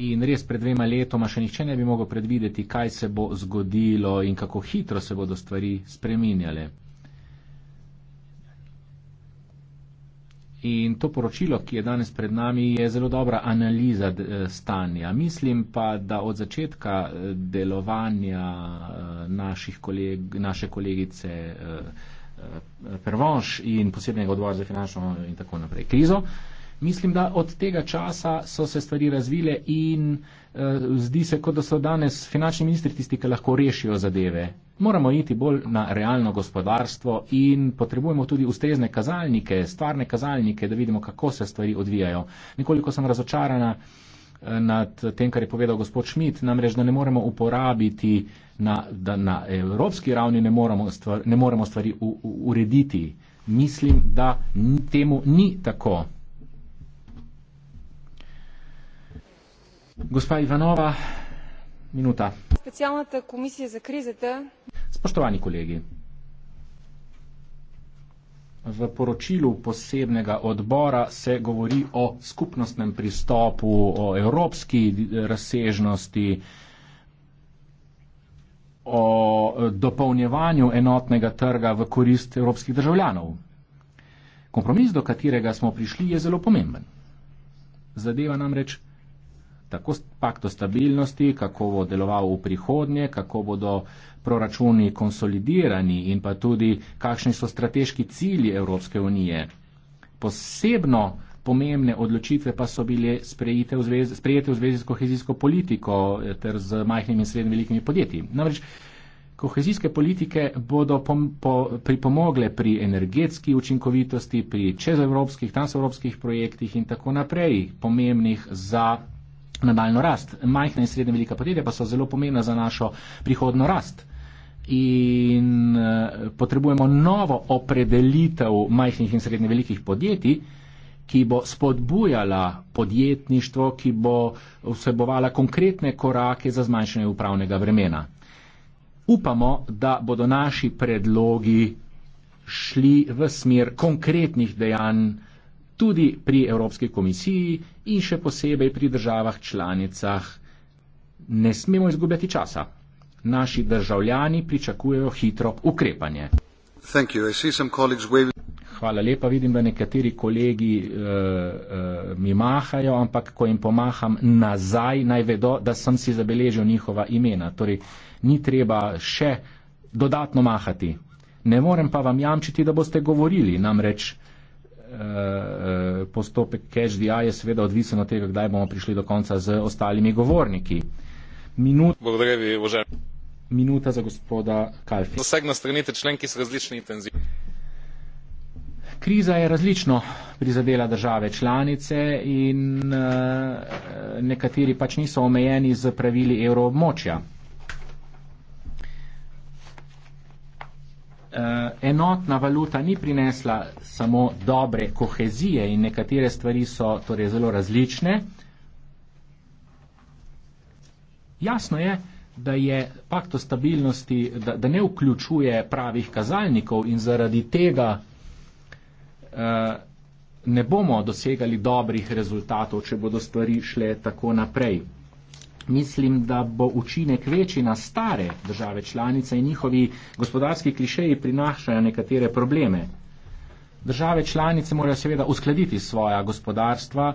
In res pred dvema letoma še nihče ne bi mogel predvideti, kaj se bo zgodilo in kako hitro se bodo stvari spreminjale. In to poročilo, ki je danes pred nami, je zelo dobra analiza eh, stanja. Mislim pa, da od začetka eh, delovanja eh, koleg, naše kolegice Pervonš in posebnega odbora za finančno in tako naprej krizo, Mislim, da od tega časa so se stvari razvile in uh, zdi se, kot da so danes finančni ministri tisti, ki lahko rešijo zadeve. Moramo iti bolj na realno gospodarstvo in potrebujemo tudi ustrezne kazalnike, stvarne kazalnike, da vidimo, kako se stvari odvijajo. Nekoliko sem razočarana eh, nad tem, kar je povedal gospod Schmidt, namreč, da ne moremo uporabiti, na, da na evropski ravni ne moremo, stvar, ne moremo stvari u, u, urediti. Mislim, da ni, temu ni tako. Gospa Ivanova, minuta. Specialnata komisija za krizeta. Spoštovani kolegi. V poročilu posebnega odbora se govori o skupnostnem pristopu, o evropski razsežnosti, o dopolnjevanju enotnega trga v korist evropskih državljanov. Kompromis, do katerega smo prišli, je zelo pomemben. Zadeva namreč tako pakt o stabilnosti, kako bo deloval v prihodnje, kako bodo proračuni konsolidirani in pa tudi, kakšni so strateški cilji Evropske unije. Posebno pomembne odločitve pa so bile sprejete v zvezi, sprejete v zvezi s kohezijsko politiko eh, ter z majhnimi in srednjimi velikimi podjetji. Namreč kohezijske politike bodo pom, po, pripomogle pri energetski učinkovitosti, pri čezevropskih, transevropskih projektih in tako naprej, pomembnih za nadaljno rast. Majhna in srednja velika podjetja pa so zelo pomembna za našo prihodno rast. In eh, potrebujemo novo opredelitev majhnih in srednje velikih podjetij, ki bo spodbujala podjetništvo, ki bo vsebovala konkretne korake za zmanjšanje upravnega vremena. Upamo, da bodo naši predlogi šli v smer konkretnih dejanj tudi pri Evropski komisiji in še posebej pri državah članicah. Ne smemo izgubljati časa. Naši državljani pričakujejo hitro ukrepanje. Hvala lepa, vidim, da nekateri kolegi uh, uh, mi mahajo, ampak ko jim pomaham nazaj, naj vedo, da sem si zabeležil njihova imena. Torej, ni treba še dodatno mahati. Ne morem pa vam jamčiti, da boste govorili, namreč Eh, eh, postopek CHDI je seveda odvisen od tega, kdaj bomo prišli do konca z ostalimi govorniki. Minut... Bogodrevi, Minuta za gospoda Kalfi. Vseg na stranite členki so različni intenzivni. Kriza je različno prizadela države članice in uh, nekateri pač niso omejeni z pravili evroobmočja. uh, enotna valuta ni prinesla samo dobre kohezije in nekatere stvari so torej zelo različne. Jasno je, da je pakt o stabilnosti, da, da ne vključuje pravih kazalnikov in zaradi tega uh, ne bomo dosegali dobrih rezultatov, če bodo stvari šle tako naprej. Mislim, da bo učinek večji na stare države članice in njihovi gospodarski klišeji prinašajo nekatere probleme. Države članice morajo seveda uskladiti svoja gospodarstva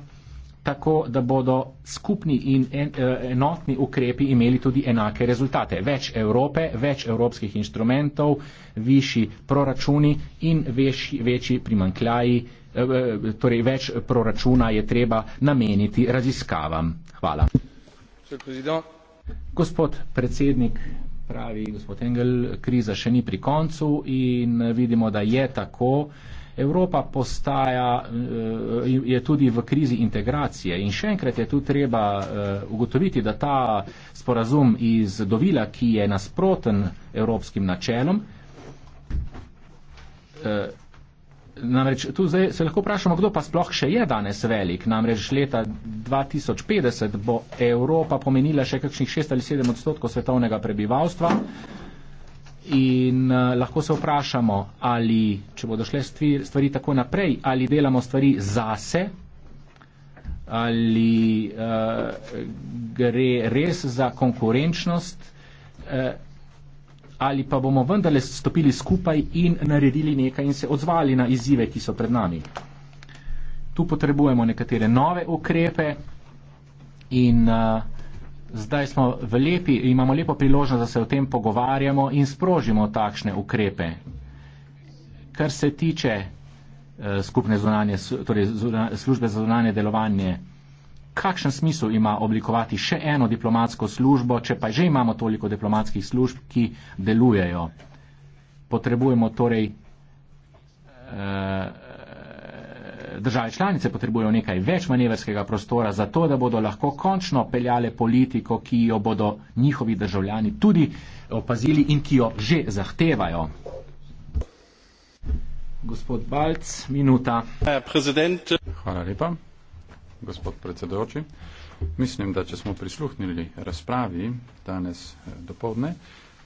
tako, da bodo skupni in eh, enotni ukrepi imeli tudi enake rezultate. Več Evrope, več evropskih inštrumentov, višji proračuni in večji, večji primankljaji, eh, eh, torej več proračuna je treba nameniti raziskavam. Hvala. Gospod predsednik pravi, gospod Engel, kriza še ni pri koncu in vidimo, da je tako. Evropa postaja, eh, je tudi v krizi integracije in še enkrat je tu treba eh, ugotoviti, da ta sporazum iz Dovila, ki je nasproten evropskim načelom, eh, Namreč tu zdaj se lahko vprašamo, kdo pa sploh še je danes velik. Namreč leta 2050 bo Evropa pomenila še kakšnih 6 ali 7 odstotkov svetovnega prebivalstva. In uh, lahko se vprašamo, ali če bodo šle stvari, stvari tako naprej, ali delamo stvari zase, ali uh, gre res za konkurenčnost. Uh, ali pa bomo vendarle stopili skupaj in naredili nekaj in se odzvali na izzive, ki so pred nami. Tu potrebujemo nekatere nove ukrepe in uh, zdaj smo v lepi, imamo lepo priložnost, da se o tem pogovarjamo in sprožimo takšne ukrepe. Kar se tiče uh, skupne zunanje, torej zunanje, službe za zunanje delovanje, kakšen smisel ima oblikovati še eno diplomatsko službo, če pa že imamo toliko diplomatskih služb, ki delujejo. Potrebujemo torej, eh, države članice potrebujejo nekaj več manevrskega prostora za to, da bodo lahko končno peljale politiko, ki jo bodo njihovi državljani tudi opazili in ki jo že zahtevajo. Gospod Balc, minuta. Hvala lepa gospod predsedoči. Mislim, da če smo prisluhnili razpravi danes eh, dopovdne,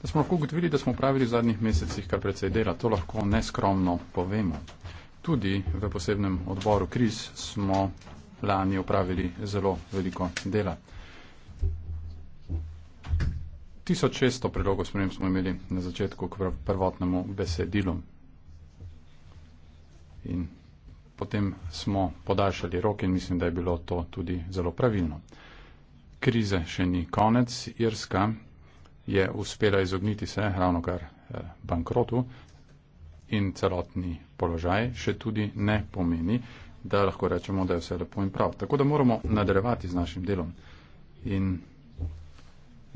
da smo lahko ugotovili, da smo upravili v zadnjih mesecih kar precej dela. To lahko neskromno povemo. Tudi v posebnem odboru kriz smo lani upravili zelo veliko dela. 1600 predlogov sprememb smo imeli na začetku k prvotnemu besedilu. In potem smo podaljšali rok in mislim, da je bilo to tudi zelo pravilno. Krize še ni konec. Irska je uspela izogniti se ravno kar eh, bankrotu in celotni položaj še tudi ne pomeni, da lahko rečemo, da je vse lepo in prav. Tako da moramo nadaljevati z našim delom in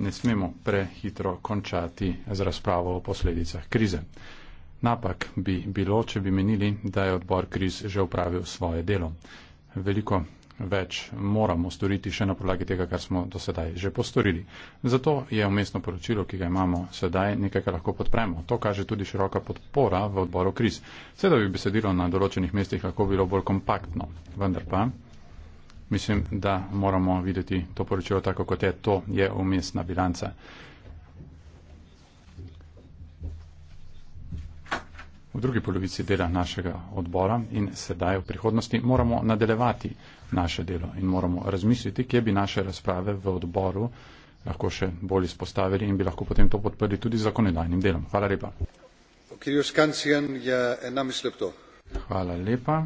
ne smemo prehitro končati z razpravo o posledicah krize. Napak bi bilo, če bi menili, da je odbor kriz že upravil svoje delo. Veliko več moramo storiti še na podlagi tega, kar smo do sedaj že postorili. Zato je umestno poročilo, ki ga imamo sedaj, nekaj, kar lahko podpremo. To kaže tudi široka podpora v odboru kriz. Seveda bi besedilo na določenih mestih lahko bilo bolj kompaktno, vendar pa. Mislim, da moramo videti to poročilo tako, kot je. To je umestna bilanca. v drugi polovici dela našega odbora in sedaj v prihodnosti moramo nadaljevati naše delo in moramo razmisliti, kje bi naše razprave v odboru lahko še bolj izpostavili in bi lahko potem to podprli tudi z zakonodajnim delom. Hvala lepa. Ja, Hvala lepa.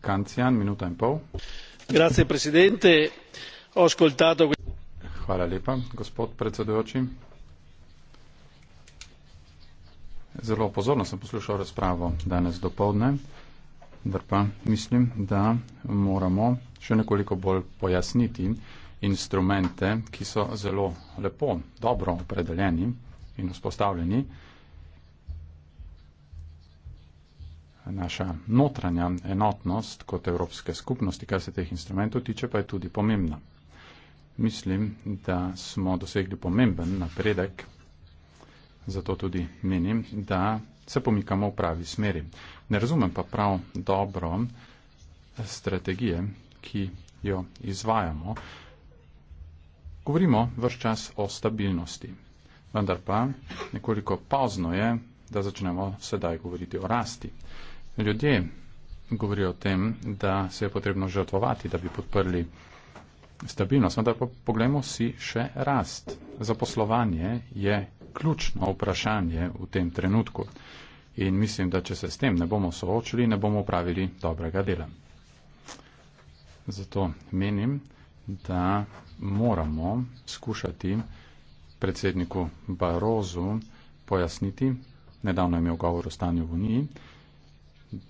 Kancijan, minuta in pol. Grazie, Hvala lepa, gospod predsedujoči. Zelo pozorno sem poslušal razpravo danes do povdne, vendar pa mislim, da moramo še nekoliko bolj pojasniti instrumente, ki so zelo lepo, dobro opredeljeni in vzpostavljeni. Naša notranja enotnost kot Evropske skupnosti, kar se teh instrumentov tiče, pa je tudi pomembna. Mislim, da smo dosegli pomemben napredek zato tudi menim, da se pomikamo v pravi smeri. Ne razumem pa prav dobro strategije, ki jo izvajamo. Govorimo vse čas o stabilnosti, vendar pa nekoliko pozno je, da začnemo sedaj govoriti o rasti. Ljudje govorijo o tem, da se je potrebno žrtvovati, da bi podprli stabilnost, vendar pa poglejmo si še rast. Zaposlovanje je ključno vprašanje v tem trenutku. In mislim, da če se s tem ne bomo soočili, ne bomo pravili dobrega dela. Zato menim, da moramo skušati predsedniku Barozu pojasniti, nedavno je imel govor o stanju v Uniji,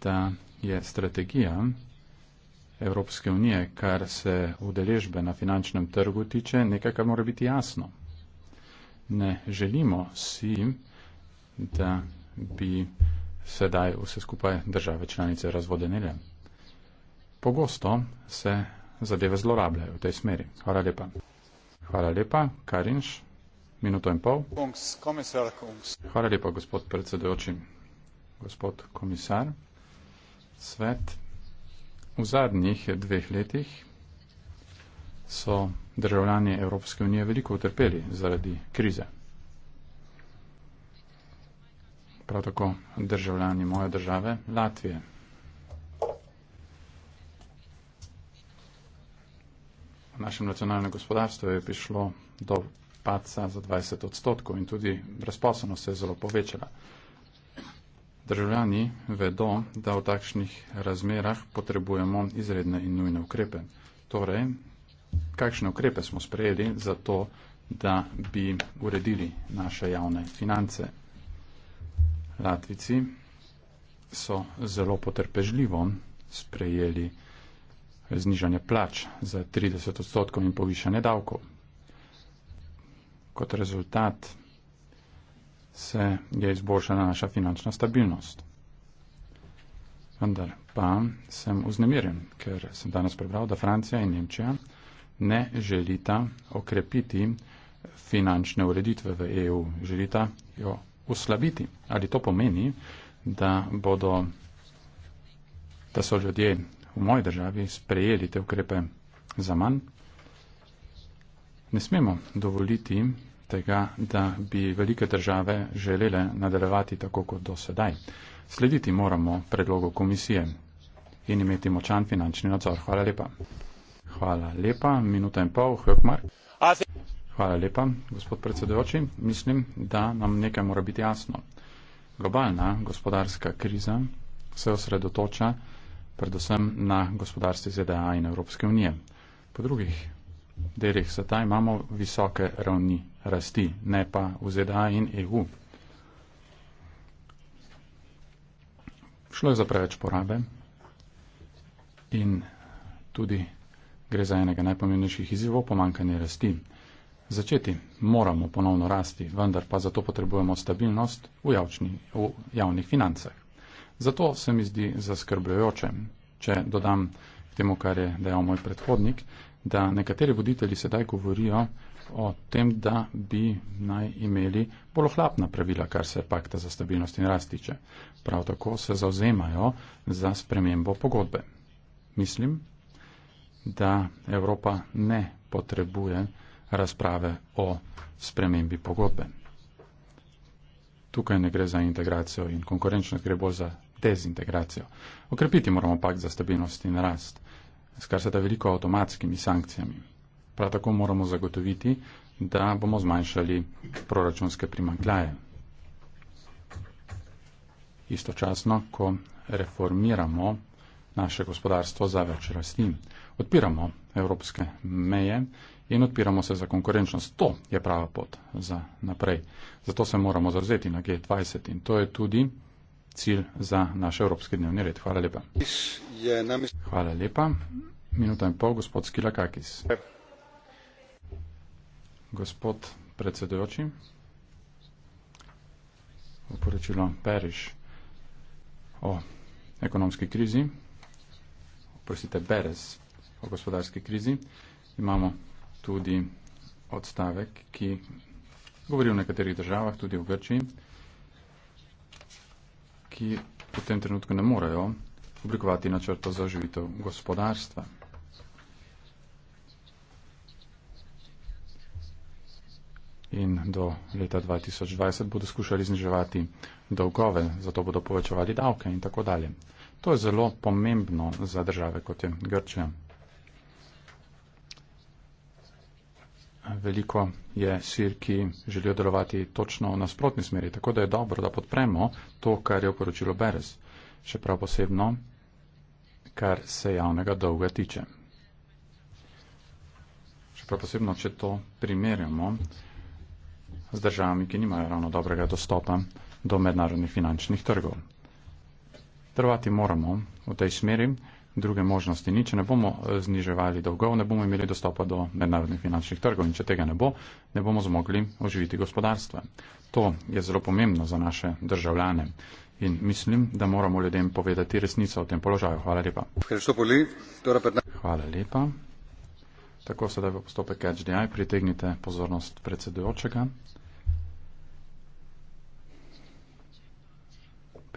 da je strategija Evropske unije, kar se udeležbe na finančnem trgu tiče, nekaj, kar mora biti jasno ne želimo si, da bi sedaj vse skupaj države članice razvodenile. Pogosto se zadeve zlorabljajo v tej smeri. Hvala lepa. Hvala lepa, Karinš. Minuto in pol. Hvala lepa, gospod predsedojoči. Gospod komisar, svet v zadnjih dveh letih so državljani Evropske unije veliko utrpeli zaradi krize. Prav tako državljani moje države Latvije. V našem nacionalnem gospodarstvu je prišlo do paca za 20 odstotkov in tudi brezposobnost se je zelo povečala. Državljani vedo, da v takšnih razmerah potrebujemo izredne in nujne ukrepe. Torej, kakšne ukrepe smo sprejeli za to, da bi uredili naše javne finance. Latvici so zelo potrpežljivo sprejeli znižanje plač za 30 odstotkov in povišanje davkov. Kot rezultat se je izboljšala naša finančna stabilnost. Vendar pa sem vznemirjen, ker sem danes prebral, da Francija in Nemčija ne želita okrepiti finančne ureditve v EU, želita jo uslabiti. Ali to pomeni, da, bodo, da so ljudje v moji državi sprejeli te ukrepe za manj? Ne smemo dovoliti tega, da bi velike države želele nadaljevati tako kot do sedaj. Slediti moramo predlogu komisije in imeti močan finančni nadzor. Hvala lepa. Hvala lepa. Minuta in pol, Hökmark. Hvala lepa, gospod predsedujoči. Mislim, da nam nekaj mora biti jasno. Globalna gospodarska kriza se osredotoča predvsem na gospodarstvo ZDA in Evropske unije. Po drugih delih sveta imamo visoke ravni rasti, ne pa v ZDA in EU. Šlo je za preveč porabe in tudi Gre za enega najpomembnejših izzivov pomankanje rasti. Začeti moramo ponovno rasti, vendar pa zato potrebujemo stabilnost v, javčni, v javnih financah. Zato se mi zdi zaskrbljujoče, če dodam k temu, kar je dejal moj predhodnik, da nekateri voditelji sedaj govorijo o tem, da bi naj imeli bolj ohlapna pravila, kar se pakta za stabilnost in rastiče. Prav tako se zauzemajo za spremembo pogodbe. Mislim, da Evropa ne potrebuje razprave o spremembi pogodbe. Tukaj ne gre za integracijo in konkurenčnost, gre bolj za dezintegracijo. Okrepiti moramo pak za stabilnost in rast, skar se da veliko avtomatskimi sankcijami. Prav tako moramo zagotoviti, da bomo zmanjšali proračunske primankljaje. Istočasno, ko reformiramo naše gospodarstvo za več rasti. Odpiramo evropske meje in odpiramo se za konkurenčnost. To je prava pot za naprej. Zato se moramo zavzeti na G20 in to je tudi cilj za naš evropski dnevni red. Hvala lepa. Hvala lepa. Minuta in pol, gospod Skilakakis. Gospod predsedujoči, v poročilu Periš o ekonomski krizi prosite, beres o gospodarski krizi. Imamo tudi odstavek, ki govori o nekaterih državah, tudi o Grčiji, ki v tem trenutku ne morejo oblikovati načrta za oživitev gospodarstva. In do leta 2020 bodo skušali zniževati dolgove, zato bodo povečevali davke in tako dalje. To je zelo pomembno za države, kot je Grčija. Veliko je sir, ki želijo delovati točno v nasprotni smeri, tako da je dobro, da podpremo to, kar je oporočilo Beres, še prav posebno, kar se javnega dolga tiče. Še prav posebno, če to primerjamo z državami, ki nimajo ravno dobrega dostopa do mednarodnih finančnih trgov. Trvati moramo v tej smeri, druge možnosti ni, če ne bomo eh, zniževali dolgov, ne bomo imeli dostopa do mednarodnih finančnih trgov in če tega ne bo, ne bomo zmogli oživiti gospodarstva. To je zelo pomembno za naše državljane in mislim, da moramo ljudem povedati resnico o tem položaju. Hvala lepa. Hvala lepa. Tako sedaj v postopek HDI pritegnite pozornost predsedujočega.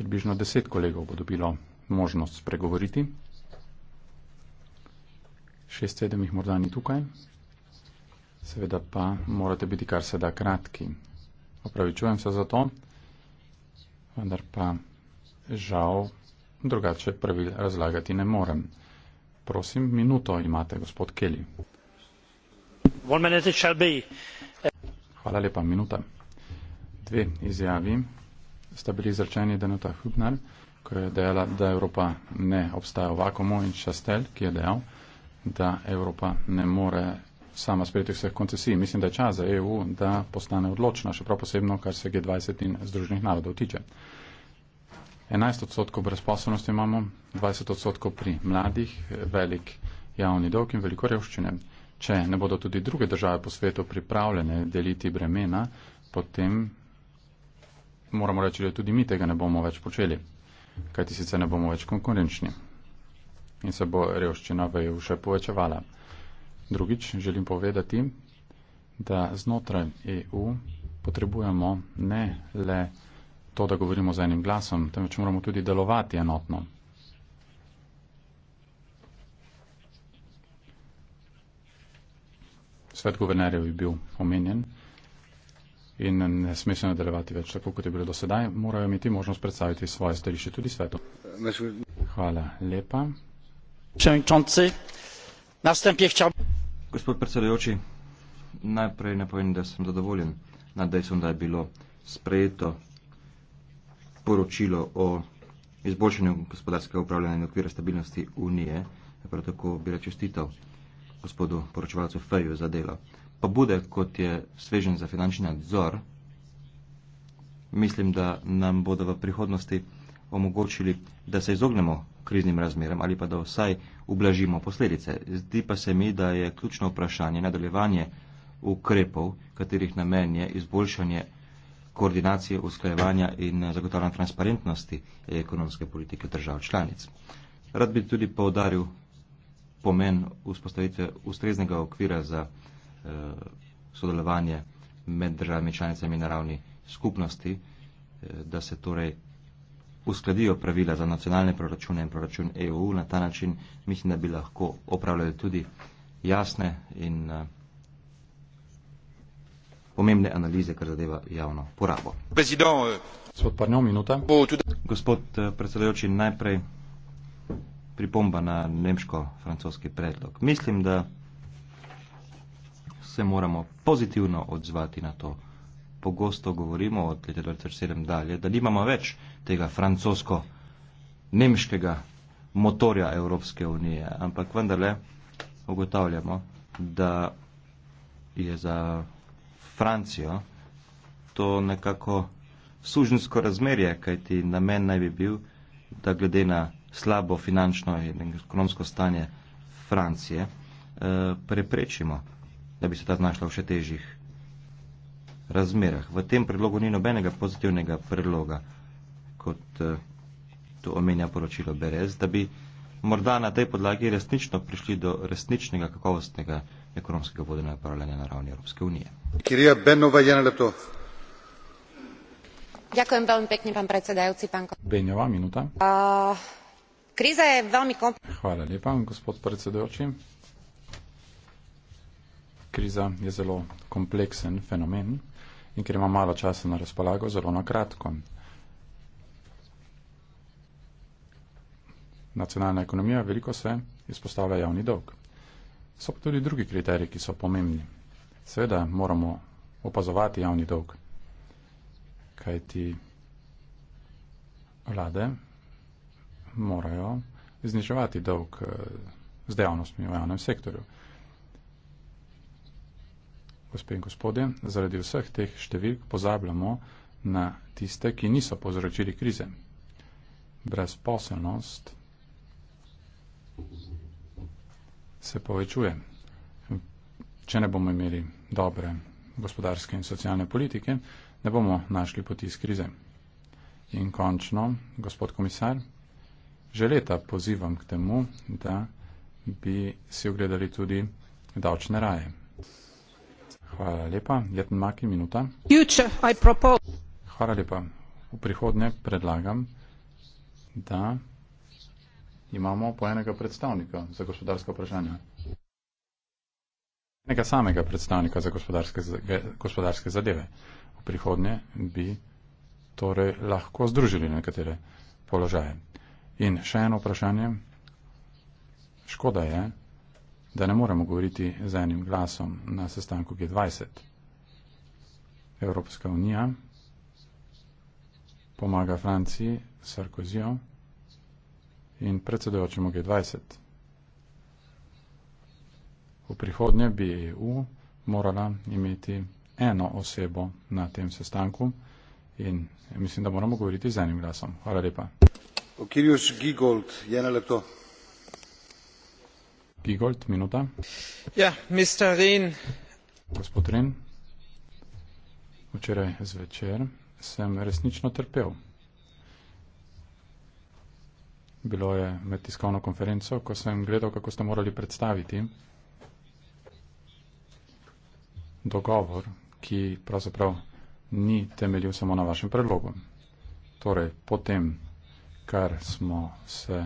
približno deset kolegov bo dobilo možnost spregovoriti. Šest, sedem jih morda ni tukaj. Seveda pa morate biti kar se da kratki. Opravičujem se za to, vendar pa žal drugače pravil razlagati ne morem. Prosim, minuto imate, gospod Kelly. Hvala lepa, minuta. Dve izjavi sta bili izrečeni Denota Hübner, ko je dejala, da Evropa ne obstaja v vakumu in Šastel, ki je dejal, da Evropa ne more sama sprejeti vseh koncesij. Mislim, da je čas za EU, da postane odločna, še prav posebno, kar se G20 in Združenih narodov tiče. 11 odstotkov brezposobnosti imamo, 20 odstotkov pri mladih, velik javni dolg in veliko revščine. Če ne bodo tudi druge države po svetu pripravljene deliti bremena, potem moramo reči, da tudi mi tega ne bomo več počeli, kajti sicer ne bomo več konkurenčni in se bo revščina v EU še povečevala. Drugič želim povedati, da znotraj EU potrebujemo ne le to, da govorimo z enim glasom, temveč moramo tudi delovati enotno. Svet guvernerjev je bil omenjen in ne sme se nadaljevati več tako, kot je bilo do sedaj, morajo imeti možnost predstaviti svoje stališče tudi svetu. Hvala lepa. Gospod predsedujoči, najprej ne povem, da sem zadovoljen nad dejstvom, da je bilo sprejeto poročilo o izboljšanju gospodarskega upravljanja in okvira stabilnosti Unije. Prav tako bi rad čestital gospodu poročevalcu Feju za delo pobude, kot je svežen za finančni nadzor, mislim, da nam bodo v prihodnosti omogočili, da se izognemo kriznim razmeram ali pa da vsaj ublažimo posledice. Zdi pa se mi, da je ključno vprašanje nadaljevanje ukrepov, katerih namen je izboljšanje koordinacije, usklajevanja in eh, zagotavljanja transparentnosti ekonomske politike držav članic. Rad bi tudi poudaril pomen vzpostavitve ustreznega okvira za Eh, sodelovanje med državami članicami na ravni skupnosti, eh, da se torej uskladijo pravila za nacionalne proračune in proračun EU. Na ta način mislim, da bi lahko opravljali tudi jasne in eh, pomembne analize, kar zadeva javno porabo. Gospod, par minuta. Gospod predsedajoči, najprej pripomba na nemško-francoski predlog. Mislim, da se moramo pozitivno odzvati na to. Pogosto govorimo od leta 2007 dalje, da nimamo več tega francosko-nemškega motorja Evropske unije, ampak vendarle ugotavljamo, da je za Francijo to nekako sužnjsko razmerje, kajti namen naj bi bil, da glede na slabo finančno in ekonomsko stanje Francije eh, preprečimo da bi se ta znašla v še težjih razmerah. V tem predlogu ni nobenega pozitivnega predloga, kot eh, to omenja poročilo Berez, da bi morda na tej podlagi resnično prišli do resničnega kakovostnega ekonomskega vodenja upravljanja na ravni Evropske unije. Ďakujem veľmi pekne, pán predsedajúci. Pán... Beňová, minúta. Uh, kríza je veľmi komplikovaná. Chvála lepa, gospod predsedajúci kriza je zelo kompleksen fenomen in ker ima malo časa na razpolago, zelo na kratko. Nacionalna ekonomija veliko se izpostavlja javni dolg. So pa tudi drugi kriteriji, ki so pomembni. Seveda moramo opazovati javni dolg, kajti vlade morajo zniževati dolg eh, z dejavnostmi v javnem sektorju gospe in gospode, zaradi vseh teh številk pozabljamo na tiste, ki niso povzročili krize. Brezposelnost se povečuje, če ne bomo imeli dobre gospodarske in socialne politike, ne bomo našli poti iz krize. In končno, gospod komisar, že leta pozivam k temu, da bi si ogledali tudi davčne raje. Hvala lepa. Jeten Maki, minuta. Hvala lepa. V prihodnje predlagam, da imamo po enega predstavnika za gospodarska vprašanja. Enega samega predstavnika za gospodarske, gospodarske zadeve. V prihodnje bi torej lahko združili nekatere položaje. In še eno vprašanje. Škoda je, da ne moremo govoriti z enim glasom na sestanku G20. Evropska unija pomaga Franciji s Sarkozijo in predsedojočemu G20. V prihodnje bi EU morala imeti eno osebo na tem sestanku in mislim, da moramo govoriti z enim glasom. Hvala lepa. Okirjuš Gigold je na leto. Ja, Gospod Ren, včeraj zvečer sem resnično trpel. Bilo je med tiskovno konferenco, ko sem gledal, kako ste morali predstaviti dogovor, ki pravzaprav ni temeljil samo na vašem predlogu. Torej, potem, kar smo se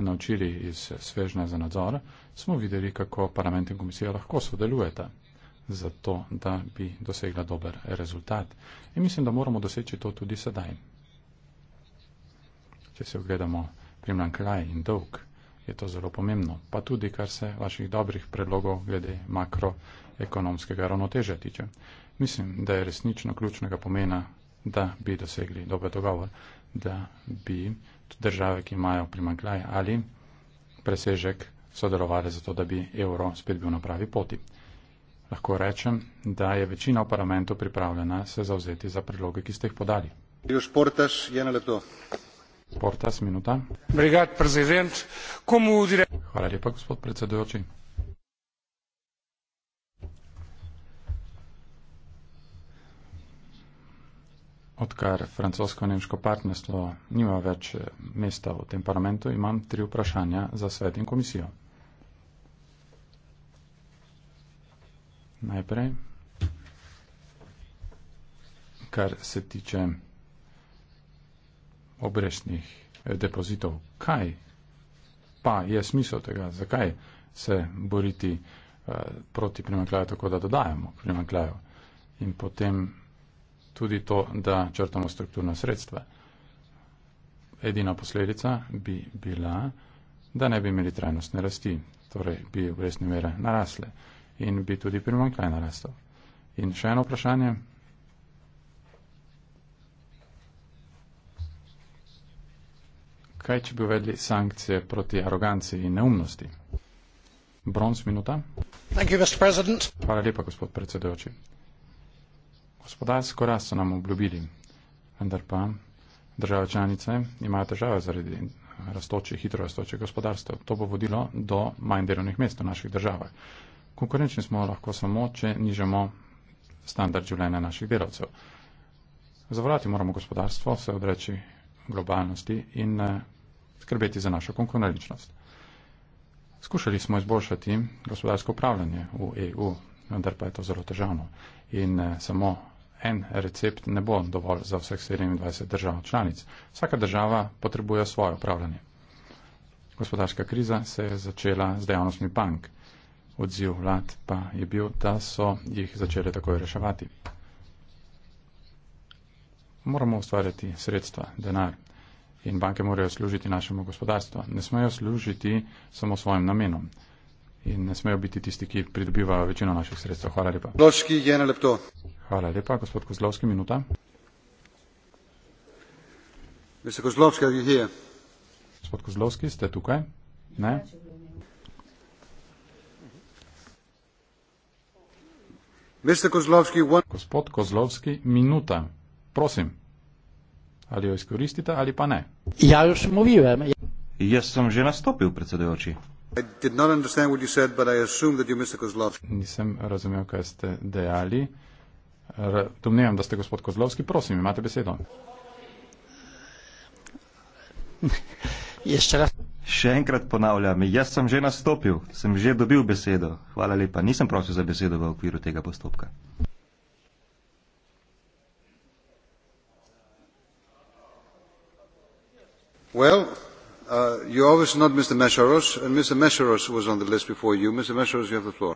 naučili iz svežne za nadzor, smo videli, kako parlament in komisija lahko sodelujeta za to, da bi dosegla dober rezultat. In mislim, da moramo doseči to tudi sedaj. Če se ogledamo primlan kraj in dolg, je to zelo pomembno. Pa tudi, kar se vaših dobrih predlogov glede makroekonomskega ravnotežja tiče. Mislim, da je resnično ključnega pomena, da bi dosegli dober dogovor da bi države, ki imajo primankljaj ali presežek, sodelovali za to, da bi evro spet bil na pravi poti. Lahko rečem, da je večina v parlamentu pripravljena se zauzeti za predloge, ki ste jih podali. Športaš, Portas, minuta. Brigad, Hvala lepa, gospod predsedujoči. odkar francosko-nemško partnerstvo nima več eh, mesta v tem parlamentu, imam tri vprašanja za svet in komisijo. Najprej, kar se tiče obrestnih eh, depozitov, kaj pa je smisel tega, zakaj se boriti eh, proti primankljaju, tako da dodajamo primankljaju. In potem tudi to, da črtamo strukturno sredstva. Edina posledica bi bila, da ne bi imeli trajnostne rasti, torej bi obresne mere narasle in bi tudi primankaj narastel. In še eno vprašanje. Kaj, če bi uvedli sankcije proti aroganci in neumnosti? Bronz minuta. Hvala lepa, gospod predsedujoči. Gospodarsko rast so nam obljubili, vendar pa države članice imajo težave zaradi rastoče, hitro rastoče gospodarstva. To bo vodilo do manj delovnih mest v naših državah. Konkurenčni smo lahko samo, če nižamo standard življenja naših delavcev. Zavrati moramo gospodarstvo, se odreči globalnosti in eh, skrbeti za našo konkurenčnost. Skušali smo izboljšati gospodarsko upravljanje v EU, vendar pa je to zelo težavno. In eh, samo en recept ne bo dovolj za vseh 27 držav članic. Vsaka država potrebuje svoje upravljanje. Gospodarska kriza se je začela z dejavnostmi bank. Odziv vlad pa je bil, da so jih začeli takoj reševati. Moramo ustvarjati sredstva, denar. In banke morajo služiti našemu gospodarstvu. Ne smejo služiti samo svojim namenom in ne smejo biti tisti, ki pridobivajo večino naših sredstev. Hvala lepa. Kozlovski je na lepto. Hvala lepa, gospod Kozlovski, minuta. Mr. Kozlovski, are you here? Gospod Kozlovski, ste tukaj? Ne? Mr. Kozlovski, one... Gospod Kozlovski, minuta. Prosim. Ali jo izkoristite ali pa ne? Ja, že sem mluvil. Jaz sem že nastopil, predsedujoči. Nisem razumel, kaj ste dejali. Domnevam, da ste gospod Kozlovski. Prosim, imate besedo. Še enkrat ponavljam, jaz sem že nastopil, sem že dobil besedo. Hvala lepa, nisem prosil za besedo v okviru tega postopka. Well. Uh,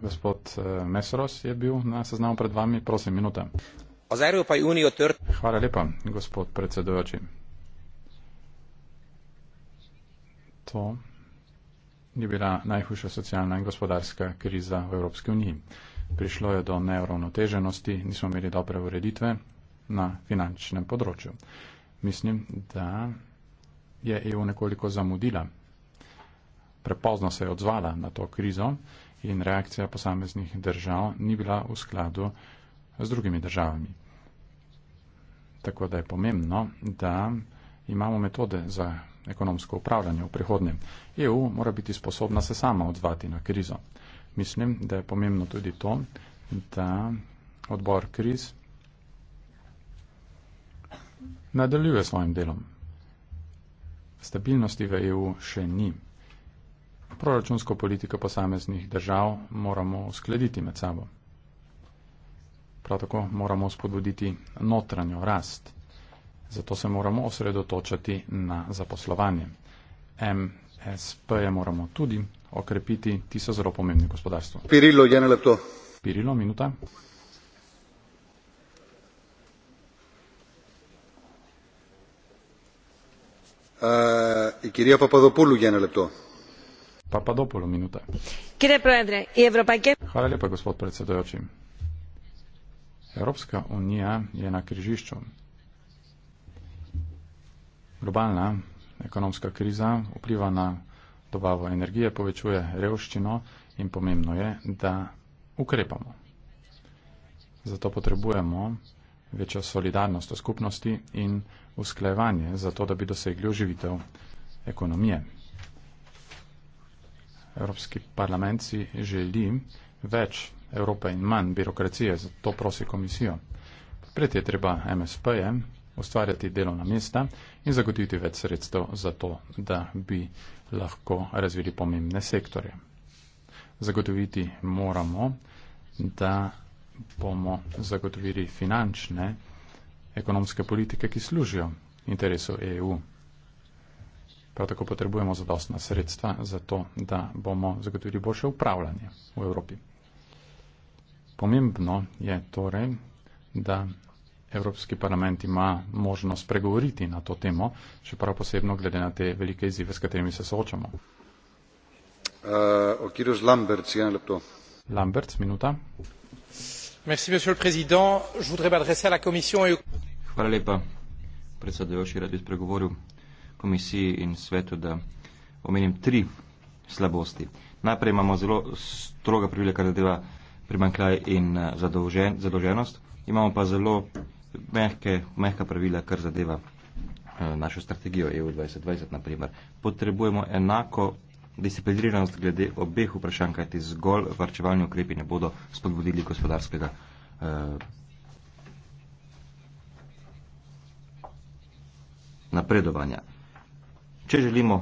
gospod uh, Mesoros je bil na seznamu pred vami, prosim, minuta. Hvala lepa, gospod predsedujoči. To je bila najhujša socialna in gospodarska kriza v Evropski uniji. Prišlo je do neuravnoteženosti, nismo imeli dobre ureditve na finančnem področju. Mislim, da je EU nekoliko zamudila. Prepozno se je odzvala na to krizo in reakcija posameznih držav ni bila v skladu z drugimi državami. Tako da je pomembno, da imamo metode za ekonomsko upravljanje v prihodnje. EU mora biti sposobna se sama odzvati na krizo. Mislim, da je pomembno tudi to, da odbor kriz nadaljuje svojim delom. Stabilnosti v EU še ni. Proračunsko politiko posameznih držav moramo uskladiti med sabo. Prav tako moramo spodbuditi notranjo rast. Zato se moramo osredotočati na zaposlovanje. MSP-je moramo tudi okrepiti, ti so zelo pomembni gospodarstvo. Pirilo, ja, Pirilo, minuta. evropska unija je na križišču globalna ekonomska kriza vpliva na dobavo energije povečuje revščino in pomembno je da ukrepamo zato potrebujemo večjo solidarnost v skupnosti in usklajevanje, zato da bi dosegli oživitev ekonomije. Evropski parlament si želi več Evrope in manj birokracije, zato prosi komisijo. Predtem je treba MSP-je ustvarjati delovna mesta in zagotoviti več sredstev za to, da bi lahko razvili pomembne sektorje. Zagotoviti moramo, da bomo zagotovili finančne ekonomske politike, ki služijo interesu EU. Prav tako potrebujemo zadostna sredstva za to, da bomo zagotovili boljše upravljanje v Evropi. Pomembno je torej, da Evropski parlament ima možnost pregovoriti na to temo, še prav posebno glede na te velike izzive, s katerimi se soočamo. Uh, eh, Lamberts, minuta monsieur le président je voudrais m'adresser à la commission et Hvala lepa, predsedujoči, rad bi spregovoril komisiji in svetu, da omenim tri slabosti. Najprej imamo zelo stroga pravila, kar zadeva primankljaj in eh, zadolžen, zadolženost, imamo pa zelo mehke, mehka pravila, kar zadeva eh, našo strategijo EU 2020, naprimer. Potrebujemo enako Discipliniranost glede obeh vprašanj, kajti zgolj varčevalni ukrepi ne bodo spodbudili gospodarskega eh, napredovanja. Če želimo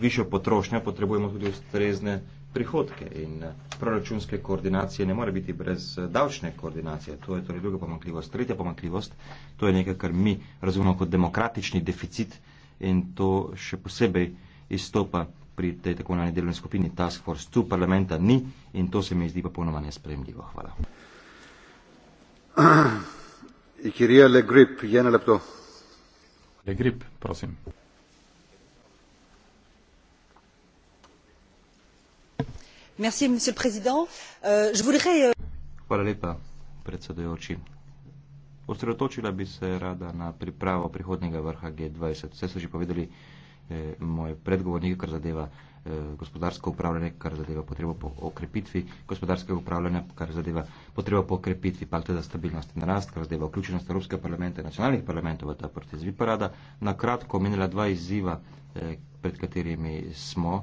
višjo potrošnjo, potrebujemo tudi ustrezne prihodke in eh, proračunske koordinacije ne more biti brez eh, davčne koordinacije. To je torej druga pomankljivost. Tretja pomankljivost, to je nekaj, kar mi razumemo kot demokratični deficit in to še posebej izstopa pri tej tako imenovani delovni skupini Task Force 2 parlamenta ni in to se mi zdi pa ponovno nespremljivo. Hvala. Ikirija Le Grip, Jena Lepto. Le Grip, prosim. Merci, monsieur le président. Euh, je voudrais. Euh, Hvala lepa, predsedujoči. Osredotočila bi se rada na pripravo prihodnjega vrha G20. Vse so že povedali Eh, moj predgovornik, kar zadeva eh, gospodarsko upravljanje, kar zadeva potrebo po okrepitvi gospodarskega upravljanja, kar zadeva potrebo po okrepitvi pakta za stabilnost in rast, kar zadeva vključenost Evropske parlamente in nacionalnih parlamentov v ta proces. Vi parada na kratko omenila dva izziva, eh, pred katerimi smo,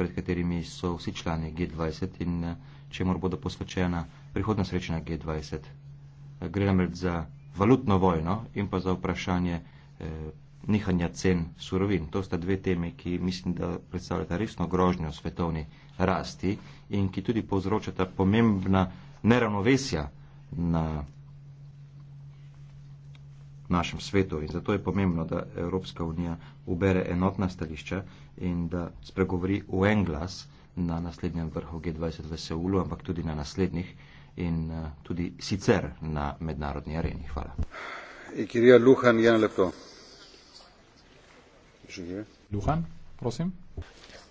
pred katerimi so vsi člani G20 in čemu bodo posvečena prihodna srečanja G20. Gre namreč za valutno vojno in pa za vprašanje eh, nihanja cen surovin. To sta dve teme, ki mislim, da predstavljata resno grožnjo svetovni rasti in ki tudi povzročata pomembna neravnovesja na našem svetu. In zato je pomembno, da Evropska unija ubere enotna stališča in da spregovori v en glas na naslednjem vrhu G20 v Seulu, ampak tudi na naslednjih in eh, tudi sicer na mednarodni areni. Hvala. E, Kirija Luhan, Jan Lepto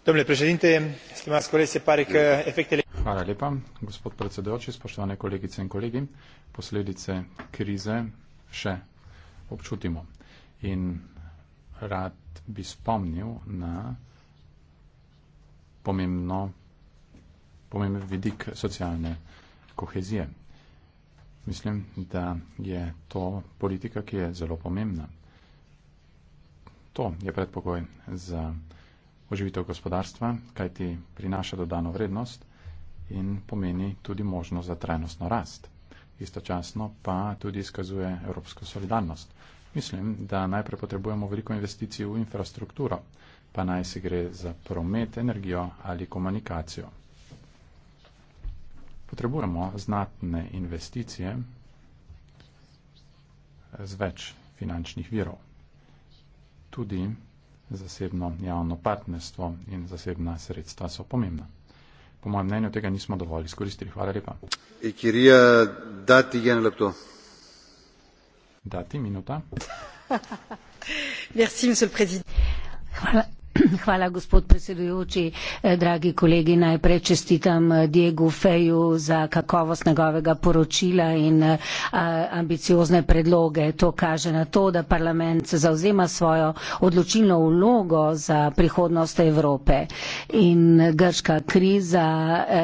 domnule președinte stimați colegi se pare că efectele. Hvala lepa, gospod predsedujoči, spoštovane kolegice in kolegi. Posledice krize še občutimo. In rad bi spomnil na pomembno, pomemben vidik socialne kohezije. Mislim, da je to politika, ki je zelo pomembna. To je predpogoj za oživitev gospodarstva, kaj ti prinaša dodano vrednost in pomeni tudi možnost za trajnostno rast. Istočasno pa tudi izkazuje evropsko solidarnost. Mislim, da najprej potrebujemo veliko investicij v infrastrukturo, pa naj se gre za promet, energijo ali komunikacijo. Potrebujemo znatne investicije z več finančnih virov tudi zasebno javno partnerstvo in zasebna sredstva so pomembna. Po mojem mnenju tega nismo dovolj izkoristili. Hvala lepa. Ekirija, eh, dati je lepto. Dati minuta. Merci, monsieur le président. Hvala. Hvala, gospod predsedujoči. Eh, dragi kolegi, najprej čestitam eh, Diego Feju za kakovost njegovega poročila in eh, ambiciozne predloge. To kaže na to, da parlament zauzema svojo odločilno vlogo za prihodnost Evrope. In grška kriza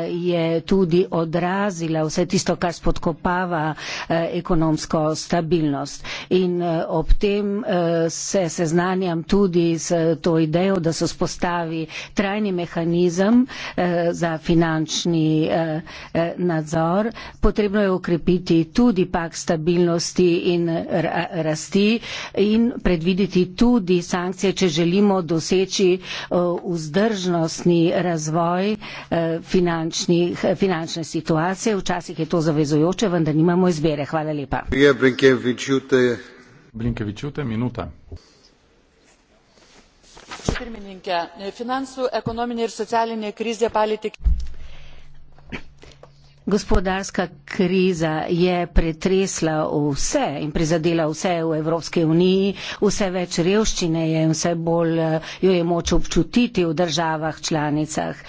je tudi odrazila vse tisto, kar spodkopava ekonomsko stabilnost. In ob tem se seznanjam tudi s to idejo, da se spostavi trajni mehanizem eh, za finančni eh, eh nadzor. Potrebno je okrepiti tudi pak stabilnosti in ra rasti in predvideti tudi sankcije, če želimo doseči eh, vzdržnostni razvoj eh, eh finančne situacije. Včasih je to zavezojoče, vendar nimamo izbere. Hvala lepa. Blinkevičute, minuta. E, finansų ekonominė ir socialinė krizė palėtė. Gospodarska kriza je pretresla vse in prizadela vse v Evropske uniji, vse več revščine je in vse bolj eh, jo je moč občutiti v državah članicah.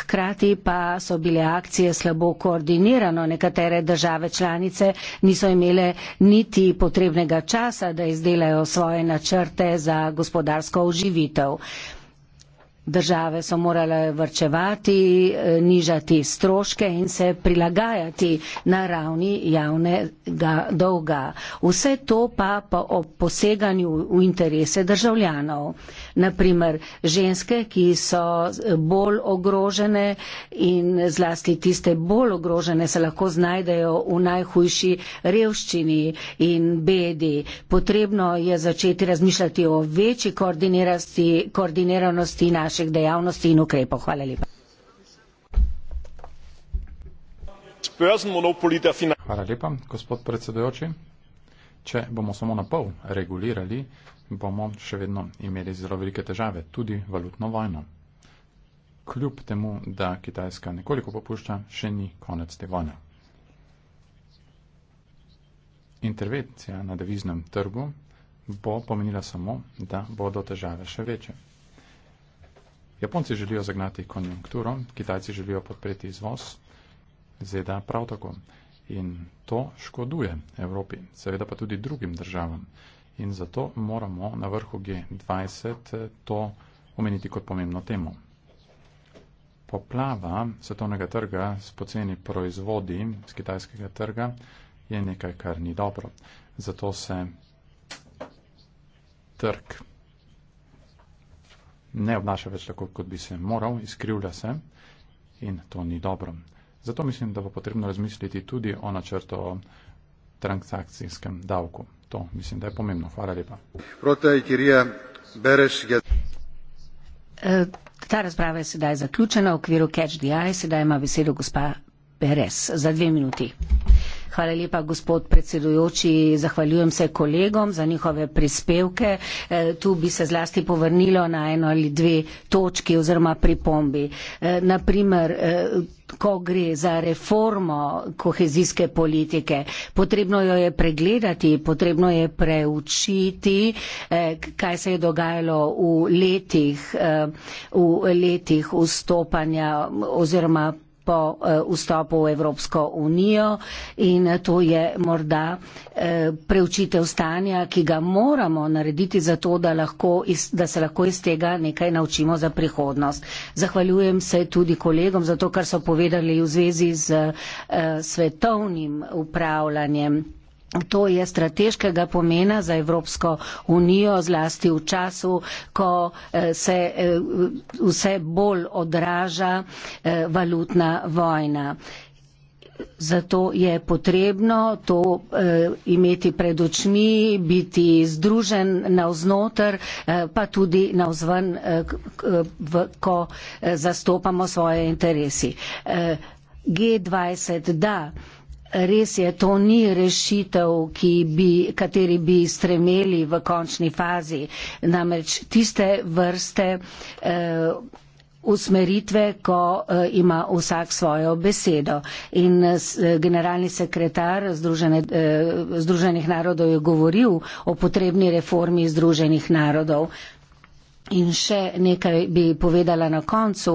Hkrati pa so bile akcije slabo koordinirano. Nekatere države članice niso imele niti potrebnega časa, da izdelajo svoje načrte za gospodarsko oživitev države so morale vrčevati, eh, nižati stroške in se prilagajati na ravni javnega dolga. Vse to pa po poseganju v interese državljanov. Naprimer, ženske, ki so eh, bolj ogrožene in zlasti tiste bolj ogrožene se lahko znajdejo v najhujši revščini in bedi. Potrebno je začeti razmišljati o večji koordiniranosti naših vaših dejavnosti in ukrepov. Hvala lepa. Hvala lepa, gospod predsedujoči. Če bomo samo na pol regulirali, bomo še vedno imeli zelo velike težave, tudi valutno vojno. Kljub temu, da Kitajska nekoliko popušča, še ni konec te vojne. Intervencija na deviznem trgu bo pomenila samo, da bodo težave še večje. Japonci želijo zagnati konjunkturo, Kitajci želijo podpreti izvoz, ZDA prav tako. In to škoduje Evropi, seveda pa tudi drugim državam. In zato moramo na vrhu G20 to omeniti kot pomembno temo. Poplava svetovnega trga s poceni proizvodi z kitajskega trga je nekaj, kar ni dobro. Zato se trg ne obnaša več tako, kot bi se moral, izkrivlja se in to ni dobro. Zato mislim, da bo potrebno razmisliti tudi o načrtu o transakcijskem davku. To mislim, da je pomembno. Hvala lepa. E, ta razprava je sedaj zaključena v okviru Catch the Eye, sedaj ima besedo gospa Beres za dve minuti. Hvala lepa, gospod predsedujoči. Zahvaljujem se kolegom za njihove prispevke. E, tu bi se zlasti povrnilo na eno ali dve točki oziroma pripombi. E, Naprimer, e, ko gre za reformo kohezijske politike, potrebno jo je pregledati, potrebno je preučiti, kaj se je dogajalo v letih, v letih vstopanja oziroma po eh, vstopu v Evropsko unijo in to je morda eh, preučitev stanja, ki ga moramo narediti za to, da, lahko, da se lahko iz tega nekaj naučimo za prihodnost. Zahvaljujem se tudi kolegom za to, kar so povedali v zvezi z eh, svetovnim upravljanjem. To je strateškega pomena za Evropsko unijo, zlasti v času, ko eh, se eh, vse bolj odraža eh, valutna vojna. Zato je potrebno to e, imeti pred očmi, biti združen navznoter, e, pa tudi navzven, e, v, ko e, zastopamo svoje interesi. E, G20, da. E, Res je, to ni rešitev, bi, kateri bi stremeli v končni fazi. Namreč tiste vrste eh, usmeritve, ko eh, ima vsak svojo besedo. In eh, generalni sekretar Združene, eh, Združenih narodov je govoril o potrebni reformi Združenih narodov. In še nekaj bi povedala na koncu,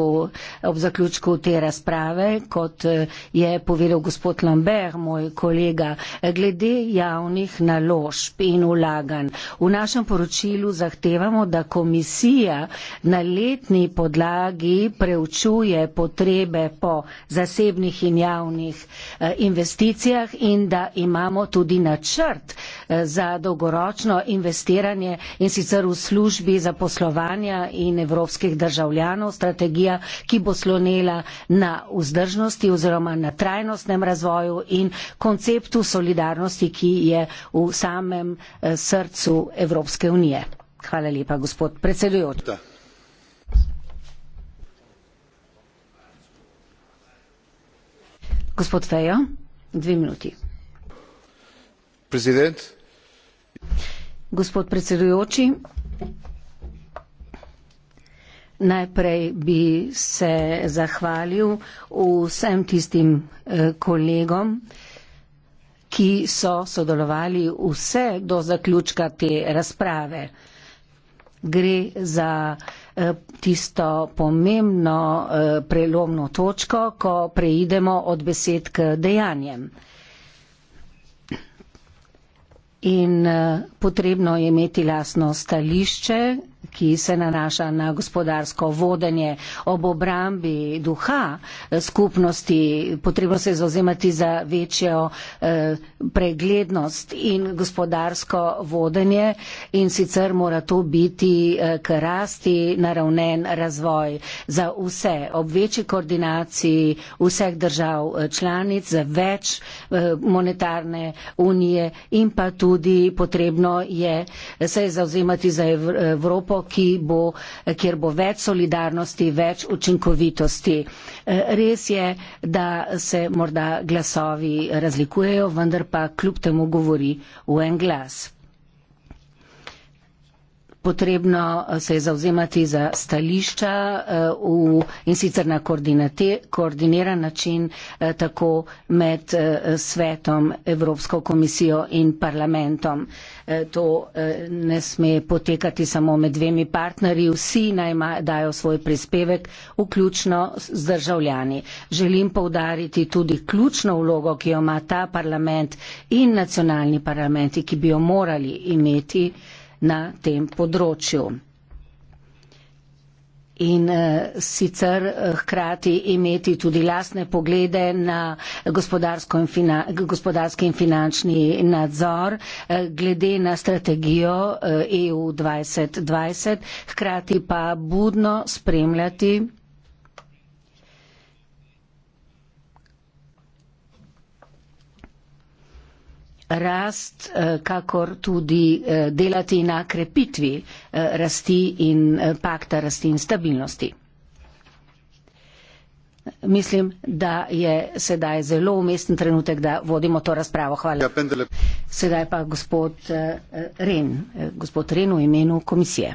ob zaključku te razprave, kot eh, je povedal gospod Lambert, moj kolega, eh, glede javnih naložb in ulagan. V našem poročilu zahtevamo, da komisija na letni podlagi preučuje potrebe po zasebnih in javnih eh, investicijah in da imamo tudi načrt za dolgoročno investiranje in sicer v službi za poslovanje delovanja in evropskih državljanov, strategija, ki bo slonela na vzdržnosti oziroma na trajnostnem razvoju in konceptu solidarnosti, ki je v samem eh, srcu Evropske unije. Hvala lepa, gospod predsedujoč. Gospod Fejo, dve minuti. Prezident. Gospod predsedujoči, Najprej bi se zahvalil vsem tistim eh, kolegom, ki so sodelovali vse do zaključka te razprave. Gre za eh, tisto pomembno eh, prelomno točko, ko preidemo od besed k dejanjem. In potrebno je imeti lasno stališče, ki se nanaša na gospodarsko vodenje ob obrambi duha eh, skupnosti, potrebno se je zauzemati za večjo eh, preglednost in gospodarsko vodenje in sicer mora to biti eh, k rasti naravnen razvoj za vse, ob večji koordinaciji vseh držav članic, za več monetarne unije in pa tudi potrebno je se je zauzemati za Evropo, bo, kjer bo več solidarnosti, več učinkovitosti. E, res je, da se morda glasovi razlikujejo, vendar pa kljub temu govori v en glas potrebno eh, se je zauzemati za stališča eh, v, in sicer na koordiniran način eh, tako med svetom, Evropsko komisijo in parlamentom. To ne sme potekati samo med dvemi partnerji, vsi naj dajo svoj prispevek, vključno z državljani. Želim povdariti tudi ključno vlogo, ki jo ima ta parlament in nacionalni parlamenti, ki bi jo morali imeti na tem področju. In eh, sicer eh, hkrati imeti tudi lasne poglede na in fina, gospodarski in finančni nadzor eh, glede na strategijo EU e 2020, hkrati pa budno spremljati rast, eh, kakor tudi eh, delati na krepitvi eh, rasti in pakta rasti in stabilnosti. Mislim, da je sedaj zelo umesten trenutek, da vodimo to razpravo. Hvala. Ja, sedaj pa gospod Ren, gospod Ren v imenu komisije.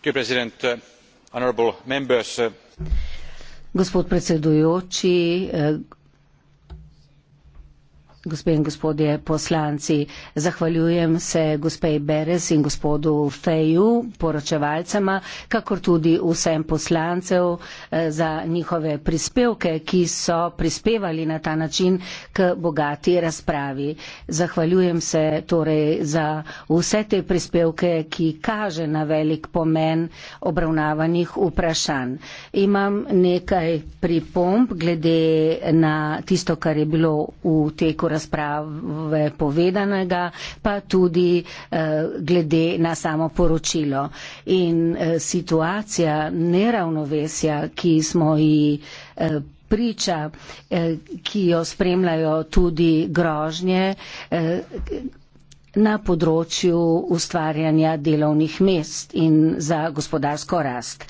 Thank you, President. Honorable members. Uh... Gospod predsedujoči, eh, Gospe in gospodje poslanci, zahvaljujem se gospej Beres in gospodu Feju, poročevalcema, kakor tudi vsem poslancev eh, za njihove prispevke, ki so prispevali na ta način k bogati razpravi. Zahvaljujem se torej za vse te prispevke, ki kaže na velik pomen obravnavanih vprašanj. Imam nekaj pripomp glede na tisto, kar je bilo v teku razprave povedanega, pa tudi eh, glede na samo poročilo. In eh, situacija neravnovesja, ki smo ji eh, priča, ki jo spremljajo tudi grožnje na področju ustvarjanja delovnih mest in za gospodarsko rast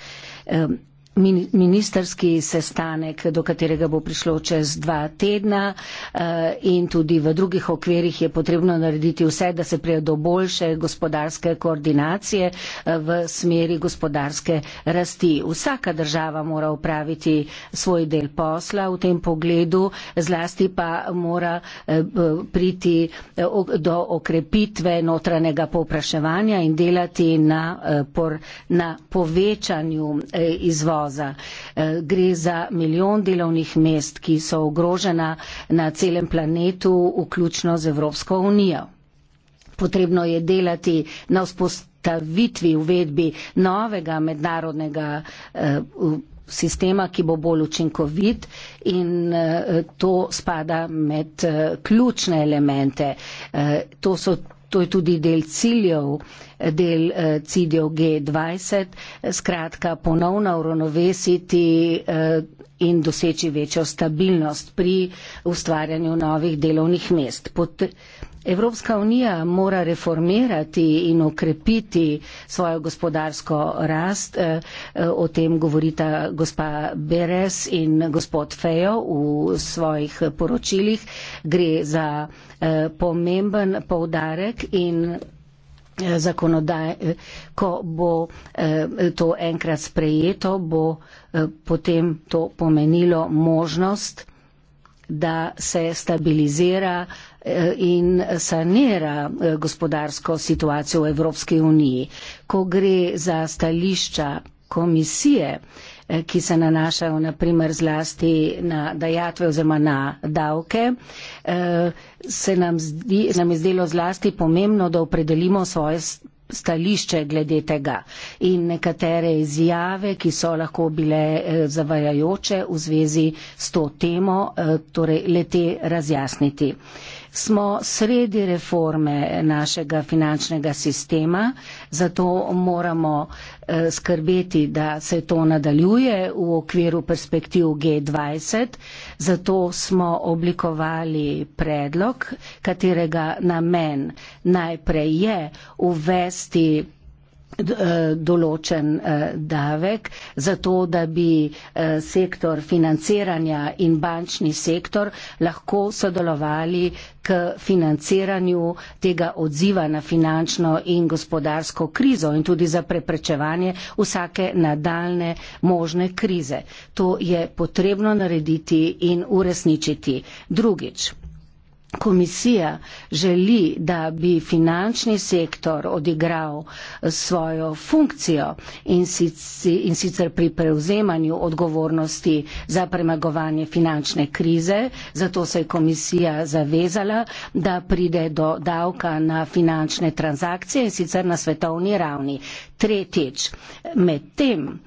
ministerski sestanek, do katerega bo prišlo čez dva tedna eh, in tudi v drugih okvirih je potrebno narediti vse, da se prije do boljše gospodarske koordinacije eh, v smeri gospodarske rasti. Vsaka država mora upraviti svoj del posla v tem pogledu, zlasti pa mora eh, priti do okrepitve notranjega popraševanja in delati na, por, na povečanju izvoza izvoza. Eh, gre za milijon delovnih mest, ki so ogrožena na celem planetu, vključno z Evropsko unijo. Potrebno je delati na vzpostavitvi uvedbi novega mednarodnega eh, sistema, ki bo bolj učinkovit in eh, to spada med ključne elemente. To so To je tudi del ciljev, del eh, ciljev G20, skratka ponovno uravnovesiti eh, in doseči večjo stabilnost pri ustvarjanju novih delovnih mest. Pot Evropska unija mora reformirati in okrepiti svojo gospodarsko rast. Eh, eh, o tem govorita gospa Beres in gospod Fejo v svojih poročilih. Gre za eh, pomemben poudarek in Eh, zakonodaje, eh, ko bo eh, to enkrat sprejeto, bo potem to pomenilo možnost, da se stabilizira in sanira gospodarsko situacijo v Evropski uniji. Ko gre za stališča komisije, ki se nanašajo naprimer zlasti na dajatve oziroma na davke, eh, se nam, zdi, nam je zdelo zlasti pomembno, da opredelimo svoje stališče glede tega in nekatere izjave, ki so lahko bile eh, zavajajoče v zvezi s to temo, eh, torej le te razjasniti smo sredi reforme našega finančnega sistema, zato moramo eh, skrbeti, da se to nadaljuje v okviru perspektiv G20. Zato smo oblikovali predlog, katerega namen najprej je uvesti Eh, določen eh, davek, zato da bi eh, sektor financiranja in bančni sektor lahko sodelovali k financiranju tega odziva na finančno in gospodarsko krizo in tudi za preprečevanje vsake nadaljne možne krize. To je potrebno narediti in uresničiti. Drugič, Komisija želi, da bi finančni sektor odigral svojo funkcijo in sicer pri prevzemanju odgovornosti za premagovanje finančne krize. Zato se je komisija zavezala, da pride do davka na finančne transakcije in sicer na svetovni ravni. Tretjič, medtem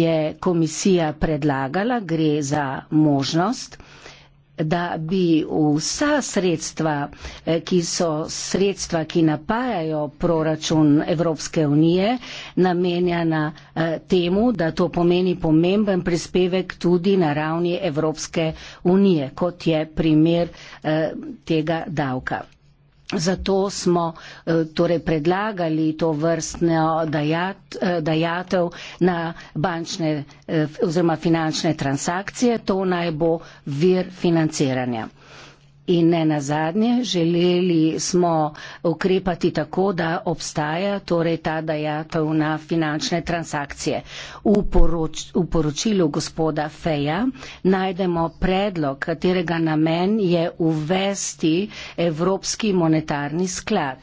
je komisija predlagala, gre za možnost, da bi vsa sredstva, eh, ki so sredstva, ki napajajo proračun Evropske unije, namenjena eh, temu, da to pomeni pomemben prispevek tudi na ravni Evropske unije, kot je primer eh, tega davka. Zato smo eh, torej predlagali to vrstno dajat, eh, dajatev na bančne eh, oziroma finančne transakcije, to naj bo vir financiranja in ne nazadnje želeli smo ukrepati tako, da obstaja torej ta dajatev na finančne transakcije. V, poroč, v poročilu gospoda Feja najdemo predlog, katerega namen je uvesti Evropski monetarni sklad.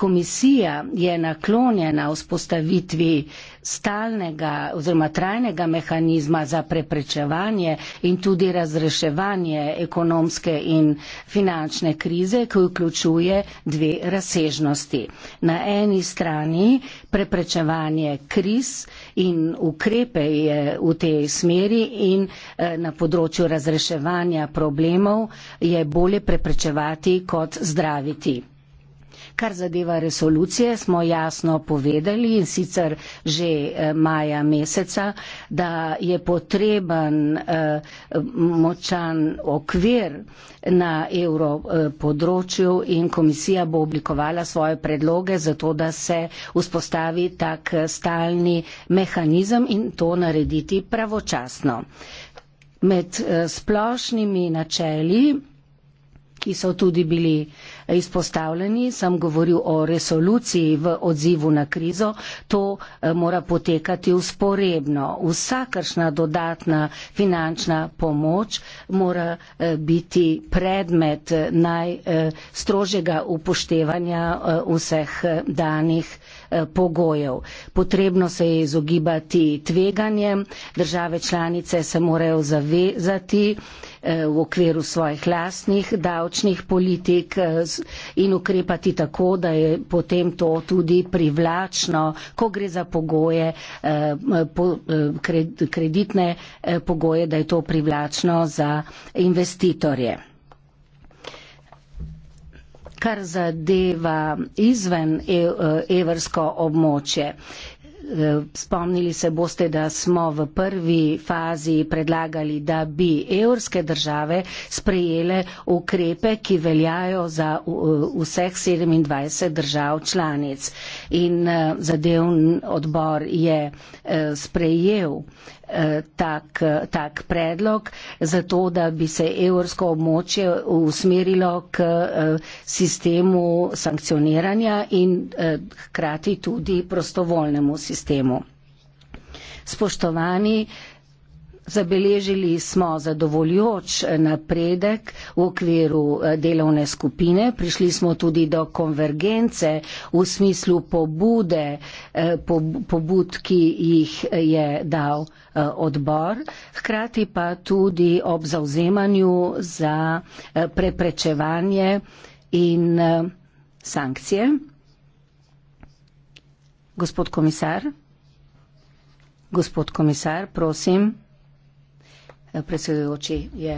Komisija je naklonjena vzpostavitvi stalnega oziroma trajnega mehanizma za preprečevanje in tudi razreševanje ekonomske in finančne krize, ki vključuje dve razsežnosti. Na eni strani preprečevanje kriz in ukrepe je v tej smeri in eh, na področju razreševanja problemov je bolje preprečevati kot zdraviti. Kar zadeva resolucije, smo jasno povedali in sicer že eh, maja meseca, da je potreben eh, močan okvir na evropodročju eh, in komisija bo oblikovala svoje predloge za to, da se vzpostavi tak stalni mehanizem in to narediti pravočasno. Med splošnimi načeli, ki so tudi bili uh, izpostavljeni, sem govoril o resoluciji v odzivu na krizo, to eh, mora potekati usporedno. Vsakršna dodatna finančna pomoč mora eh, biti predmet eh, najstrožjega upoštevanja vseh danih Eh, pogojev. Potrebno se je izogibati tveganjem, države članice se morajo zavezati eh, v okviru svojih lastnih davčnih politik eh, in ukrepati tako, da je potem to tudi privlačno, ko gre za pogoje, kreditne pogoje, da je to privlačno za investitorje kar zadeva izven e, e, evrsko območje. E, spomnili se boste, da smo v prvi fazi predlagali, da bi evrske države sprejele ukrepe, ki veljajo za vseh 27 držav članic. In zadev odbor je sprejel tak, tak predlog, zato da bi se evrsko območje usmerilo k eh, sistemu sankcioniranja in eh, hkrati tudi prostovoljnemu sistemu. Spoštovani, Zabeležili smo zadovoljoč eh, napredek v okviru eh, delovne skupine. Prišli smo tudi do konvergence v smislu pobude, eh, pobud, ki jih je dal odbor, hkrati pa tudi ob zauzemanju za preprečevanje in sankcije. Gospod komisar, gospod komisar, prosim predsedujoči je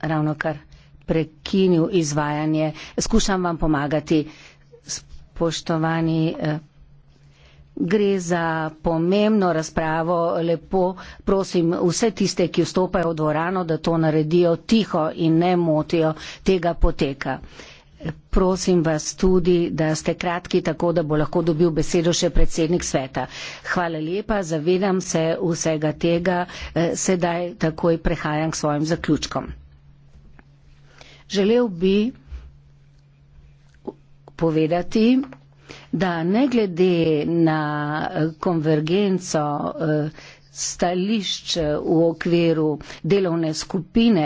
ravno kar prekinil izvajanje. Skušam vam pomagati, spoštovani. Eh, gre za pomembno razpravo. Lepo prosim vse tiste, ki vstopajo v dvorano, da to naredijo tiho in ne motijo tega poteka. Uh, Prosim vas tudi, da ste kratki, tako da bo lahko dobil besedo še predsednik sveta. Hvala lepa, zavedam se vsega tega, eh, sedaj takoj prehajam k svojim zaključkom. Želel bi povedati, da ne glede na eh, konvergenco eh, stališč eh, v okviru delovne skupine,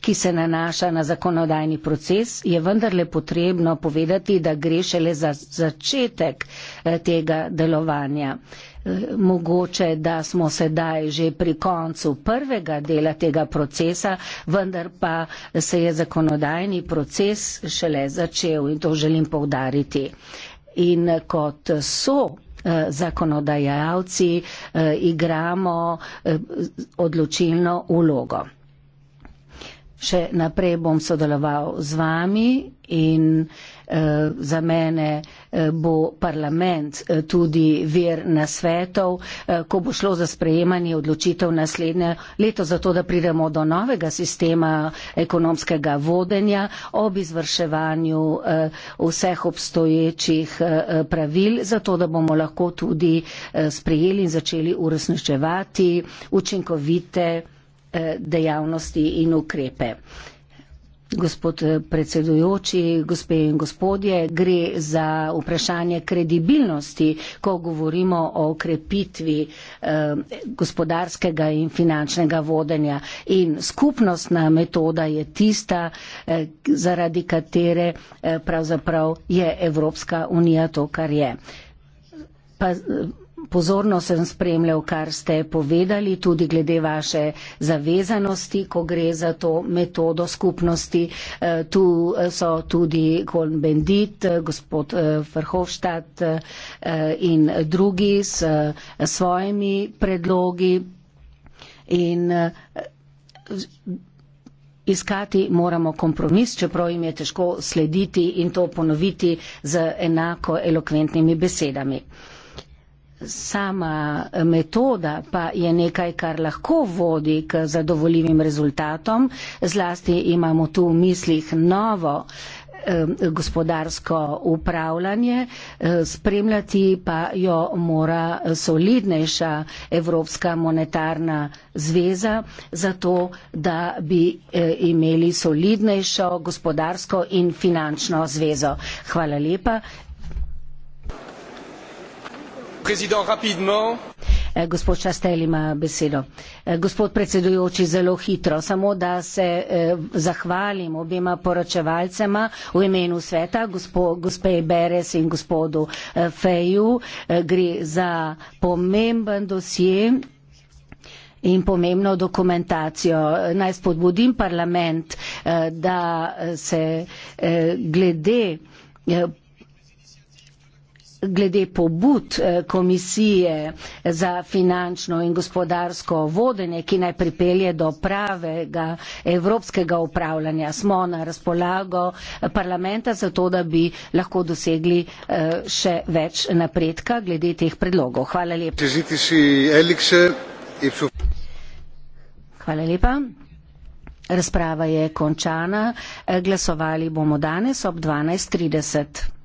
ki se nanaša na zakonodajni proces, je vendarle potrebno povedati, da gre šele za začetek eh, tega delovanja. Eh, mogoče, da smo sedaj že pri koncu prvega dela tega procesa, vendar pa se je zakonodajni proces šele začel in to želim povdariti. In kot so Eh, zakonodajalci eh, igramo eh, odločilno ulogo. Še naprej bom sodeloval z vami in uh, Eh, za mene eh, bo parlament eh, tudi vir na svetov, ko bo šlo za sprejemanje odločitev naslednje leto, zato da pridemo do novega sistema ekonomskega vodenja ob izvrševanju vseh obstoječih pravil, zato da bomo lahko tudi sprejeli in začeli uresničevati učinkovite dejavnosti in ukrepe. Gospod eh, predsedujoči, gospe in gospodje, gre za vprašanje kredibilnosti, ko govorimo o krepitvi eh, gospodarskega in finančnega vodenja. In skupnostna metoda je tista, eh, zaradi katere eh, pravzaprav je Evropska unija to, kar je. Pa, eh, Pozorno sem spremljal, kar ste povedali, tudi glede vaše zavezanosti, ko gre za to metodo skupnosti. Eh, tu so tudi Kolm Bendit, eh, gospod eh, Verhofstadt in drugi s svojimi predlogi. In Iskati moramo kompromis, čeprav jim je težko slediti in to ponoviti z enako elokventnimi besedami sama metoda pa je nekaj, kar lahko vodi k zadovoljivim rezultatom. Zlasti imamo tu v mislih novo gospodarsko upravljanje, spremljati pa jo mora solidnejša Evropska monetarna zveza, zato da bi e, imeli solidnejšo gospodarsko in finančno zvezo. Hvala lepa, Eh, gospod Častel ima besedo. Eh, gospod predsedujoči, zelo hitro, samo da se eh, zahvalim obima poročevalcema v imenu sveta, gospe Beres in gospodu Feju. Gre za pomemben dosje in pomembno dokumentacijo. Naj spodbudim parlament, da se glede glede pobud eh, komisije za finančno in gospodarsko vodenje, ki naj pripelje do pravega evropskega upravljanja, smo na razpolago parlamenta za to, da bi lahko dosegli eh, še več napredka glede teh predlogov. Hvala lepa. Hvala lepa. Razprava je končana. Glasovali bomo danes ob 12.30.